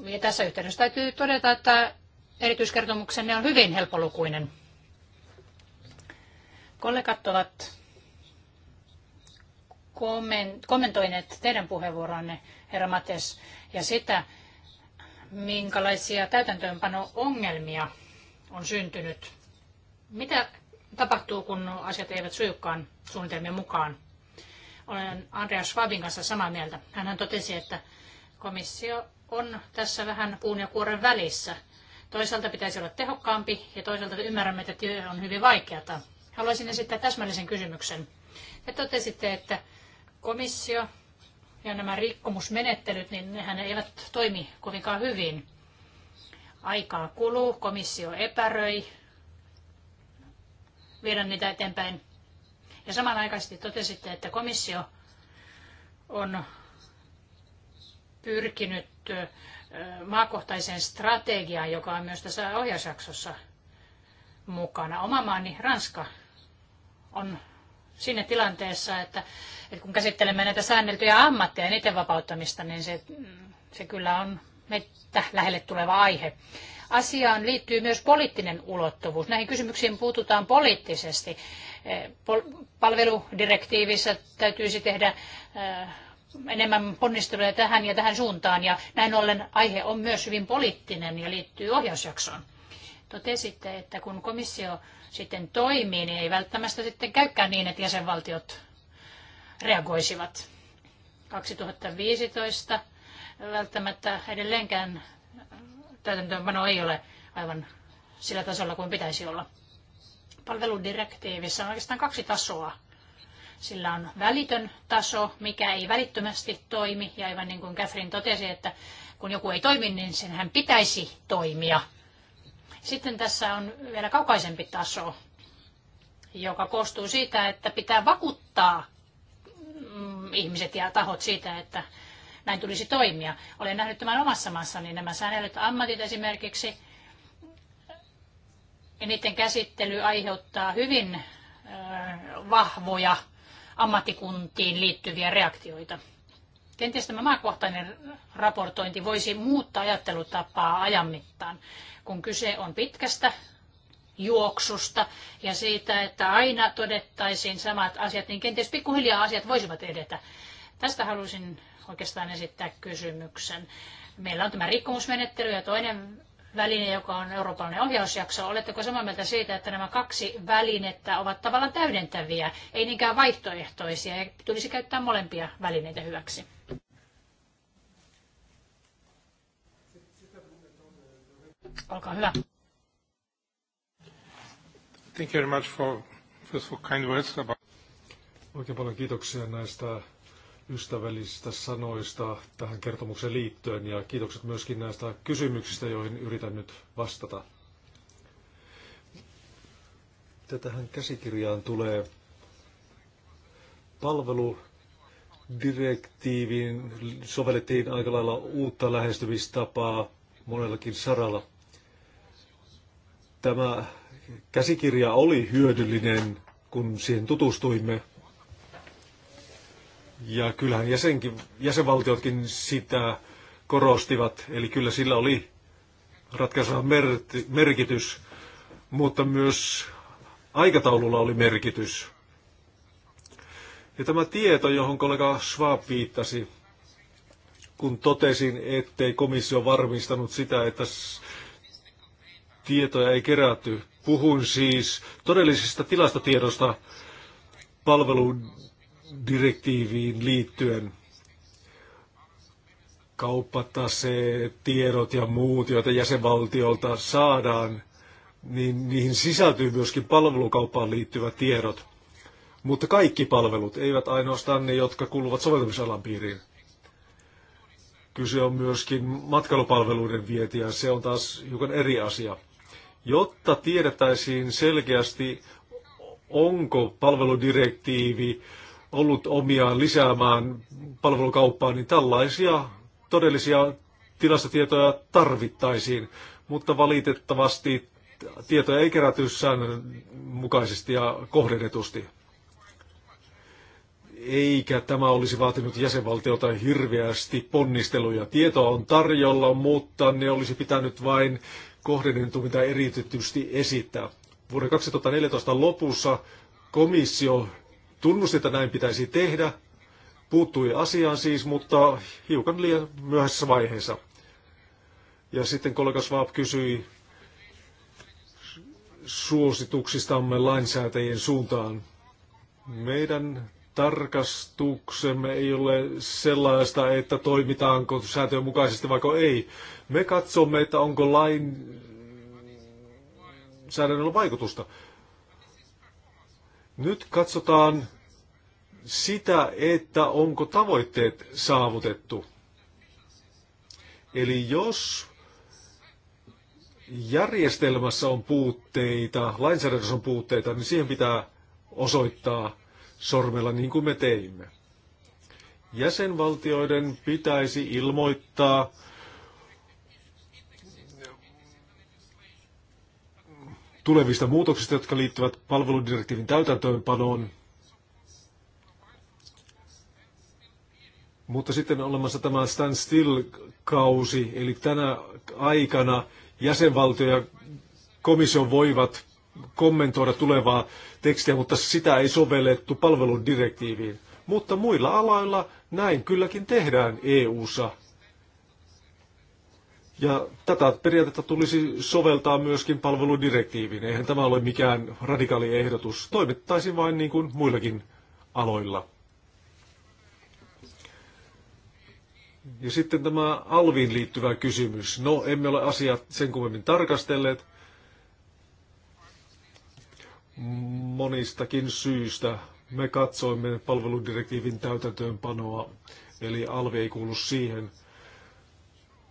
B: Ja tässä yhteydessä täytyy todeta, että erityiskertomuksenne on hyvin helppolukuinen. Kollegat ovat kommentoineet teidän puheenvuoronne, herra Mates, ja sitä, minkälaisia täytäntöönpano-ongelmia on syntynyt. Mitä tapahtuu, kun asiat eivät sujukaan suunnitelmien mukaan? Olen Andreas Schwabin kanssa samaa mieltä. Hän totesi, että komissio on tässä vähän puun ja kuoren välissä. Toisaalta pitäisi olla tehokkaampi ja toisaalta ymmärrämme, että työ on hyvin vaikeata. Haluaisin esittää täsmällisen kysymyksen. Te totesitte, että komissio ja nämä rikkomusmenettelyt, niin nehän eivät toimi kovinkaan hyvin. Aikaa kuluu, komissio epäröi viedä niitä eteenpäin. Ja samanaikaisesti totesitte, että komissio on pyrkinyt maakohtaiseen strategiaan, joka on myös tässä ohjausjaksossa mukana. Oma maani Ranska on siinä tilanteessa, että, että kun käsittelemme näitä säänneltyjä ammatteja ja niiden vapauttamista, niin se, se kyllä on meitä lähelle tuleva aihe. Asiaan liittyy myös poliittinen ulottuvuus. Näihin kysymyksiin puututaan poliittisesti. Eh, palveludirektiivissä täytyisi tehdä eh, enemmän ponnisteluja tähän ja tähän suuntaan. Ja näin ollen aihe on myös hyvin poliittinen ja liittyy ohjausjaksoon. Totesitte, että kun komissio sitten toimii, niin ei välttämättä sitten käykään niin, että jäsenvaltiot
C: reagoisivat.
B: 2015 välttämättä edelleenkään täytäntöönpano ei ole aivan sillä tasolla kuin pitäisi olla. Palveludirektiivissä on oikeastaan kaksi tasoa. Sillä on välitön taso, mikä ei välittömästi toimi, ja aivan niin kuin Catherine totesi, että kun joku ei toimi, niin senhän pitäisi toimia – sitten tässä on vielä kaukaisempi taso, joka koostuu siitä, että pitää vakuuttaa mm, ihmiset ja tahot siitä, että näin tulisi toimia. Olen nähnyt tämän omassa maassani nämä säännellyt ammatit esimerkiksi. Ja niiden käsittely aiheuttaa hyvin vahvoja ammattikuntiin liittyviä reaktioita. Kenties tämä maakohtainen raportointi voisi muuttaa ajattelutapaa ajan mittaan, kun kyse on pitkästä juoksusta ja siitä, että aina todettaisiin samat asiat, niin kenties pikkuhiljaa asiat voisivat edetä. Tästä halusin oikeastaan esittää kysymyksen. Meillä on tämä rikkomusmenettely ja toinen väline, joka on eurooppalainen ohjausjakso. Oletteko samaa mieltä siitä, että nämä kaksi välinettä ovat tavallaan täydentäviä, ei niinkään vaihtoehtoisia, ja tulisi käyttää molempia välineitä hyväksi?
A: Olkaa hyvä. Thank you very much for, first for kind words about...
C: Oikein paljon kiitoksia näistä ystävällisistä sanoista tähän kertomukseen liittyen ja kiitokset myöskin näistä kysymyksistä, joihin yritän nyt vastata. Mitä tähän käsikirjaan tulee? Palveludirektiiviin sovellettiin aika lailla uutta lähestymistapaa monellakin saralla. Tämä käsikirja oli hyödyllinen, kun siihen tutustuimme. Ja kyllähän jäsenkin, jäsenvaltiotkin sitä korostivat, eli kyllä sillä oli ratkaiseva merkitys, mutta myös aikataululla oli merkitys. Ja tämä tieto, johon kollega Schwab viittasi, kun totesin, ettei komissio varmistanut sitä, että tietoja ei kerätty. Puhun siis todellisista tilastotiedosta palveludirektiiviin liittyen. Kauppataseet, tiedot ja muut, joita jäsenvaltiolta saadaan, niin niihin sisältyy myöskin palvelukauppaan liittyvät tiedot. Mutta kaikki palvelut, eivät ainoastaan ne, jotka kuuluvat soveltamisalan piiriin. Kyse on myöskin matkailupalveluiden vietiä, se on taas hiukan eri asia jotta tiedettäisiin selkeästi, onko palveludirektiivi ollut omiaan lisäämään palvelukauppaa, niin tällaisia todellisia tilastotietoja tarvittaisiin, mutta valitettavasti tietoja ei kerätty mukaisesti ja kohdennetusti. Eikä tämä olisi vaatinut jäsenvaltiota hirveästi ponnisteluja. Tietoa on tarjolla, mutta ne olisi pitänyt vain kohdennettu, mitä erityisesti esittää. Vuoden 2014 lopussa komissio tunnusti, että näin pitäisi tehdä, puuttui asiaan siis, mutta hiukan liian myöhäisessä vaiheessa. Ja sitten kollega Schwab kysyi suosituksistamme lainsäätäjien suuntaan. Meidän tarkastuksemme ei ole sellaista, että toimitaanko säätöön mukaisesti vaiko ei. Me katsomme, että onko lain säädännöllä vaikutusta. Nyt katsotaan sitä, että onko tavoitteet saavutettu. Eli jos järjestelmässä on puutteita, lainsäädännössä on puutteita, niin siihen pitää osoittaa sormella niin kuin me teimme. Jäsenvaltioiden pitäisi ilmoittaa tulevista muutoksista, jotka liittyvät palveludirektiivin täytäntöönpanoon. Mutta sitten on olemassa tämä standstill-kausi, eli tänä aikana jäsenvaltio ja komissio voivat kommentoida tulevaa tekstiä, mutta sitä ei sovellettu palveludirektiiviin. Mutta muilla aloilla näin kylläkin tehdään EU-ssa. Ja tätä periaatetta tulisi soveltaa myöskin palveludirektiiviin. Eihän tämä ole mikään radikaali ehdotus. Toimittaisiin vain niin kuin muillakin aloilla. Ja sitten tämä alviin liittyvä kysymys. No, emme ole asiat sen kummemmin tarkastelleet monistakin syistä. Me katsoimme palveludirektiivin täytäntöönpanoa, eli alvi ei kuulu siihen.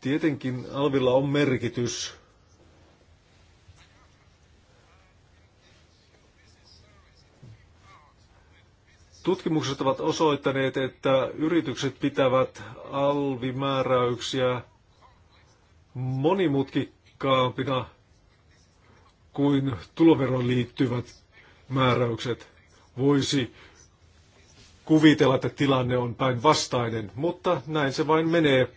C: Tietenkin alvilla on merkitys Tutkimukset ovat osoittaneet, että yritykset pitävät alvimääräyksiä monimutkikkaampina kuin tuloveroon liittyvät määräykset. Voisi kuvitella, että tilanne on päinvastainen, mutta näin se vain menee.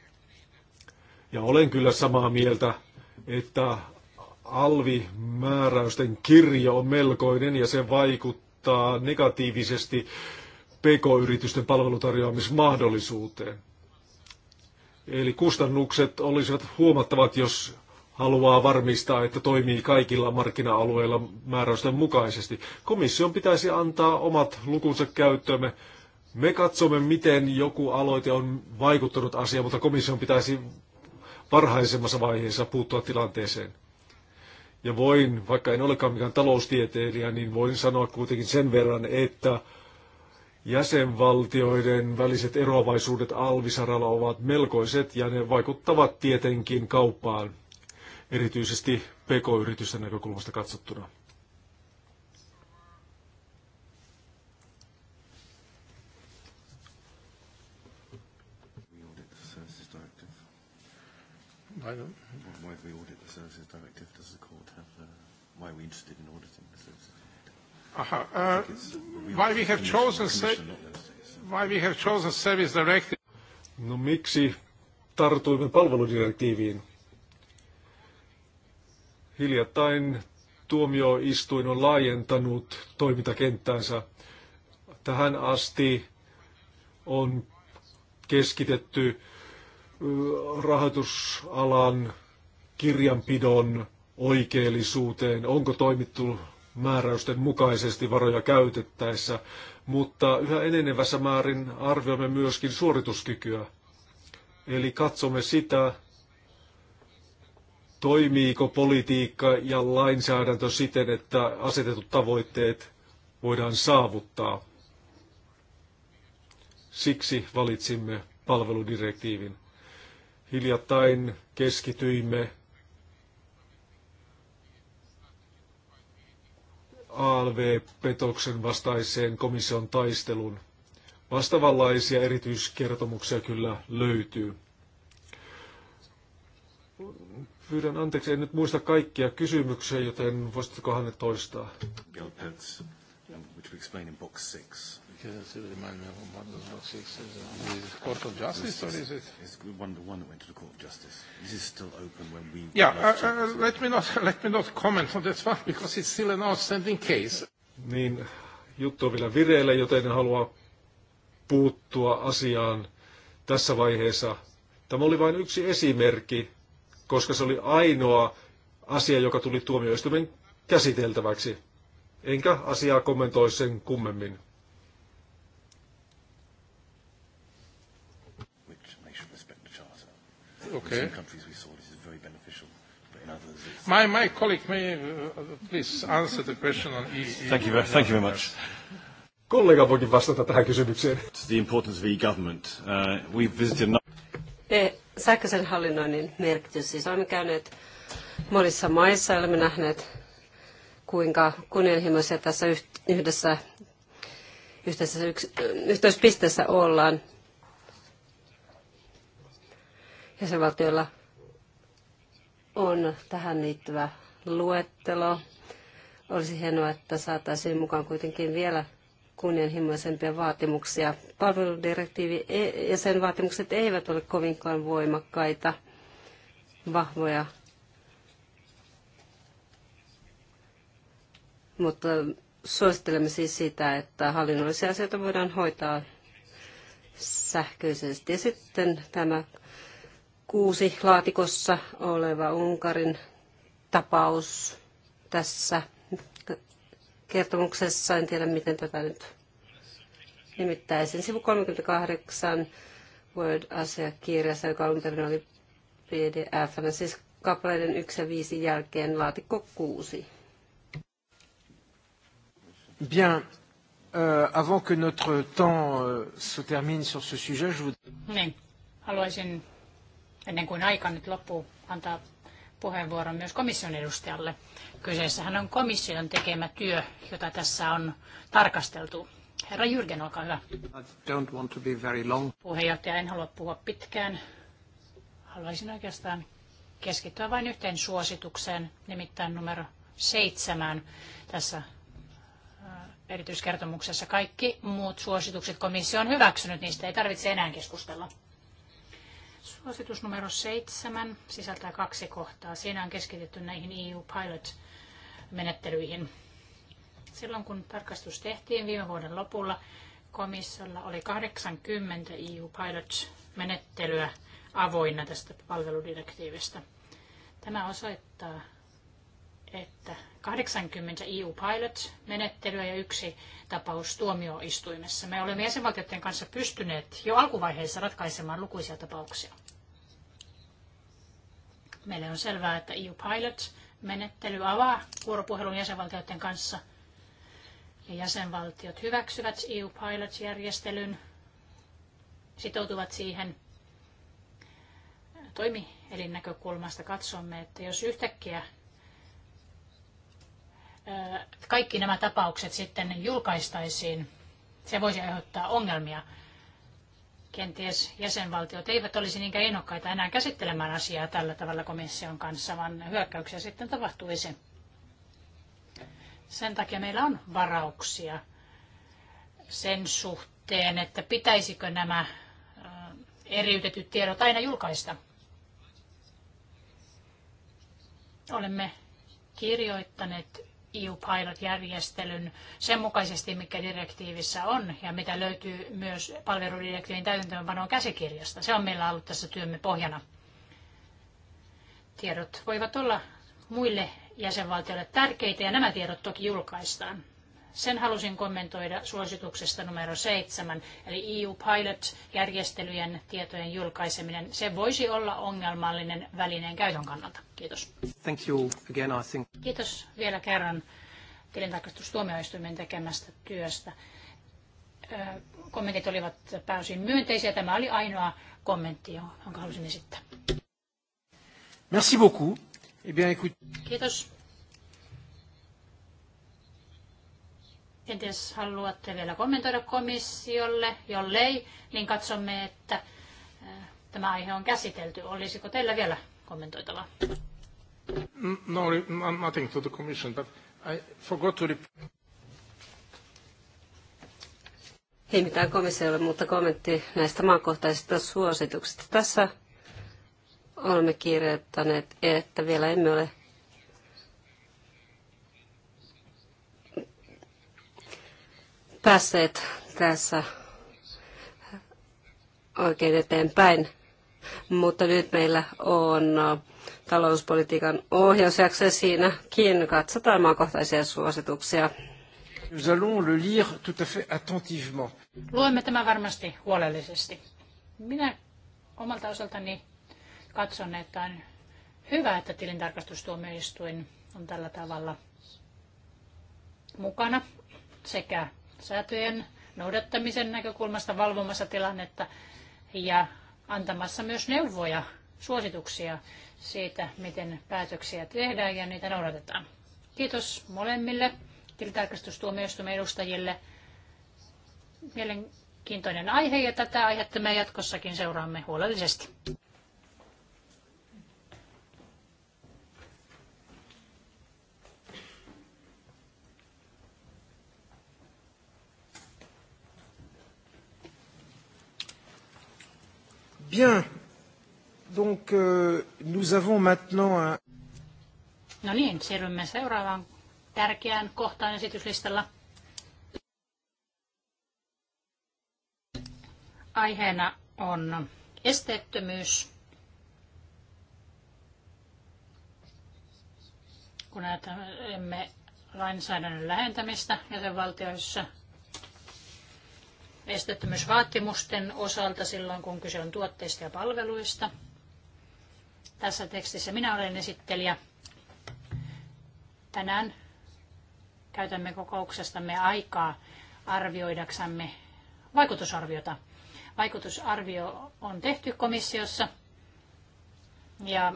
C: Ja olen kyllä samaa mieltä, että alvimääräysten kirjo on melkoinen ja se vaikuttaa negatiivisesti pk-yritysten palvelutarjoamismahdollisuuteen. Eli kustannukset olisivat huomattavat, jos haluaa varmistaa, että toimii kaikilla markkina-alueilla määräysten mukaisesti. Komission pitäisi antaa omat lukunsa käyttöömme. Me katsomme, miten joku aloite on vaikuttanut asiaan, mutta komission pitäisi varhaisemmassa vaiheessa puuttua tilanteeseen. Ja voin, vaikka en olekaan mikään taloustieteilijä, niin voin sanoa kuitenkin sen verran, että jäsenvaltioiden väliset eroavaisuudet alvisaralla ovat melkoiset ja ne vaikuttavat tietenkin kauppaan erityisesti PK-yritysten näkökulmasta katsottuna. I don't. Why we audit the services directive? Does the court have? Uh, why are we interested in auditing the services?
A: Uh-huh. Uh, why we have chosen
C: why we have chosen service directive? No miksi tartuimme palveludirektiiviin? Hiljattain tuomioistuin on laajentanut toimintakenttänsä. Tähän asti on keskitetty rahoitusalan kirjanpidon oikeellisuuteen, onko toimittu määräysten mukaisesti varoja käytettäessä, mutta yhä enenevässä määrin arvioimme myöskin suorituskykyä. Eli katsomme sitä, Toimiiko politiikka ja lainsäädäntö siten, että asetetut tavoitteet voidaan saavuttaa? Siksi valitsimme palveludirektiivin. Hiljattain keskityimme ALV-petoksen vastaiseen komission taisteluun. Vastavanlaisia erityiskertomuksia kyllä löytyy. Pyydän anteeksi, en nyt muista kaikkia kysymyksiä, joten voisittekohan ne toistaa? Um, which we explain in six. of Court of Justice, or is it? It's the one that
A: went to the Court of Justice. This is still open when we... Yeah, uh, uh, uh, let, me not, let me not comment on
C: that one, because it's still an outstanding case. Niin, juttu on vielä vireillä, joten en halua puuttua asiaan tässä vaiheessa. Tämä oli vain yksi esimerkki koska se oli ainoa asia, joka tuli tuomioistuimen käsiteltäväksi. Enkä asiaa kommentoi sen kummemmin. Okay. My, my colleague may uh, please answer the question on e, e thank you, thank you very much. Kollega voikin vastata tähän kysymykseen. The importance of e-government. Uh, we've visited...
A: E,
D: sähköisen hallinnoinnin merkitys. Siis olemme käyneet monissa maissa, olemme nähneet, kuinka kunnianhimoisia tässä yhdessä yhdessä yks, yhteispisteessä ollaan. Jäsenvaltioilla on tähän liittyvä luettelo. Olisi hienoa, että saataisiin mukaan kuitenkin vielä kunnianhimoisempia vaatimuksia. Palveludirektiivi e- ja sen vaatimukset eivät ole kovinkaan voimakkaita, vahvoja, mutta suosittelemme siis sitä, että hallinnollisia asioita voidaan hoitaa sähköisesti. Ja sitten tämä kuusi laatikossa oleva Unkarin tapaus tässä – kertomuksessa. En tiedä, miten tätä nyt nimittäisin. Sivu 38 Word-asiakirjassa, joka alun oli pdf siis kappaleiden 1 ja 5 jälkeen laatikko 6.
A: Bien. Euh, avant que notre temps euh, se termine sur ce sujet, je vous...
B: Niin. Haluaisin, ennen kuin aika nyt loppuu, antaa puheenvuoron myös komission edustajalle. Kyseessähän on komission tekemä työ, jota tässä on tarkasteltu. Herra Jyrgen, olkaa hyvä. I
A: don't want to be very long.
B: Puheenjohtaja, en halua puhua pitkään. Haluaisin oikeastaan keskittyä vain yhteen suositukseen, nimittäin numero seitsemään tässä äh, erityiskertomuksessa. Kaikki muut suositukset komissio on hyväksynyt, niistä ei tarvitse enää keskustella. Suositus numero seitsemän sisältää kaksi kohtaa. Siinä on keskitytty näihin EU Pilot-menettelyihin. Silloin kun tarkastus tehtiin viime vuoden lopulla, komissiolla oli 80 EU Pilot-menettelyä avoinna tästä palveludirektiivistä. Tämä osoittaa, että 80 EU-pilot-menettelyä ja yksi tapaus tuomioistuimessa. Me olemme jäsenvaltioiden kanssa pystyneet jo alkuvaiheessa ratkaisemaan lukuisia tapauksia. Meille on selvää, että EU-pilot-menettely avaa vuoropuhelun jäsenvaltioiden kanssa ja jäsenvaltiot hyväksyvät EU-pilot-järjestelyn, sitoutuvat siihen toimielin näkökulmasta katsomme, että jos yhtäkkiä kaikki nämä tapaukset sitten julkaistaisiin, se voisi aiheuttaa ongelmia. Kenties jäsenvaltiot eivät olisi niinkään innokkaita enää käsittelemään asiaa tällä tavalla komission kanssa, vaan hyökkäyksiä sitten tapahtuisi. Sen takia meillä on varauksia sen suhteen, että pitäisikö nämä eriytetyt tiedot aina julkaista. Olemme kirjoittaneet EU-pilot-järjestelyn sen mukaisesti, mikä direktiivissä on ja mitä löytyy myös palveludirektiivin täytäntöönpanon käsikirjasta. Se on meillä ollut tässä työmme pohjana. Tiedot voivat olla muille jäsenvaltioille tärkeitä ja nämä tiedot toki julkaistaan sen halusin kommentoida suosituksesta numero seitsemän, eli EU Pilot-järjestelyjen tietojen julkaiseminen. Se voisi olla ongelmallinen välineen käytön kannalta. Kiitos.
A: Thank you again, I think.
B: Kiitos vielä kerran tilintarkastustuomioistuimen tekemästä työstä. Kommentit olivat pääosin myönteisiä. Tämä oli ainoa kommentti, jonka halusin esittää.
A: Merci beaucoup. Eh bien, écoute...
B: Kiitos. Kenties haluatte vielä kommentoida komissiolle, jollei, niin katsomme, että eh, tämä aihe on käsitelty. Olisiko teillä vielä kommentoitavaa?
A: Mm, no, nothing to the commission, but I forgot to
D: Ei mitään komissiolle, mutta kommentti näistä maankohtaisista suosituksista. Tässä olemme kirjoittaneet, että vielä emme ole päässeet tässä oikein eteenpäin, mutta nyt meillä on talouspolitiikan ohjausjakso siinäkin katsotaan maakohtaisia suosituksia.
A: Nous allons le lire tout à fait attentivement.
B: Luemme tämä varmasti huolellisesti. Minä omalta osaltani katson, että on hyvä, että tilintarkastustuomioistuin on tällä tavalla mukana sekä säätöjen noudattamisen näkökulmasta valvomassa tilannetta ja antamassa myös neuvoja, suosituksia siitä, miten päätöksiä tehdään ja niitä noudatetaan. Kiitos molemmille tilintarkastustuomioistuimen edustajille. Mielenkiintoinen aihe ja tätä aihetta me jatkossakin seuraamme huolellisesti.
A: Bien. Donc, euh, nous avons maintenant un...
B: No niin, siirrymme seuraavaan tärkeään kohtaan esityslistalla. Aiheena on esteettömyys. Kun ajattelemme lainsäädännön lähentämistä jäsenvaltioissa, esteettömyysvaatimusten osalta silloin, kun kyse on tuotteista ja palveluista. Tässä tekstissä minä olen esittelijä. Tänään käytämme kokouksestamme aikaa arvioidaksamme vaikutusarviota. Vaikutusarvio on tehty komissiossa ja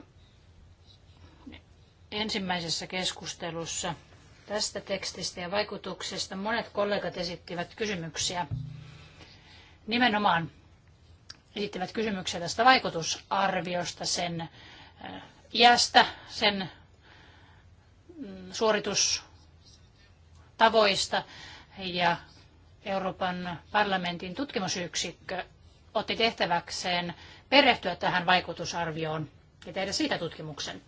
B: ensimmäisessä keskustelussa tästä tekstistä ja vaikutuksesta monet kollegat esittivät kysymyksiä nimenomaan esittivät kysymyksiä tästä vaikutusarviosta, sen eh, iästä, sen mm, suoritustavoista ja Euroopan parlamentin tutkimusyksikkö otti tehtäväkseen perehtyä tähän vaikutusarvioon ja tehdä siitä tutkimuksen.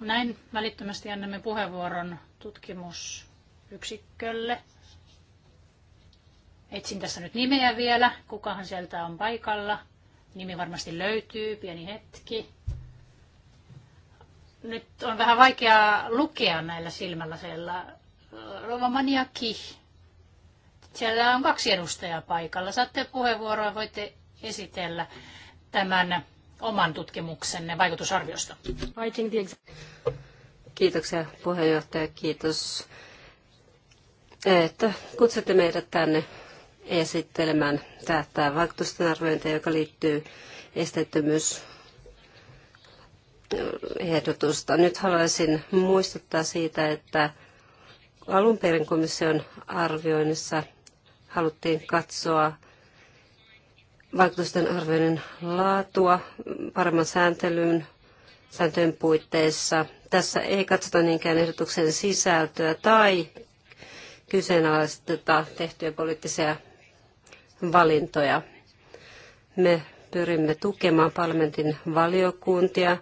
B: Näin välittömästi annamme puheenvuoron tutkimusyksikölle. Etsin tässä nyt nimeä vielä, kukahan sieltä on paikalla. Nimi varmasti löytyy, pieni hetki. Nyt on vähän vaikea lukea näillä Romania Rovamaniaki. Siellä on kaksi edustajaa paikalla. Saatte puheenvuoroa, voitte esitellä tämän oman tutkimuksenne vaikutusarviosta.
D: Kiitoksia puheenjohtaja, kiitos, että kutsutte meidät tänne esittelemään tätä vaikutusten arviointia, joka liittyy esteettömyys ehdotusta. Nyt haluaisin muistuttaa siitä, että alun perin komission arvioinnissa haluttiin katsoa vaikutusten arvioinnin laatua paremman sääntelyn sääntöjen puitteissa. Tässä ei katsota niinkään ehdotuksen sisältöä tai kyseenalaisteta tehtyjä poliittisia valintoja. Me pyrimme tukemaan parlamentin valiokuntia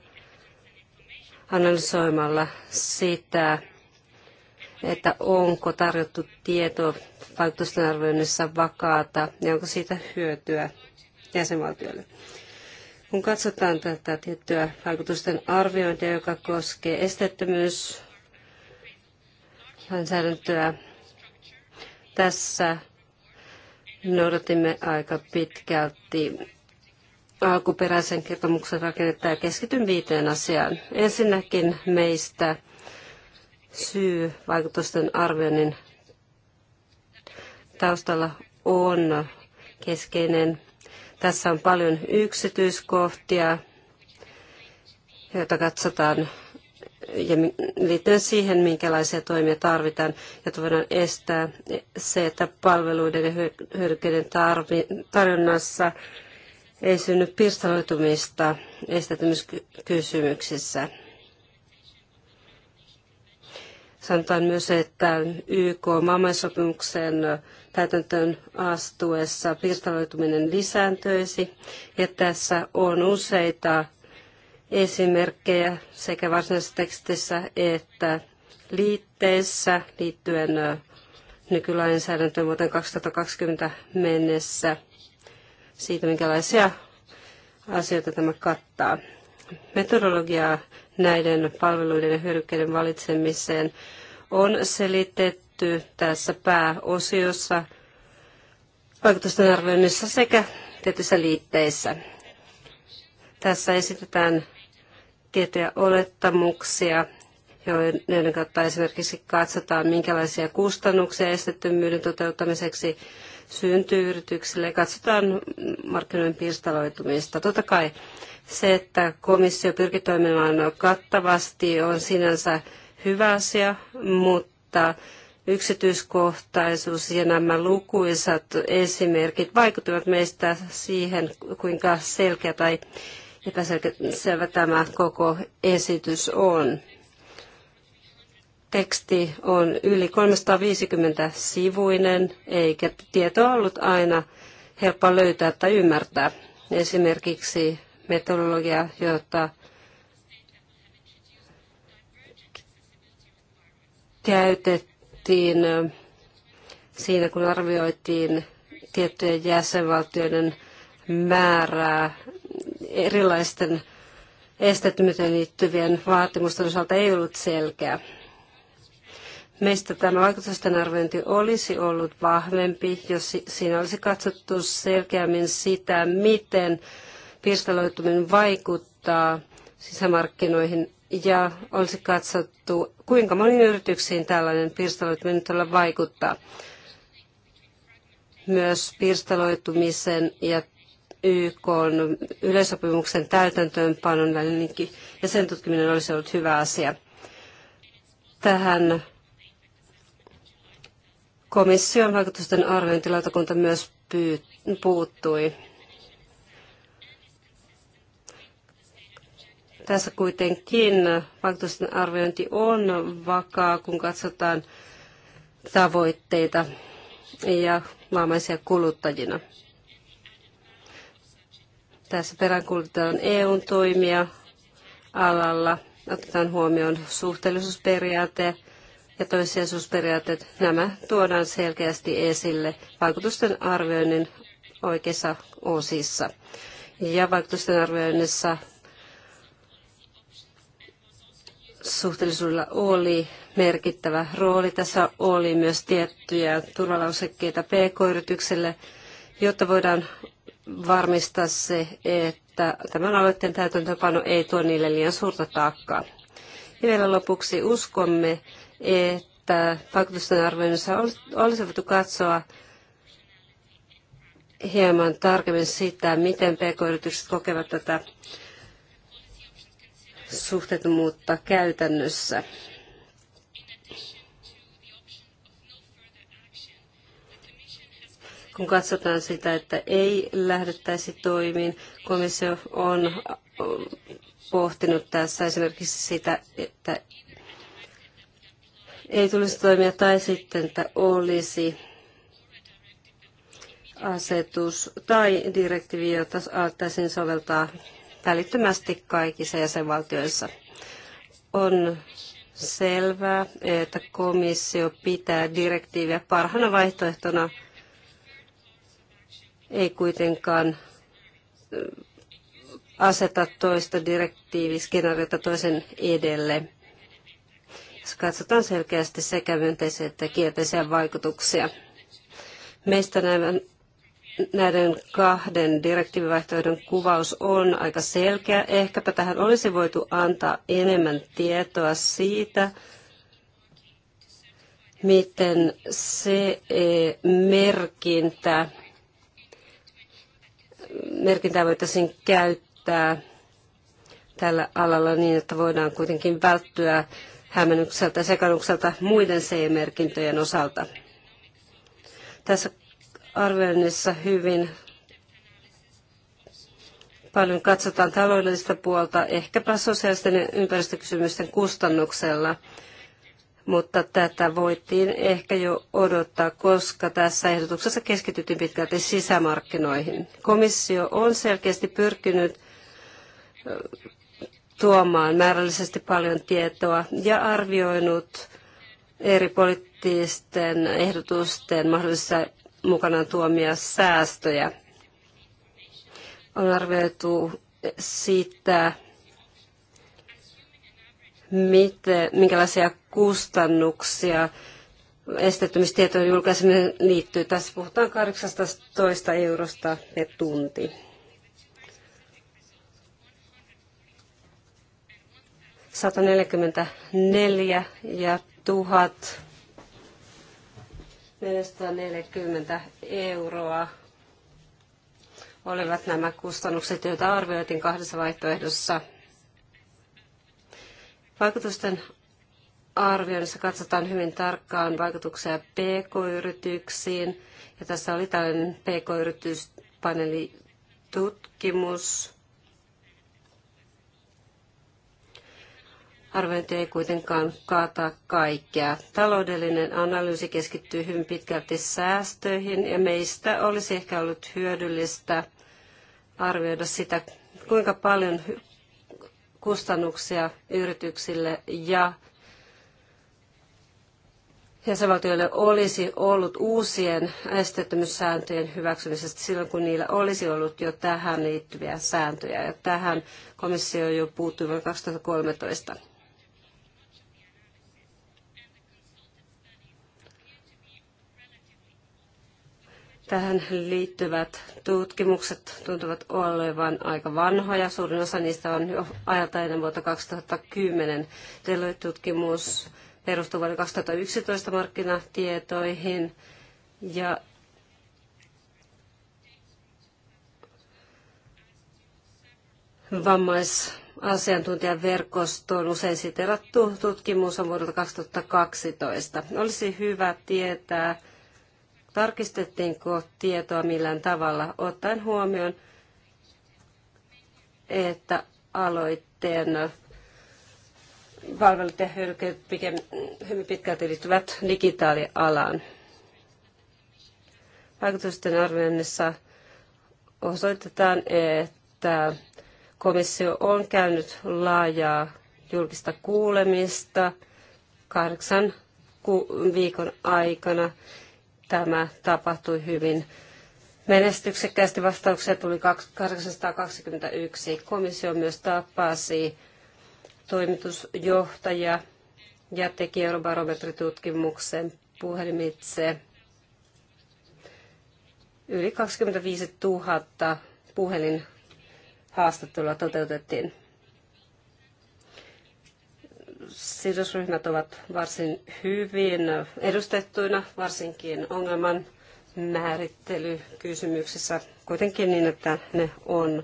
D: analysoimalla sitä, että onko tarjottu tieto vaikutusten arvioinnissa vakaata ja onko siitä hyötyä jäsenvaltioille. Kun katsotaan tätä tiettyä vaikutusten arviointia, joka koskee lainsäädäntöä, tässä noudatimme aika pitkälti alkuperäisen kertomuksen rakennetta ja keskityn viiteen asiaan. Ensinnäkin meistä syy vaikutusten arvioinnin taustalla on keskeinen. Tässä on paljon yksityiskohtia, joita katsotaan ja liittyen siihen, minkälaisia toimia tarvitaan, jotta voidaan estää se, että palveluiden ja hyödykkeiden tarjonnassa ei synny pirstaloitumista esteettömyyskysymyksissä. Sanotaan myös, että YK maailmansopimuksen täytäntöön astuessa pirstaloituminen lisääntyisi, ja tässä on useita esimerkkejä sekä varsinaisessa tekstissä että liitteissä liittyen nykylainsäädäntöön vuoteen 2020 mennessä siitä, minkälaisia asioita tämä kattaa. Metodologiaa näiden palveluiden ja hyödykkeiden valitsemiseen on selitetty tässä pääosiossa vaikutusten arvioinnissa sekä tietyissä liitteissä. Tässä esitetään tiettyjä olettamuksia, joiden kautta esimerkiksi katsotaan, minkälaisia kustannuksia estettömyyden toteuttamiseksi syntyy yrityksille. Katsotaan markkinoiden pirstaloitumista. Totta kai se, että komissio pyrkii toimimaan kattavasti, on sinänsä hyvä asia, mutta yksityiskohtaisuus ja nämä lukuisat esimerkit vaikuttavat meistä siihen, kuinka selkeä tai epäselvä tämä koko esitys on. Teksti on yli 350 sivuinen, eikä tietoa ollut aina helppo löytää tai ymmärtää. Esimerkiksi metodologia, jota käytettiin siinä, kun arvioitiin tiettyjen jäsenvaltioiden määrää erilaisten esteettömyyteen liittyvien vaatimusten osalta ei ollut selkeä. Meistä tämä vaikutusten arviointi olisi ollut vahvempi, jos siinä olisi katsottu selkeämmin sitä, miten pirstaloituminen vaikuttaa sisämarkkinoihin ja olisi katsottu, kuinka moniin yrityksiin tällainen pirstaloituminen todella vaikuttaa. Myös pirstaloitumisen ja YK yleisopimuksen täytäntöönpanon välinenkin, ja sen tutkiminen olisi ollut hyvä asia. Tähän komission vaikutusten arviointilautakunta myös puuttui. Tässä kuitenkin vaikutusten arviointi on vakaa, kun katsotaan tavoitteita ja vammaisia kuluttajina. Tässä peräänkuulutetaan EUn toimia alalla. Otetaan huomioon suhteellisuusperiaate ja toissijaisuusperiaatteet. Nämä tuodaan selkeästi esille vaikutusten arvioinnin oikeissa osissa. Ja vaikutusten arvioinnissa suhteellisuudella oli merkittävä rooli. Tässä oli myös tiettyjä turvalausekkeita pk-yritykselle, jotta voidaan varmistaa se, että tämän aloitteen täytäntöpano ei tuo niille liian suurta taakkaa. Ja vielä lopuksi uskomme, että vaikutusten arvioinnissa olisi voitu katsoa hieman tarkemmin sitä, miten pk-yritykset kokevat tätä suhteettomuutta käytännössä. kun katsotaan sitä, että ei lähdettäisi toimiin, komissio on pohtinut tässä esimerkiksi sitä, että ei tulisi toimia tai sitten, että olisi asetus tai direktiivi, jota alettaisiin soveltaa välittömästi kaikissa jäsenvaltioissa. On selvää, että komissio pitää direktiiviä parhaana vaihtoehtona ei kuitenkaan aseta toista direktiiviskenaariota toisen edelle, jos katsotaan selkeästi sekä myönteisiä että kielteisiä vaikutuksia. Meistä näiden, näiden kahden direktiivivaihtoehdon kuvaus on aika selkeä. Ehkäpä tähän olisi voitu antaa enemmän tietoa siitä, miten se merkintä merkintää voitaisiin käyttää tällä alalla niin, että voidaan kuitenkin välttyä hämmennykseltä ja sekannukselta muiden CE-merkintöjen osalta. Tässä arvioinnissa hyvin paljon katsotaan taloudellista puolta, ehkäpä sosiaalisten ja ympäristökysymysten kustannuksella mutta tätä voitiin ehkä jo odottaa, koska tässä ehdotuksessa keskityttiin pitkälti sisämarkkinoihin. Komissio on selkeästi pyrkinyt tuomaan määrällisesti paljon tietoa ja arvioinut eri poliittisten ehdotusten mahdollisissa mukanaan tuomia säästöjä. On arvioitu sitä, miten, minkälaisia kustannuksia esteettömyystietojen julkaiseminen liittyy. Tässä puhutaan 18 eurosta per tunti. neljä ja 1440 euroa olivat nämä kustannukset, joita arvioitiin kahdessa vaihtoehdossa – Vaikutusten arvioinnissa katsotaan hyvin tarkkaan vaikutuksia pk-yrityksiin. Ja tässä oli tällainen pk-yrityspaneelitutkimus. Arviointi ei kuitenkaan kaata kaikkea. Taloudellinen analyysi keskittyy hyvin pitkälti säästöihin ja meistä olisi ehkä ollut hyödyllistä arvioida sitä, kuinka paljon kustannuksia yrityksille ja jäsenvaltioille olisi ollut uusien esteettömyyssääntöjen hyväksymisestä silloin, kun niillä olisi ollut jo tähän liittyviä sääntöjä. Ja tähän komissio jo puuttui vuonna 2013. Tähän liittyvät tutkimukset tuntuvat olevan aika vanhoja. Suurin osa niistä on jo ajalta ennen vuotta 2010. Deloitte-tutkimus perustuu vuoden 2011 markkinatietoihin ja vammaisasiantuntijaverkostoon usein siterattu tutkimus on vuodelta 2012. Olisi hyvä tietää, Tarkistettiinko tietoa millään tavalla, ottaen huomioon, että aloitteen palvelut ja hyödykkeet hyvin pitkälti liittyvät digitaalialaan. Vaikutusten arvioinnissa osoitetaan, että komissio on käynyt laajaa julkista kuulemista kahdeksan viikon aikana Tämä tapahtui hyvin menestyksekkäästi. Vastauksia tuli 821. Komissio myös tapasi toimitusjohtaja ja teki eurobarometritutkimuksen puhelimitse yli 25 000 puhelinhaastattelua toteutettiin sidosryhmät ovat varsin hyvin edustettuina, varsinkin ongelman määrittelykysymyksissä, kuitenkin niin, että ne on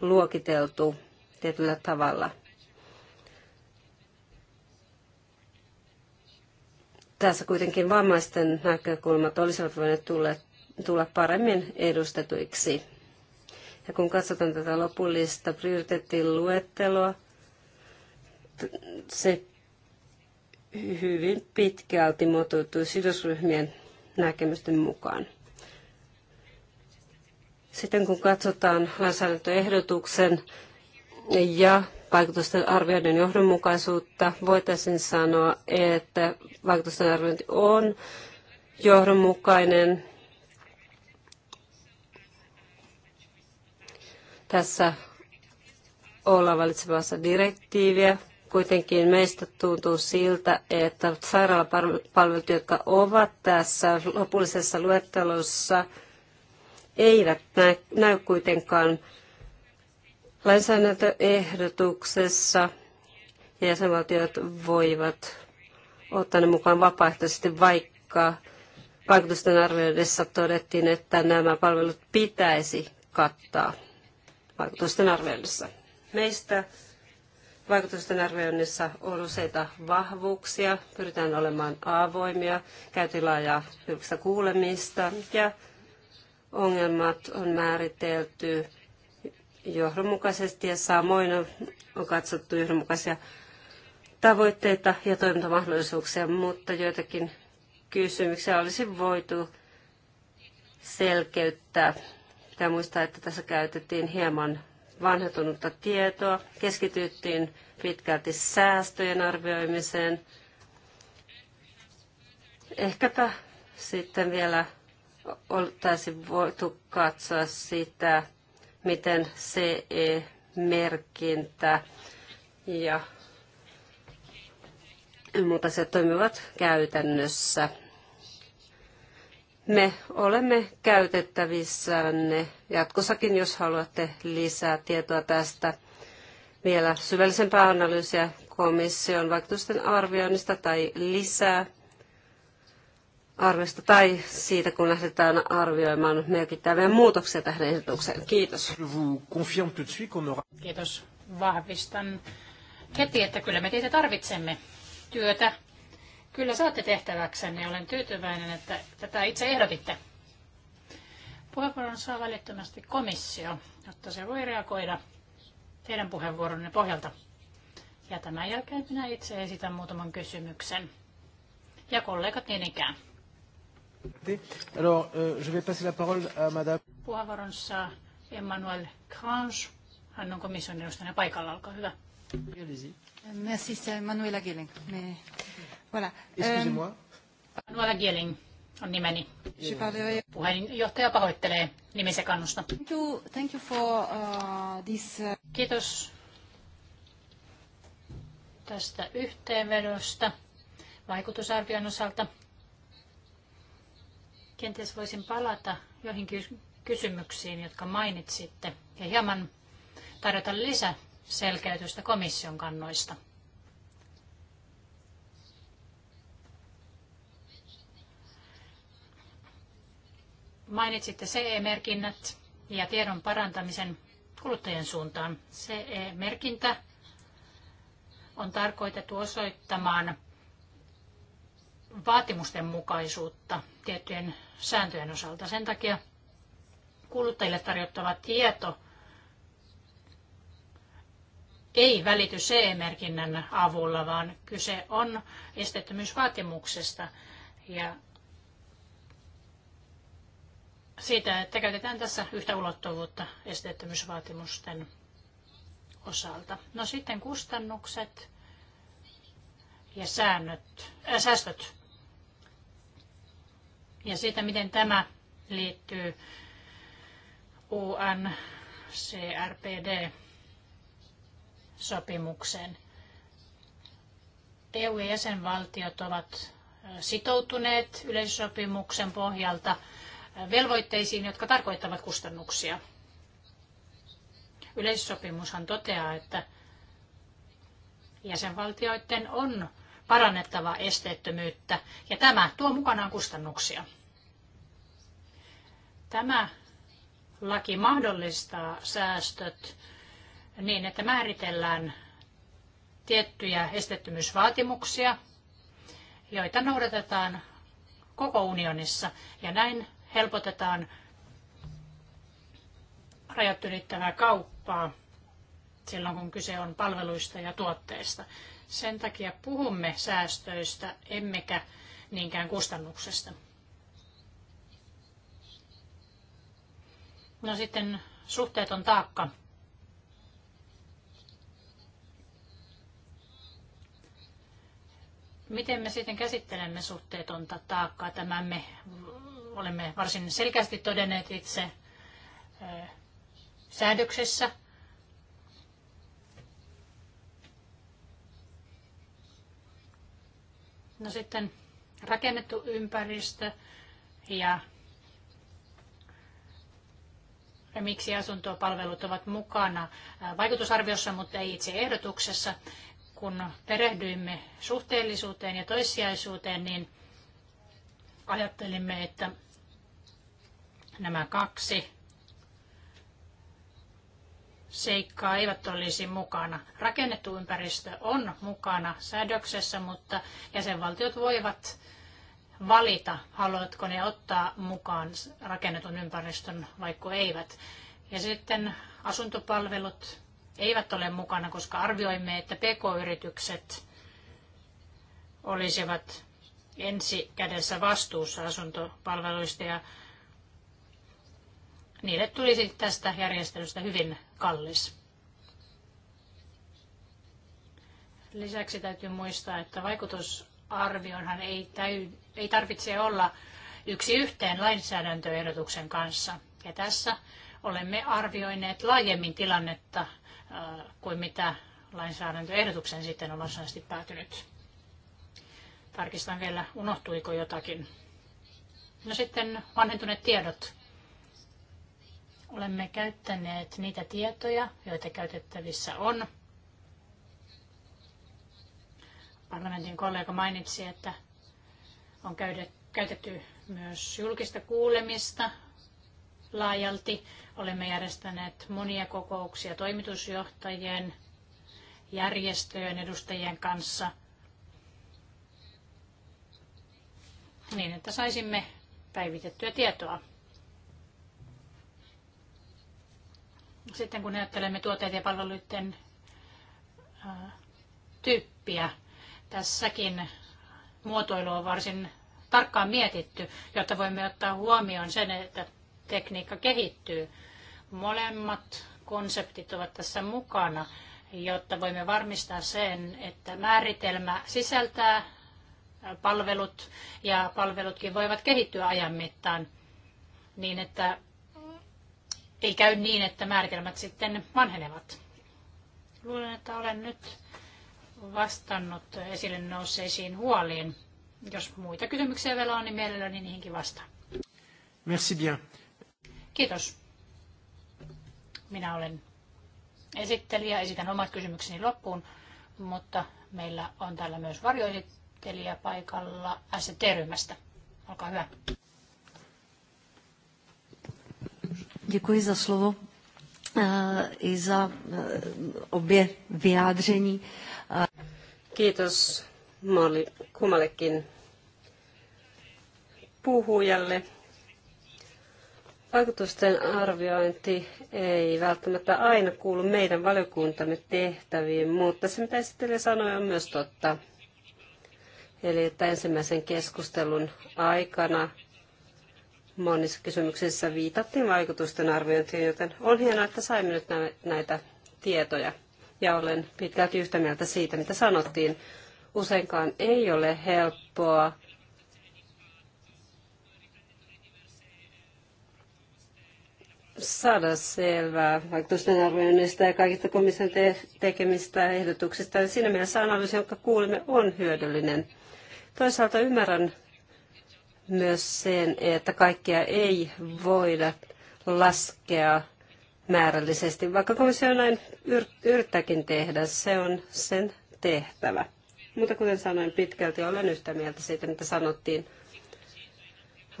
D: luokiteltu tietyllä tavalla. Tässä kuitenkin vammaisten näkökulmat olisivat voineet tulla, tulla paremmin edustetuiksi. Ja kun katsotaan tätä lopullista prioriteettiluetteloa, luetteloa, se hyvin pitkälti muotoutui sidosryhmien näkemysten mukaan. Sitten kun katsotaan lainsäädäntöehdotuksen ja vaikutusten arvioiden johdonmukaisuutta, voitaisiin sanoa, että vaikutusten arviointi on johdonmukainen. Tässä ollaan valitsevassa direktiiviä Kuitenkin meistä tuntuu siltä, että sairaalapalvelut, jotka ovat tässä lopullisessa luettelossa, eivät näy kuitenkaan lainsäädäntöehdotuksessa ja jäsenvaltiot voivat ottaa ne mukaan vapaaehtoisesti, vaikka vaikutusten arvioidessa todettiin, että nämä palvelut pitäisi kattaa vaikutusten arvioidessa. Meistä Vaikutusten arvioinnissa on useita vahvuuksia. Pyritään olemaan avoimia, käytiin laajaa julkista kuulemista ja ongelmat on määritelty johdonmukaisesti ja samoin on katsottu johdonmukaisia tavoitteita ja toimintamahdollisuuksia, mutta joitakin kysymyksiä olisi voitu selkeyttää. Pitää muistaa, että tässä käytettiin hieman vanhetunutta tietoa, keskityttiin pitkälti säästöjen arvioimiseen. Ehkäpä sitten vielä oltaisiin voitu katsoa sitä, miten CE-merkintä ja muuta se toimivat käytännössä. Me olemme käytettävissänne jatkossakin, jos haluatte lisää tietoa tästä vielä syvällisempää analyysiä komission vaikutusten arvioinnista tai lisää arvosta tai siitä, kun lähdetään arvioimaan merkittäviä muutoksia tähän ehdotukseen. Kiitos.
B: Kiitos. Vahvistan heti, että kyllä me teitä tarvitsemme työtä Kyllä saatte tehtäväksenne. Olen tyytyväinen, että tätä itse ehdotitte. Puheenvuoron saa välittömästi komissio, jotta se voi reagoida teidän puheenvuoronne pohjalta. Ja tämän jälkeen minä itse esitän muutaman kysymyksen. Ja kollegat niin ikään.
A: Alors, euh, je vais passer la parole à madame.
B: Puheenvuoron saa Emmanuel Grange. Hän on komission edustajana paikalla, olkaa hyvä. Merci, c'est Manuela Gilling. Mais Voilà. Excusez-moi. Euh, Manuela Gieling on nimeni. Puheenjohtaja pahoittelee nimisekannusta. Thank you, thank you for, uh, this, uh... Kiitos tästä yhteenvedosta vaikutusarvion osalta. Kenties voisin palata joihin kysymyksiin, jotka mainitsitte, ja hieman tarjota lisäselkeytystä komission kannoista. Mainitsitte CE-merkinnät ja tiedon parantamisen kuluttajien suuntaan. CE-merkintä on tarkoitettu osoittamaan vaatimusten mukaisuutta tiettyjen sääntöjen osalta. Sen takia kuluttajille tarjottava tieto ei välity CE-merkinnän avulla, vaan kyse on esteettömyysvaatimuksesta. Ja siitä, että käytetään tässä yhtä ulottuvuutta esteettömyysvaatimusten osalta. No sitten kustannukset ja säännöt, äh, säästöt. Ja siitä, miten tämä liittyy UNCRPD-sopimukseen. EU- jäsenvaltiot ovat äh, sitoutuneet yleissopimuksen pohjalta – velvoitteisiin, jotka tarkoittavat kustannuksia. Yleissopimushan toteaa, että jäsenvaltioiden on parannettava esteettömyyttä ja tämä tuo mukanaan kustannuksia. Tämä laki mahdollistaa säästöt niin, että määritellään tiettyjä esteettömyysvaatimuksia, joita noudatetaan koko unionissa. Ja näin helpotetaan rajat ylittävää kauppaa silloin, kun kyse on palveluista ja tuotteista. Sen takia puhumme säästöistä, emmekä niinkään kustannuksesta. No sitten suhteeton taakka. Miten me sitten käsittelemme suhteetonta taakkaa? Tämän me olemme varsin selkeästi todenneet itse säädöksessä. No sitten rakennettu ympäristö ja miksi asuntopalvelut ovat mukana vaikutusarviossa, mutta ei itse ehdotuksessa. Kun perehdyimme suhteellisuuteen ja toissijaisuuteen, niin ajattelimme, että nämä kaksi seikkaa eivät olisi mukana. Rakennettu ympäristö on mukana säädöksessä, mutta jäsenvaltiot voivat valita, haluatko ne ottaa mukaan rakennetun ympäristön, vaikka eivät. Ja sitten asuntopalvelut eivät ole mukana, koska arvioimme, että pk-yritykset olisivat ensi kädessä vastuussa asuntopalveluista ja niille tulisi tästä järjestelystä hyvin kallis. Lisäksi täytyy muistaa, että vaikutusarvionhan ei, täy, ei tarvitse olla yksi yhteen lainsäädäntöehdotuksen kanssa. Ja tässä olemme arvioineet laajemmin tilannetta kuin mitä lainsäädäntöehdotuksen sitten on varsinaisesti päätynyt. Tarkistan vielä, unohtuiko jotakin. No sitten vanhentuneet tiedot. Olemme käyttäneet niitä tietoja, joita käytettävissä on. Parlamentin kollega mainitsi, että on käytetty myös julkista kuulemista laajalti. Olemme järjestäneet monia kokouksia toimitusjohtajien, järjestöjen edustajien kanssa niin, että saisimme päivitettyä tietoa. Sitten kun ajattelemme tuotteiden ja palveluiden tyyppiä, tässäkin muotoilu on varsin tarkkaan mietitty, jotta voimme ottaa huomioon sen, että tekniikka kehittyy. Molemmat konseptit ovat tässä mukana, jotta voimme varmistaa sen, että määritelmä sisältää palvelut ja palvelutkin voivat kehittyä ajan mittaan niin, että ei käy niin, että määritelmät sitten vanhenevat. Luulen, että olen nyt vastannut esille nousseisiin huoliin. Jos muita kysymyksiä vielä on, niin mielelläni niihinkin vastaan. Merci bien. Kiitos. Minä olen esittelijä, esitän omat kysymykseni loppuun, mutta meillä on täällä myös varjoesittelijä paikalla ST-ryhmästä. Olkaa hyvä.
D: Děkuji za slovo eh, i za eh, obě vyjádření. Kiitos Molly kummallekin puhujalle. Vaikutusten arviointi ei välttämättä aina kuulu meidän valiokuntamme tehtäviin, mutta se mitä esittelijä sanoi on myös totta. Eli että ensimmäisen keskustelun aikana monissa kysymyksissä viitattiin vaikutusten arviointiin, joten on hienoa, että saimme nyt näitä tietoja. Ja olen pitkälti yhtä mieltä siitä, mitä sanottiin. Useinkaan ei ole helppoa saada selvää vaikutusten arvioinnista ja kaikista komission te- tekemistä ehdotuksista. Ja siinä mielessä analyysi, jonka kuulimme, on hyödyllinen. Toisaalta ymmärrän myös sen, että kaikkia ei voida laskea määrällisesti, vaikka komissio näin yrittääkin tehdä, se on sen tehtävä. Mutta kuten sanoin, pitkälti olen yhtä mieltä siitä, mitä sanottiin.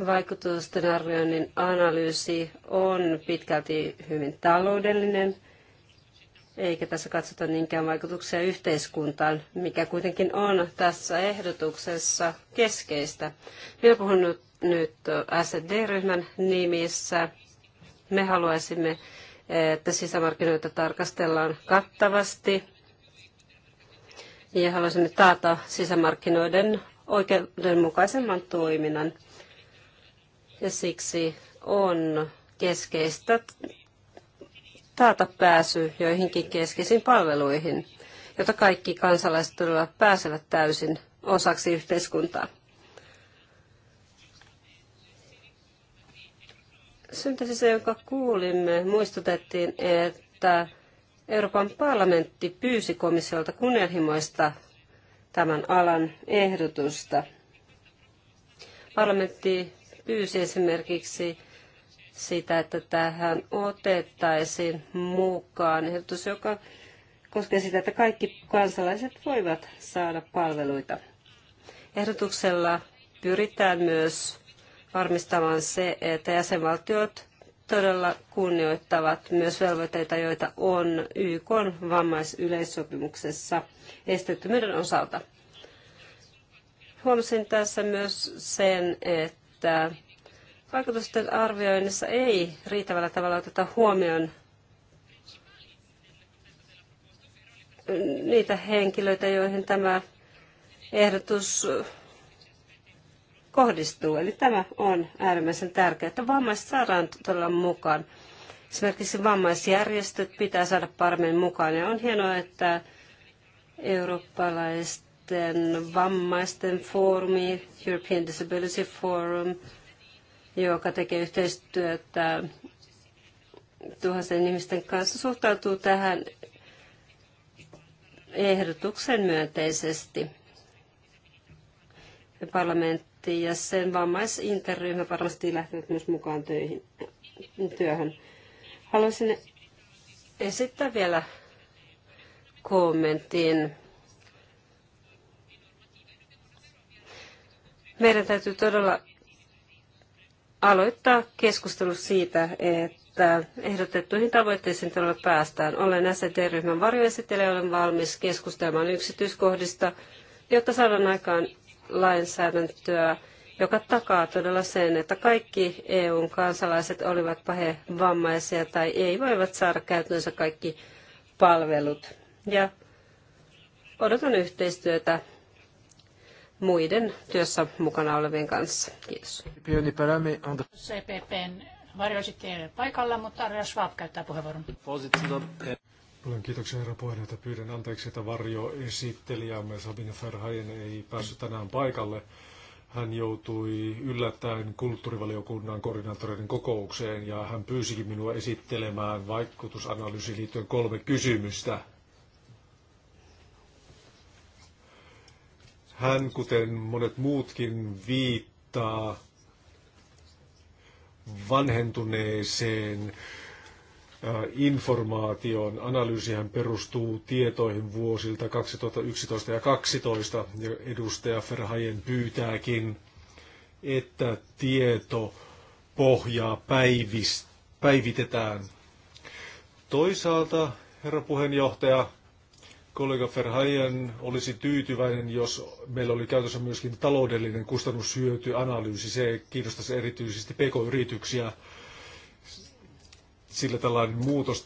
D: Vaikutusten arvioinnin analyysi on pitkälti hyvin taloudellinen – eikä tässä katsota niinkään vaikutuksia yhteiskuntaan, mikä kuitenkin on tässä ehdotuksessa keskeistä. Minä puhun nyt, nyt SD-ryhmän nimissä. Me haluaisimme, että sisämarkkinoita tarkastellaan kattavasti ja haluaisimme taata sisämarkkinoiden oikeudenmukaisemman toiminnan. Ja siksi on keskeistä taata pääsy joihinkin keskeisiin palveluihin, jota kaikki kansalaiset todella pääsevät täysin osaksi yhteiskuntaa. Syntesissä, jonka kuulimme, muistutettiin, että Euroopan parlamentti pyysi komissiolta kunnianhimoista tämän alan ehdotusta. Parlamentti pyysi esimerkiksi sitä, että tähän otettaisiin mukaan ehdotus, joka koskee sitä, että kaikki kansalaiset voivat saada palveluita. Ehdotuksella pyritään myös varmistamaan se, että jäsenvaltiot todella kunnioittavat myös velvoitteita, joita on YK vammaisyleissopimuksessa esteettömyyden osalta. Huomasin tässä myös sen, että Vaikutusten arvioinnissa ei riittävällä tavalla oteta huomioon niitä henkilöitä, joihin tämä ehdotus kohdistuu. Eli tämä on äärimmäisen tärkeää, että vammaiset saadaan todella mukaan. Esimerkiksi vammaisjärjestöt pitää saada paremmin mukaan. Ja on hienoa, että eurooppalaisten vammaisten foorumi, European Disability Forum – joka tekee yhteistyötä tuhansien ihmisten kanssa, suhtautuu tähän ehdotuksen myönteisesti. Parlamentti ja sen vammaisinterryhmä varmasti lähtevät myös mukaan töihin, työhön. Haluaisin esittää vielä kommentin. Meidän täytyy todella aloittaa keskustelu siitä, että ehdotettuihin tavoitteisiin todella päästään. Olen SET-ryhmän varjoesittelijä ja olen valmis keskustelemaan yksityiskohdista, jotta saadaan aikaan lainsäädäntöä, joka takaa todella sen, että kaikki EUn kansalaiset, olivat he vammaisia tai ei, voivat saada käytännössä kaikki palvelut. Ja odotan yhteistyötä muiden työssä mukana olevien kanssa. Kiitos.
B: CPPn e varjoesittelijä paikalla, mutta Arja Schwab käyttää puheenvuoron.
C: Paljon kiitoksia herra puheenjohtaja. Pyydän anteeksi, että varjoesittelijämme Sabine Ferhajen ei päässyt tänään paikalle. Hän joutui yllättäen kulttuurivaliokunnan koordinaattoreiden kokoukseen ja hän pyysikin minua esittelemään vaikutusanalyysiin liittyen kolme kysymystä. Hän, kuten monet muutkin, viittaa vanhentuneeseen äh, informaation. Analyysihän perustuu tietoihin vuosilta 2011 ja 2012, ja edustaja Ferhajen pyytääkin, että tieto pohjaa päivitetään. Toisaalta, herra puheenjohtaja, kollega Ferhajen olisi tyytyväinen, jos meillä oli käytössä myöskin taloudellinen kustannushyötyanalyysi. Se kiinnostaisi erityisesti pk-yrityksiä, sillä tällainen muutos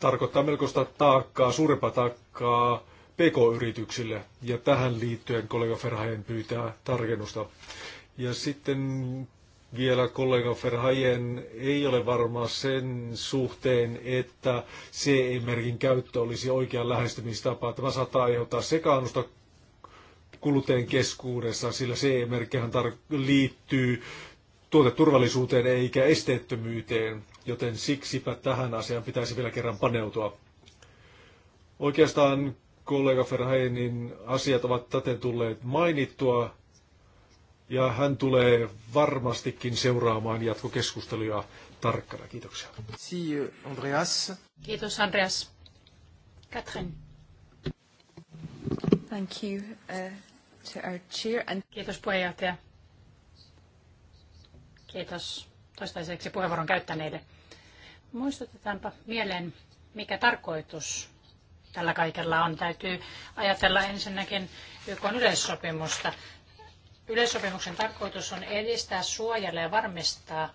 C: tarkoittaa melkoista taakkaa, suurempaa taakkaa pk-yrityksille. Ja tähän liittyen kollega Ferhajen pyytää tarkennusta. Ja sitten vielä kollega Ferhajen ei ole varma sen suhteen, että CE-merkin käyttö olisi oikea lähestymistapa. Tämä saattaa aiheuttaa sekaannusta kuluteen keskuudessa, sillä CE-merkkihän tar- liittyy tuoteturvallisuuteen eikä esteettömyyteen, joten siksipä tähän asiaan pitäisi vielä kerran paneutua. Oikeastaan kollega Ferhajenin asiat ovat täten tulleet mainittua, ja hän tulee varmastikin seuraamaan jatkokeskusteluja tarkkana. Kiitoksia. Si, Andreas.
A: Kiitos Andreas.
B: Catherine. Thank you uh, to our chair and... Kiitos puheenjohtaja. Kiitos toistaiseksi puheenvuoron käyttäneille. Muistutetaanpa mieleen, mikä tarkoitus tällä kaikella on. Täytyy ajatella ensinnäkin YK yleissopimusta. Yleissopimuksen tarkoitus on edistää, suojella ja varmistaa,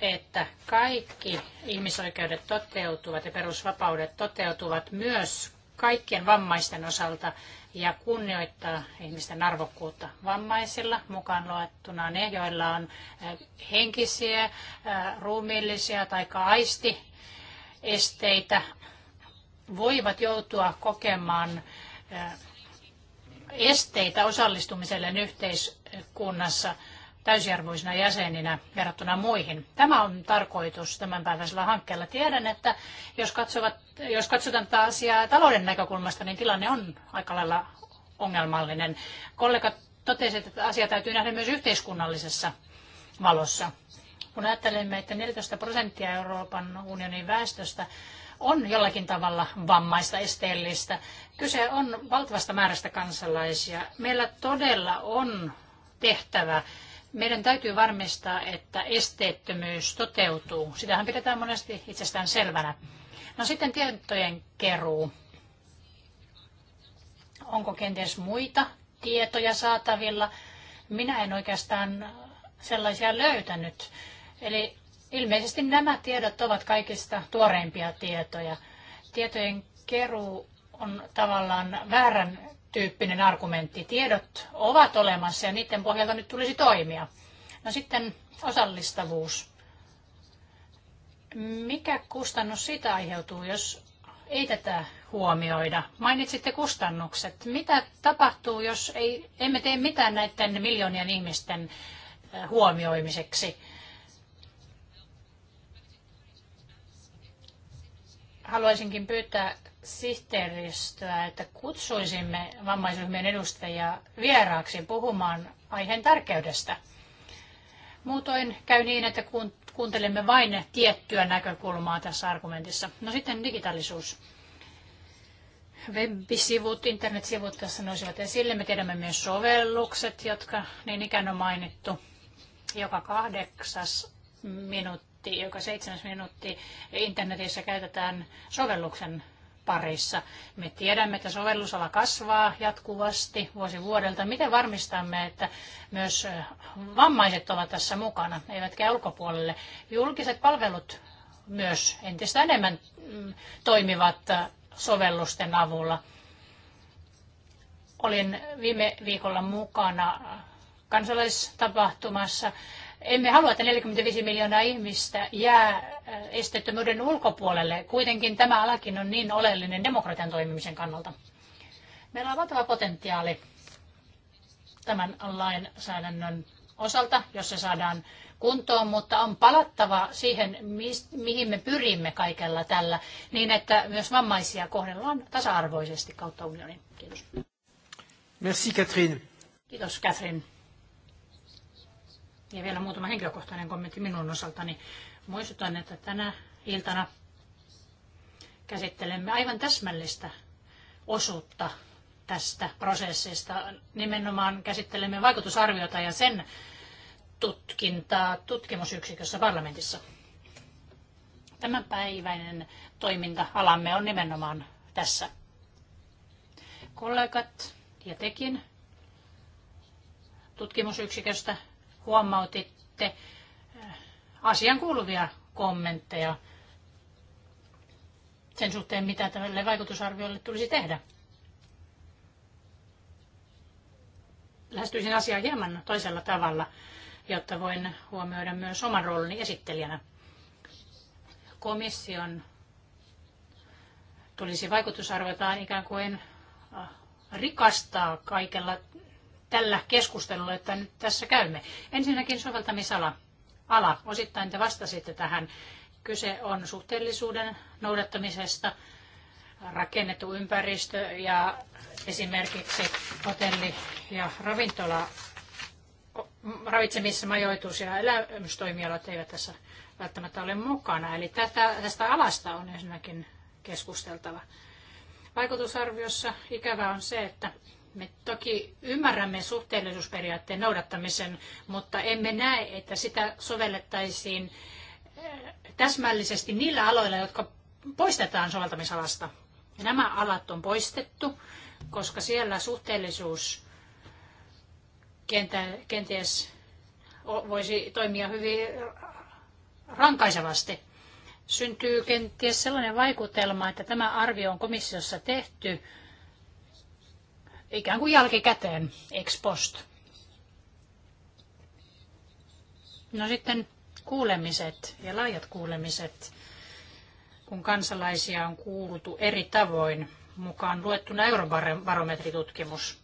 B: että kaikki ihmisoikeudet toteutuvat ja perusvapaudet toteutuvat myös kaikkien vammaisten osalta ja kunnioittaa ihmisten arvokkuutta vammaisilla, mukaan luettuna ne, joilla on henkisiä, ruumiillisia tai aistiesteitä, voivat joutua kokemaan esteitä osallistumiselle yhteis- Kunnassa täysiarvoisina jäseninä verrattuna muihin. Tämä on tarkoitus tämän hankkeella. Tiedän, että jos, katsovat, jos katsotaan tätä asiaa talouden näkökulmasta, niin tilanne on aika lailla ongelmallinen. Kollega totesi, että asia täytyy nähdä myös yhteiskunnallisessa valossa. Kun ajattelemme, että 14 prosenttia Euroopan unionin väestöstä on jollakin tavalla vammaista, esteellistä. Kyse on valtavasta määrästä kansalaisia. Meillä todella on tehtävä. Meidän täytyy varmistaa, että esteettömyys toteutuu. Sitähän pidetään monesti itsestään selvänä. No sitten tietojen keruu. Onko kenties muita tietoja saatavilla? Minä en oikeastaan sellaisia löytänyt. Eli ilmeisesti nämä tiedot ovat kaikista tuoreimpia tietoja. Tietojen keruu on tavallaan väärän tyyppinen argumentti. Tiedot ovat olemassa ja niiden pohjalta nyt tulisi toimia. No sitten osallistavuus. Mikä kustannus siitä aiheutuu, jos ei tätä huomioida? Mainitsitte kustannukset. Mitä tapahtuu, jos ei, emme tee mitään näiden miljoonien ihmisten eh, huomioimiseksi? Haluaisinkin pyytää sihteeristöä, että kutsuisimme vammaisryhmien edustajia vieraaksi puhumaan aiheen tärkeydestä. Muutoin käy niin, että kuuntelemme vain tiettyä näkökulmaa tässä argumentissa. No sitten digitaalisuus. Web-sivut, internetsivut tässä nousivat esille. Me tiedämme myös sovellukset, jotka niin ikään on mainittu. Joka kahdeksas minuutti, joka seitsemäs minuutti internetissä käytetään sovelluksen parissa. Me tiedämme, että sovellusala kasvaa jatkuvasti vuosi vuodelta. Miten varmistamme, että myös vammaiset ovat tässä mukana, eivätkä ulkopuolelle? Julkiset palvelut myös entistä enemmän mm, toimivat sovellusten avulla. Olin viime viikolla mukana kansalaistapahtumassa emme halua, että 45 miljoonaa ihmistä jää äh, esteettömyyden ulkopuolelle. Kuitenkin tämä alakin on niin oleellinen demokratian toimimisen kannalta. Meillä on valtava potentiaali tämän lainsäädännön osalta, jos se saadaan kuntoon, mutta on palattava siihen, mihin me pyrimme kaikella tällä, niin että myös vammaisia kohdellaan tasa-arvoisesti kautta unionin. Kiitos.
A: Merci Catherine.
B: Kiitos Catherine. Ja vielä muutama henkilökohtainen kommentti minun osaltani. Muistutan, että tänä iltana käsittelemme aivan täsmällistä osuutta tästä prosessista. Nimenomaan käsittelemme vaikutusarviota ja sen tutkintaa tutkimusyksikössä parlamentissa. Tämänpäiväinen toiminta-alamme on nimenomaan tässä. Kollegat ja tekin tutkimusyksiköstä huomautitte äh, asian kuuluvia kommentteja sen suhteen, mitä tälle vaikutusarviolle tulisi tehdä. Lähestyisin asiaa hieman toisella tavalla, jotta voin huomioida myös oman roolini esittelijänä. Komission tulisi vaikutusarvotaan ikään kuin äh, rikastaa kaikella tällä keskustelulla, että nyt tässä käymme. Ensinnäkin soveltamisala. Ala. Osittain te vastasitte tähän. Kyse on suhteellisuuden noudattamisesta, rakennettu ympäristö ja esimerkiksi hotelli- ja ravintola ravitsemissa majoitus- ja elämystoimialat eivät tässä välttämättä ole mukana. Eli tätä, tästä alasta on ensinnäkin keskusteltava. Vaikutusarviossa ikävä on se, että me toki ymmärrämme suhteellisuusperiaatteen noudattamisen, mutta emme näe, että sitä sovellettaisiin eh, täsmällisesti niillä aloilla, jotka poistetaan soveltamisalasta. Ja nämä alat on poistettu, koska siellä suhteellisuus kenties voisi toimia hyvin rankaisevasti. Syntyy kenties sellainen vaikutelma, että tämä arvio on komissiossa tehty ikään kuin jälkikäteen ex post. No sitten kuulemiset ja laajat kuulemiset, kun kansalaisia on kuultu eri tavoin, mukaan luettuna eurobarometritutkimus.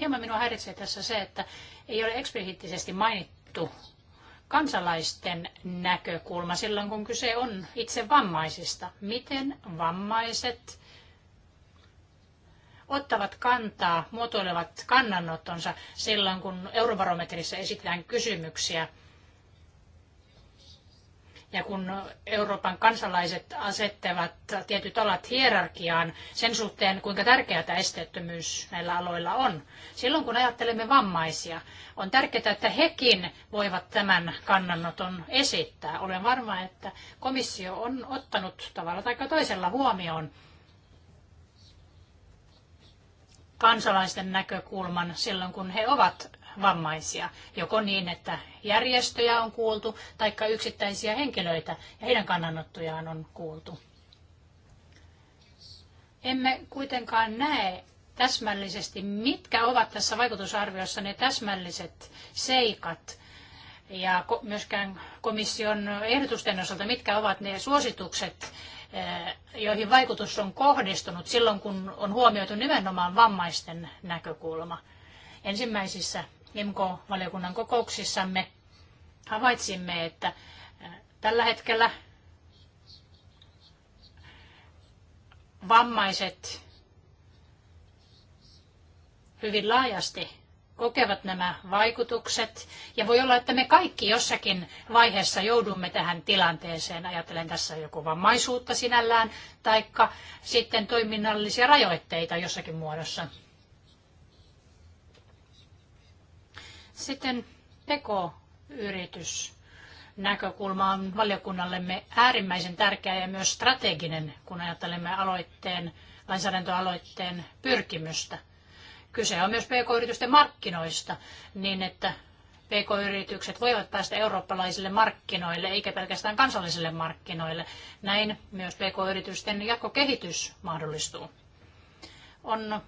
B: Hieman minua häiritsee tässä se, että ei ole eksplisiittisesti mainittu kansalaisten näkökulma silloin, kun kyse on itse vammaisista. Miten vammaiset ottavat kantaa, muotoilevat kannanottonsa silloin, kun eurobarometrissä esitetään kysymyksiä ja kun Euroopan kansalaiset asettavat tietyt alat hierarkiaan sen suhteen, kuinka tärkeää esteettömyys näillä aloilla on. Silloin kun ajattelemme vammaisia, on tärkeää, että hekin voivat tämän kannanoton esittää. Olen varma, että komissio on ottanut tavalla tai toisella huomioon kansalaisten näkökulman silloin, kun he ovat vammaisia, joko niin, että järjestöjä on kuultu, tai yksittäisiä henkilöitä ja heidän kannanottojaan on kuultu. Emme kuitenkaan näe täsmällisesti, mitkä ovat tässä vaikutusarviossa ne täsmälliset seikat, ja myöskään komission ehdotusten osalta, mitkä ovat ne suositukset, Eh, joihin vaikutus on kohdistunut silloin, kun on huomioitu nimenomaan vammaisten näkökulma. Ensimmäisissä IMKO-valiokunnan kokouksissamme havaitsimme, että eh, tällä hetkellä vammaiset hyvin laajasti kokevat nämä vaikutukset. Ja voi olla, että me kaikki jossakin vaiheessa joudumme tähän tilanteeseen. Ajattelen tässä joko vammaisuutta sinällään, taikka sitten toiminnallisia rajoitteita jossakin muodossa. Sitten PK-yritys. Näkökulma on valiokunnallemme äärimmäisen tärkeä ja myös strateginen, kun ajattelemme aloitteen, lainsäädäntöaloitteen pyrkimystä. Kyse on myös pk-yritysten markkinoista, niin että PK-yritykset voivat päästä eurooppalaisille markkinoille, eikä pelkästään kansallisille markkinoille. Näin myös PK-yritysten jatkokehitys mahdollistuu. On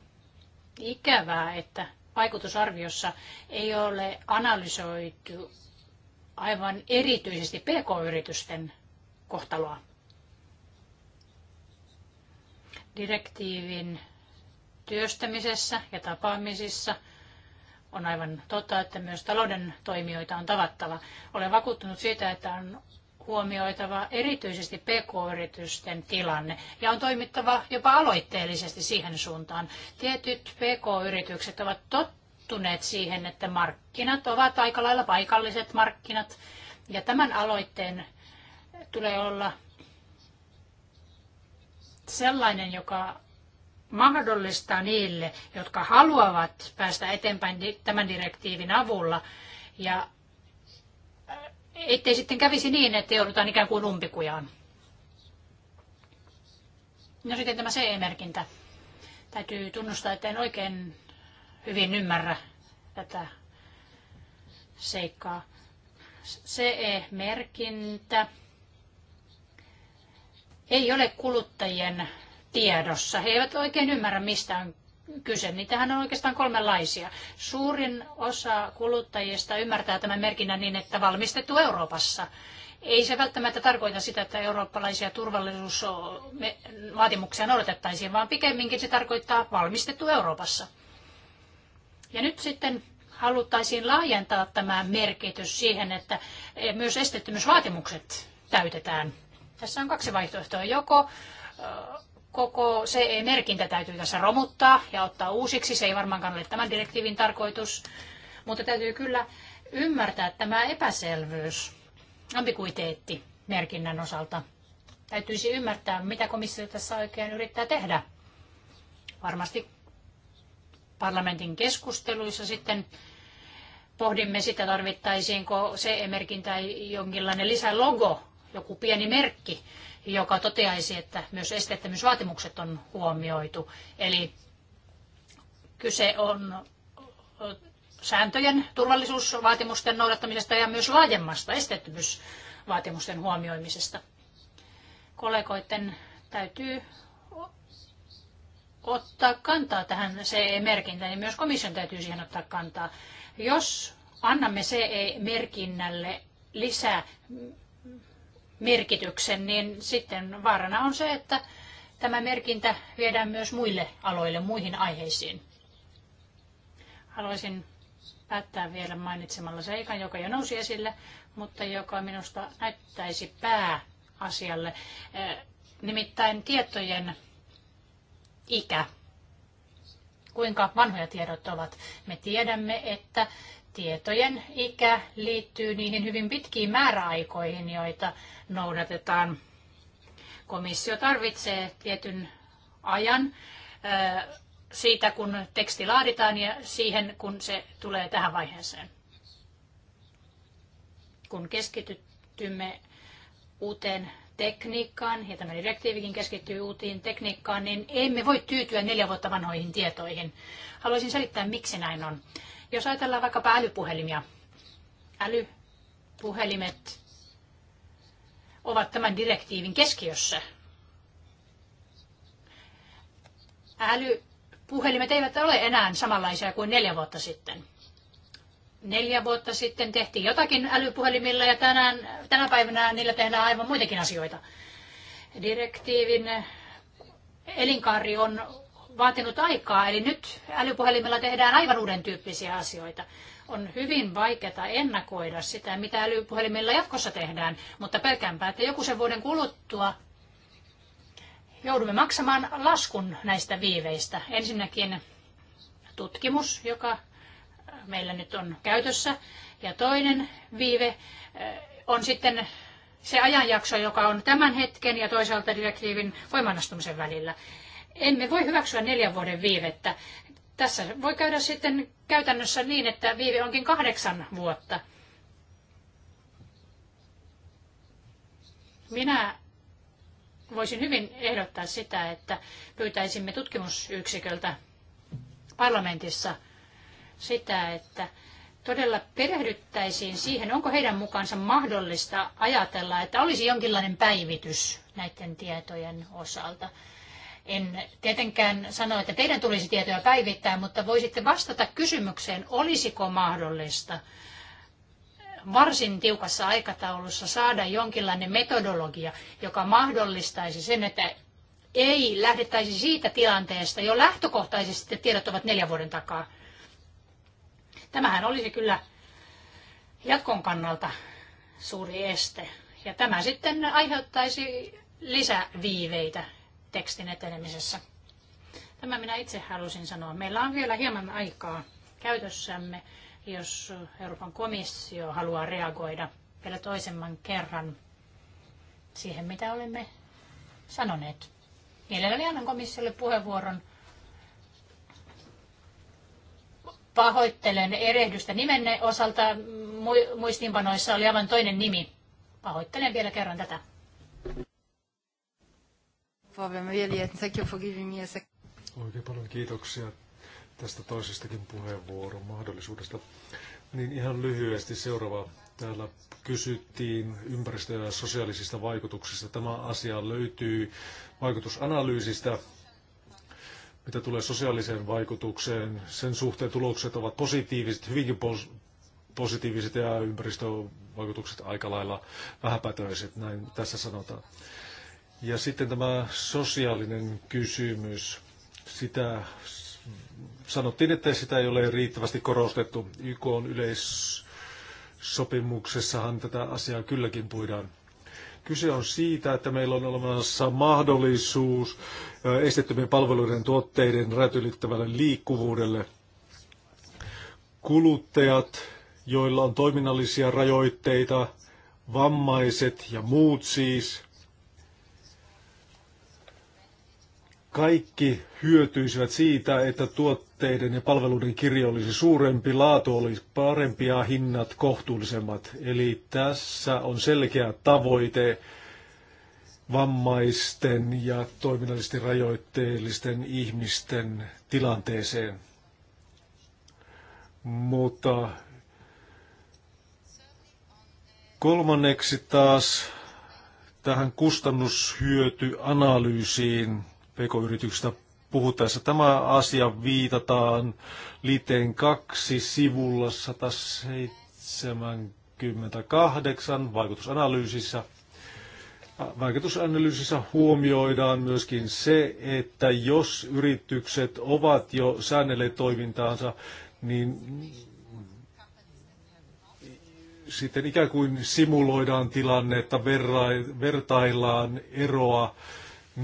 B: ikävää, että vaikutusarviossa ei ole analysoitu aivan erityisesti PK-yritysten kohtaloa. Direktiivin työstämisessä ja tapaamisissa. On aivan totta, että myös talouden toimijoita on tavattava. Olen vakuuttunut siitä, että on huomioitava erityisesti pk-yritysten tilanne ja on toimittava jopa aloitteellisesti siihen suuntaan. Tietyt pk-yritykset ovat tottuneet siihen, että markkinat ovat aika lailla paikalliset markkinat ja tämän aloitteen tulee olla sellainen, joka mahdollistaa niille, jotka haluavat päästä eteenpäin tämän direktiivin avulla. Ja äh, ettei sitten kävisi niin, että joudutaan ikään kuin umpikujaan. No sitten tämä CE-merkintä. Täytyy tunnustaa, että en oikein hyvin ymmärrä tätä seikkaa. CE-merkintä ei ole kuluttajien tiedossa. He eivät oikein ymmärrä, mistä on kyse. Niitähän on oikeastaan kolmenlaisia. Suurin osa kuluttajista ymmärtää tämän merkinnän niin, että valmistettu Euroopassa. Ei se välttämättä tarkoita sitä, että eurooppalaisia turvallisuusvaatimuksia noudatettaisiin, vaan pikemminkin se tarkoittaa valmistettu Euroopassa. Ja nyt sitten haluttaisiin laajentaa tämä merkitys siihen, että myös esteettömyysvaatimukset täytetään. Tässä on kaksi vaihtoehtoa. Joko koko CE-merkintä täytyy tässä romuttaa ja ottaa uusiksi. Se ei varmaankaan ole tämän direktiivin tarkoitus, mutta täytyy kyllä ymmärtää tämä epäselvyys, ambiguiteetti merkinnän osalta. Täytyisi ymmärtää, mitä komissio tässä oikein yrittää tehdä. Varmasti parlamentin keskusteluissa sitten pohdimme sitä, tarvittaisiinko CE-merkintä jonkinlainen lisälogo, joku pieni merkki, joka toteaisi, että myös esteettömyysvaatimukset on huomioitu. Eli kyse on sääntöjen turvallisuusvaatimusten noudattamisesta ja myös laajemmasta esteettömyysvaatimusten huomioimisesta. Kollegoiden täytyy ottaa kantaa tähän CE-merkintään ja niin myös komission täytyy siihen ottaa kantaa. Jos annamme CE-merkinnälle lisää merkityksen, niin sitten vaarana on se, että tämä merkintä viedään myös muille aloille, muihin aiheisiin. Haluaisin päättää vielä mainitsemalla seikan, joka jo nousi esille, mutta joka minusta näyttäisi pääasialle, eh, nimittäin tietojen ikä. Kuinka vanhoja tiedot ovat? Me tiedämme, että tietojen ikä liittyy niihin hyvin pitkiin määräaikoihin, joita noudatetaan. Komissio tarvitsee tietyn ajan siitä, kun teksti laaditaan ja siihen, kun se tulee tähän vaiheeseen. Kun keskitytymme uuteen tekniikkaan, ja tämä direktiivikin keskittyy uuteen tekniikkaan, niin emme voi tyytyä neljä vuotta vanhoihin tietoihin. Haluaisin selittää, miksi näin on. Jos ajatellaan vaikkapa älypuhelimia, älypuhelimet ovat tämän direktiivin keskiössä. Älypuhelimet eivät ole enää samanlaisia kuin neljä vuotta sitten neljä vuotta sitten tehtiin jotakin älypuhelimilla ja tänään, tänä päivänä niillä tehdään aivan muitakin asioita. Direktiivin elinkaari on vaatinut aikaa, eli nyt älypuhelimella tehdään aivan uuden tyyppisiä asioita. On hyvin vaikeaa ennakoida sitä, mitä älypuhelimilla jatkossa tehdään, mutta pelkäänpä, että joku sen vuoden kuluttua joudumme maksamaan laskun näistä viiveistä. Ensinnäkin tutkimus, joka meillä nyt on käytössä, ja toinen viive eh, on sitten se ajanjakso, joka on tämän hetken ja toisaalta direktiivin voimanastumisen välillä. Emme voi hyväksyä neljän vuoden viivettä. Tässä voi käydä sitten käytännössä niin, että viive onkin kahdeksan vuotta. Minä voisin hyvin ehdottaa sitä, että pyytäisimme tutkimusyksiköltä parlamentissa sitä, että todella perehdyttäisiin siihen, onko heidän mukaansa mahdollista ajatella, että olisi jonkinlainen päivitys näiden tietojen osalta. En tietenkään sano, että teidän tulisi tietoja päivittää, mutta voisitte vastata kysymykseen, olisiko mahdollista varsin tiukassa aikataulussa saada jonkinlainen metodologia, joka mahdollistaisi sen, että ei lähdettäisi siitä tilanteesta, jo lähtökohtaisesti tiedot ovat neljän vuoden takaa. Tämähän olisi kyllä jatkon kannalta suuri este. Ja tämä sitten aiheuttaisi lisäviiveitä tekstin etenemisessä. Tämä minä itse halusin sanoa. Meillä on vielä hieman aikaa käytössämme, jos Euroopan komissio haluaa reagoida vielä toisemman kerran siihen, mitä olemme sanoneet. Mielelläni annan komissiolle puheenvuoron. Pahoittelen erehdystä nimenne osalta. Muistiinpanoissa oli aivan toinen nimi. Pahoittelen vielä kerran tätä me
C: Oikein paljon kiitoksia tästä toisestakin puheenvuoron mahdollisuudesta. Niin ihan lyhyesti seuraava. Täällä kysyttiin ympäristö- ja sosiaalisista vaikutuksista. Tämä asia löytyy vaikutusanalyysistä, mitä tulee sosiaaliseen vaikutukseen. Sen suhteen tulokset ovat positiiviset, hyvinkin pos- positiiviset ja ympäristövaikutukset aika lailla vähäpätöiset, näin tässä sanotaan. Ja sitten tämä sosiaalinen kysymys. Sitä sanottiin, että sitä ei ole riittävästi korostettu. YK on yleissopimuksessahan tätä asiaa kylläkin puidaan. Kyse on siitä, että meillä on olemassa mahdollisuus estettömien palveluiden tuotteiden rätylittävälle liikkuvuudelle. Kuluttajat, joilla on toiminnallisia rajoitteita, vammaiset ja muut siis – kaikki hyötyisivät siitä, että tuotteiden ja palveluiden kirjo olisi suurempi, laatu olisi parempi ja hinnat kohtuullisemmat. Eli tässä on selkeä tavoite vammaisten ja toiminnallisesti rajoitteellisten ihmisten tilanteeseen. Mutta kolmanneksi taas tähän kustannushyötyanalyysiin pk-yrityksistä puhuttaessa. Tämä asia viitataan liiteen kaksi sivulla 178 vaikutusanalyysissä. Vaikutusanalyysissä huomioidaan myöskin se, että jos yritykset ovat jo säännelleet toimintaansa, niin sitten ikään kuin simuloidaan tilannetta, vertaillaan eroa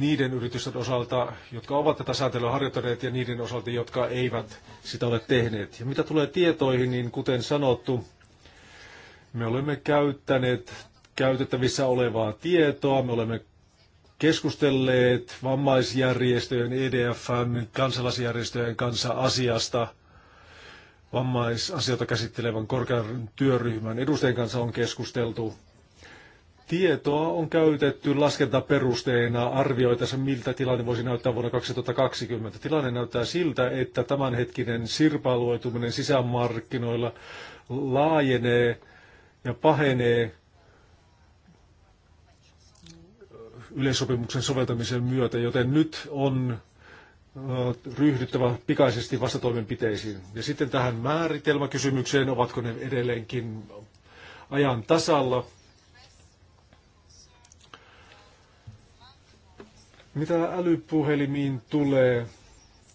C: niiden yritysten osalta, jotka ovat tätä sääntelyä harjoittaneet ja niiden osalta, jotka eivät sitä ole tehneet. Ja mitä tulee tietoihin, niin kuten sanottu, me olemme käyttäneet käytettävissä olevaa tietoa, me olemme keskustelleet vammaisjärjestöjen, EDFn, kansalaisjärjestöjen kanssa asiasta. Vammaisasioita käsittelevän korkean työryhmän edustajien kanssa on keskusteltu. Tietoa on käytetty laskentaperusteena arvioitaessa, miltä tilanne voisi näyttää vuonna 2020. Tilanne näyttää siltä, että tämänhetkinen sirpaloituminen sisämarkkinoilla laajenee ja pahenee yleissopimuksen soveltamisen myötä, joten nyt on ryhdyttävä pikaisesti vastatoimenpiteisiin. Ja sitten tähän määritelmäkysymykseen, ovatko ne edelleenkin ajan tasalla. Mitä älypuhelimiin tulee,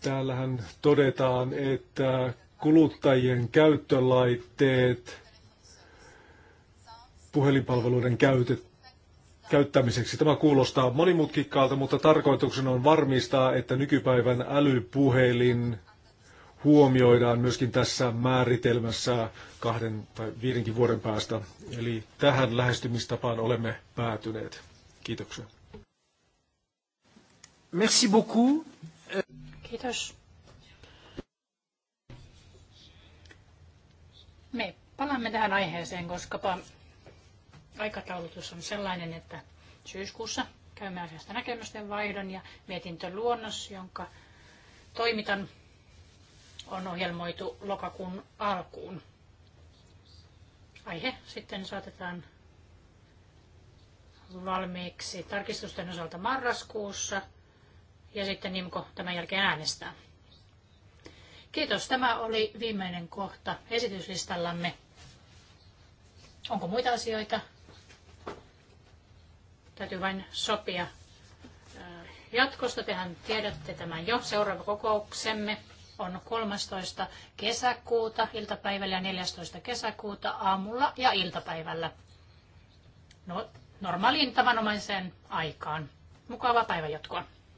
C: täällähän todetaan, että kuluttajien käyttölaitteet puhelinpalveluiden käytet, käyttämiseksi. Tämä kuulostaa monimutkikkaalta, mutta tarkoituksena on varmistaa, että nykypäivän älypuhelin huomioidaan myöskin tässä määritelmässä kahden tai viidenkin vuoden päästä. Eli tähän lähestymistapaan olemme päätyneet. Kiitoksia.
A: Merci beaucoup. Kiitos.
B: Me palaamme tähän aiheeseen, koska aikataulutus on sellainen, että syyskuussa käymme asiasta näkemysten vaihdon ja mietintöluonnos, jonka toimitan, on ohjelmoitu lokakuun alkuun. Aihe sitten saatetaan valmiiksi tarkistusten osalta marraskuussa – ja sitten Nimko tämän jälkeen äänestää. Kiitos. Tämä oli viimeinen kohta esityslistallamme. Onko muita asioita? Täytyy vain sopia äh, jatkosta. Tehän tiedätte tämän jo. Seuraava kokouksemme on 13. kesäkuuta iltapäivällä ja 14. kesäkuuta aamulla ja iltapäivällä. No, normaaliin tavanomaiseen aikaan. Mukavaa päivänjatkoa.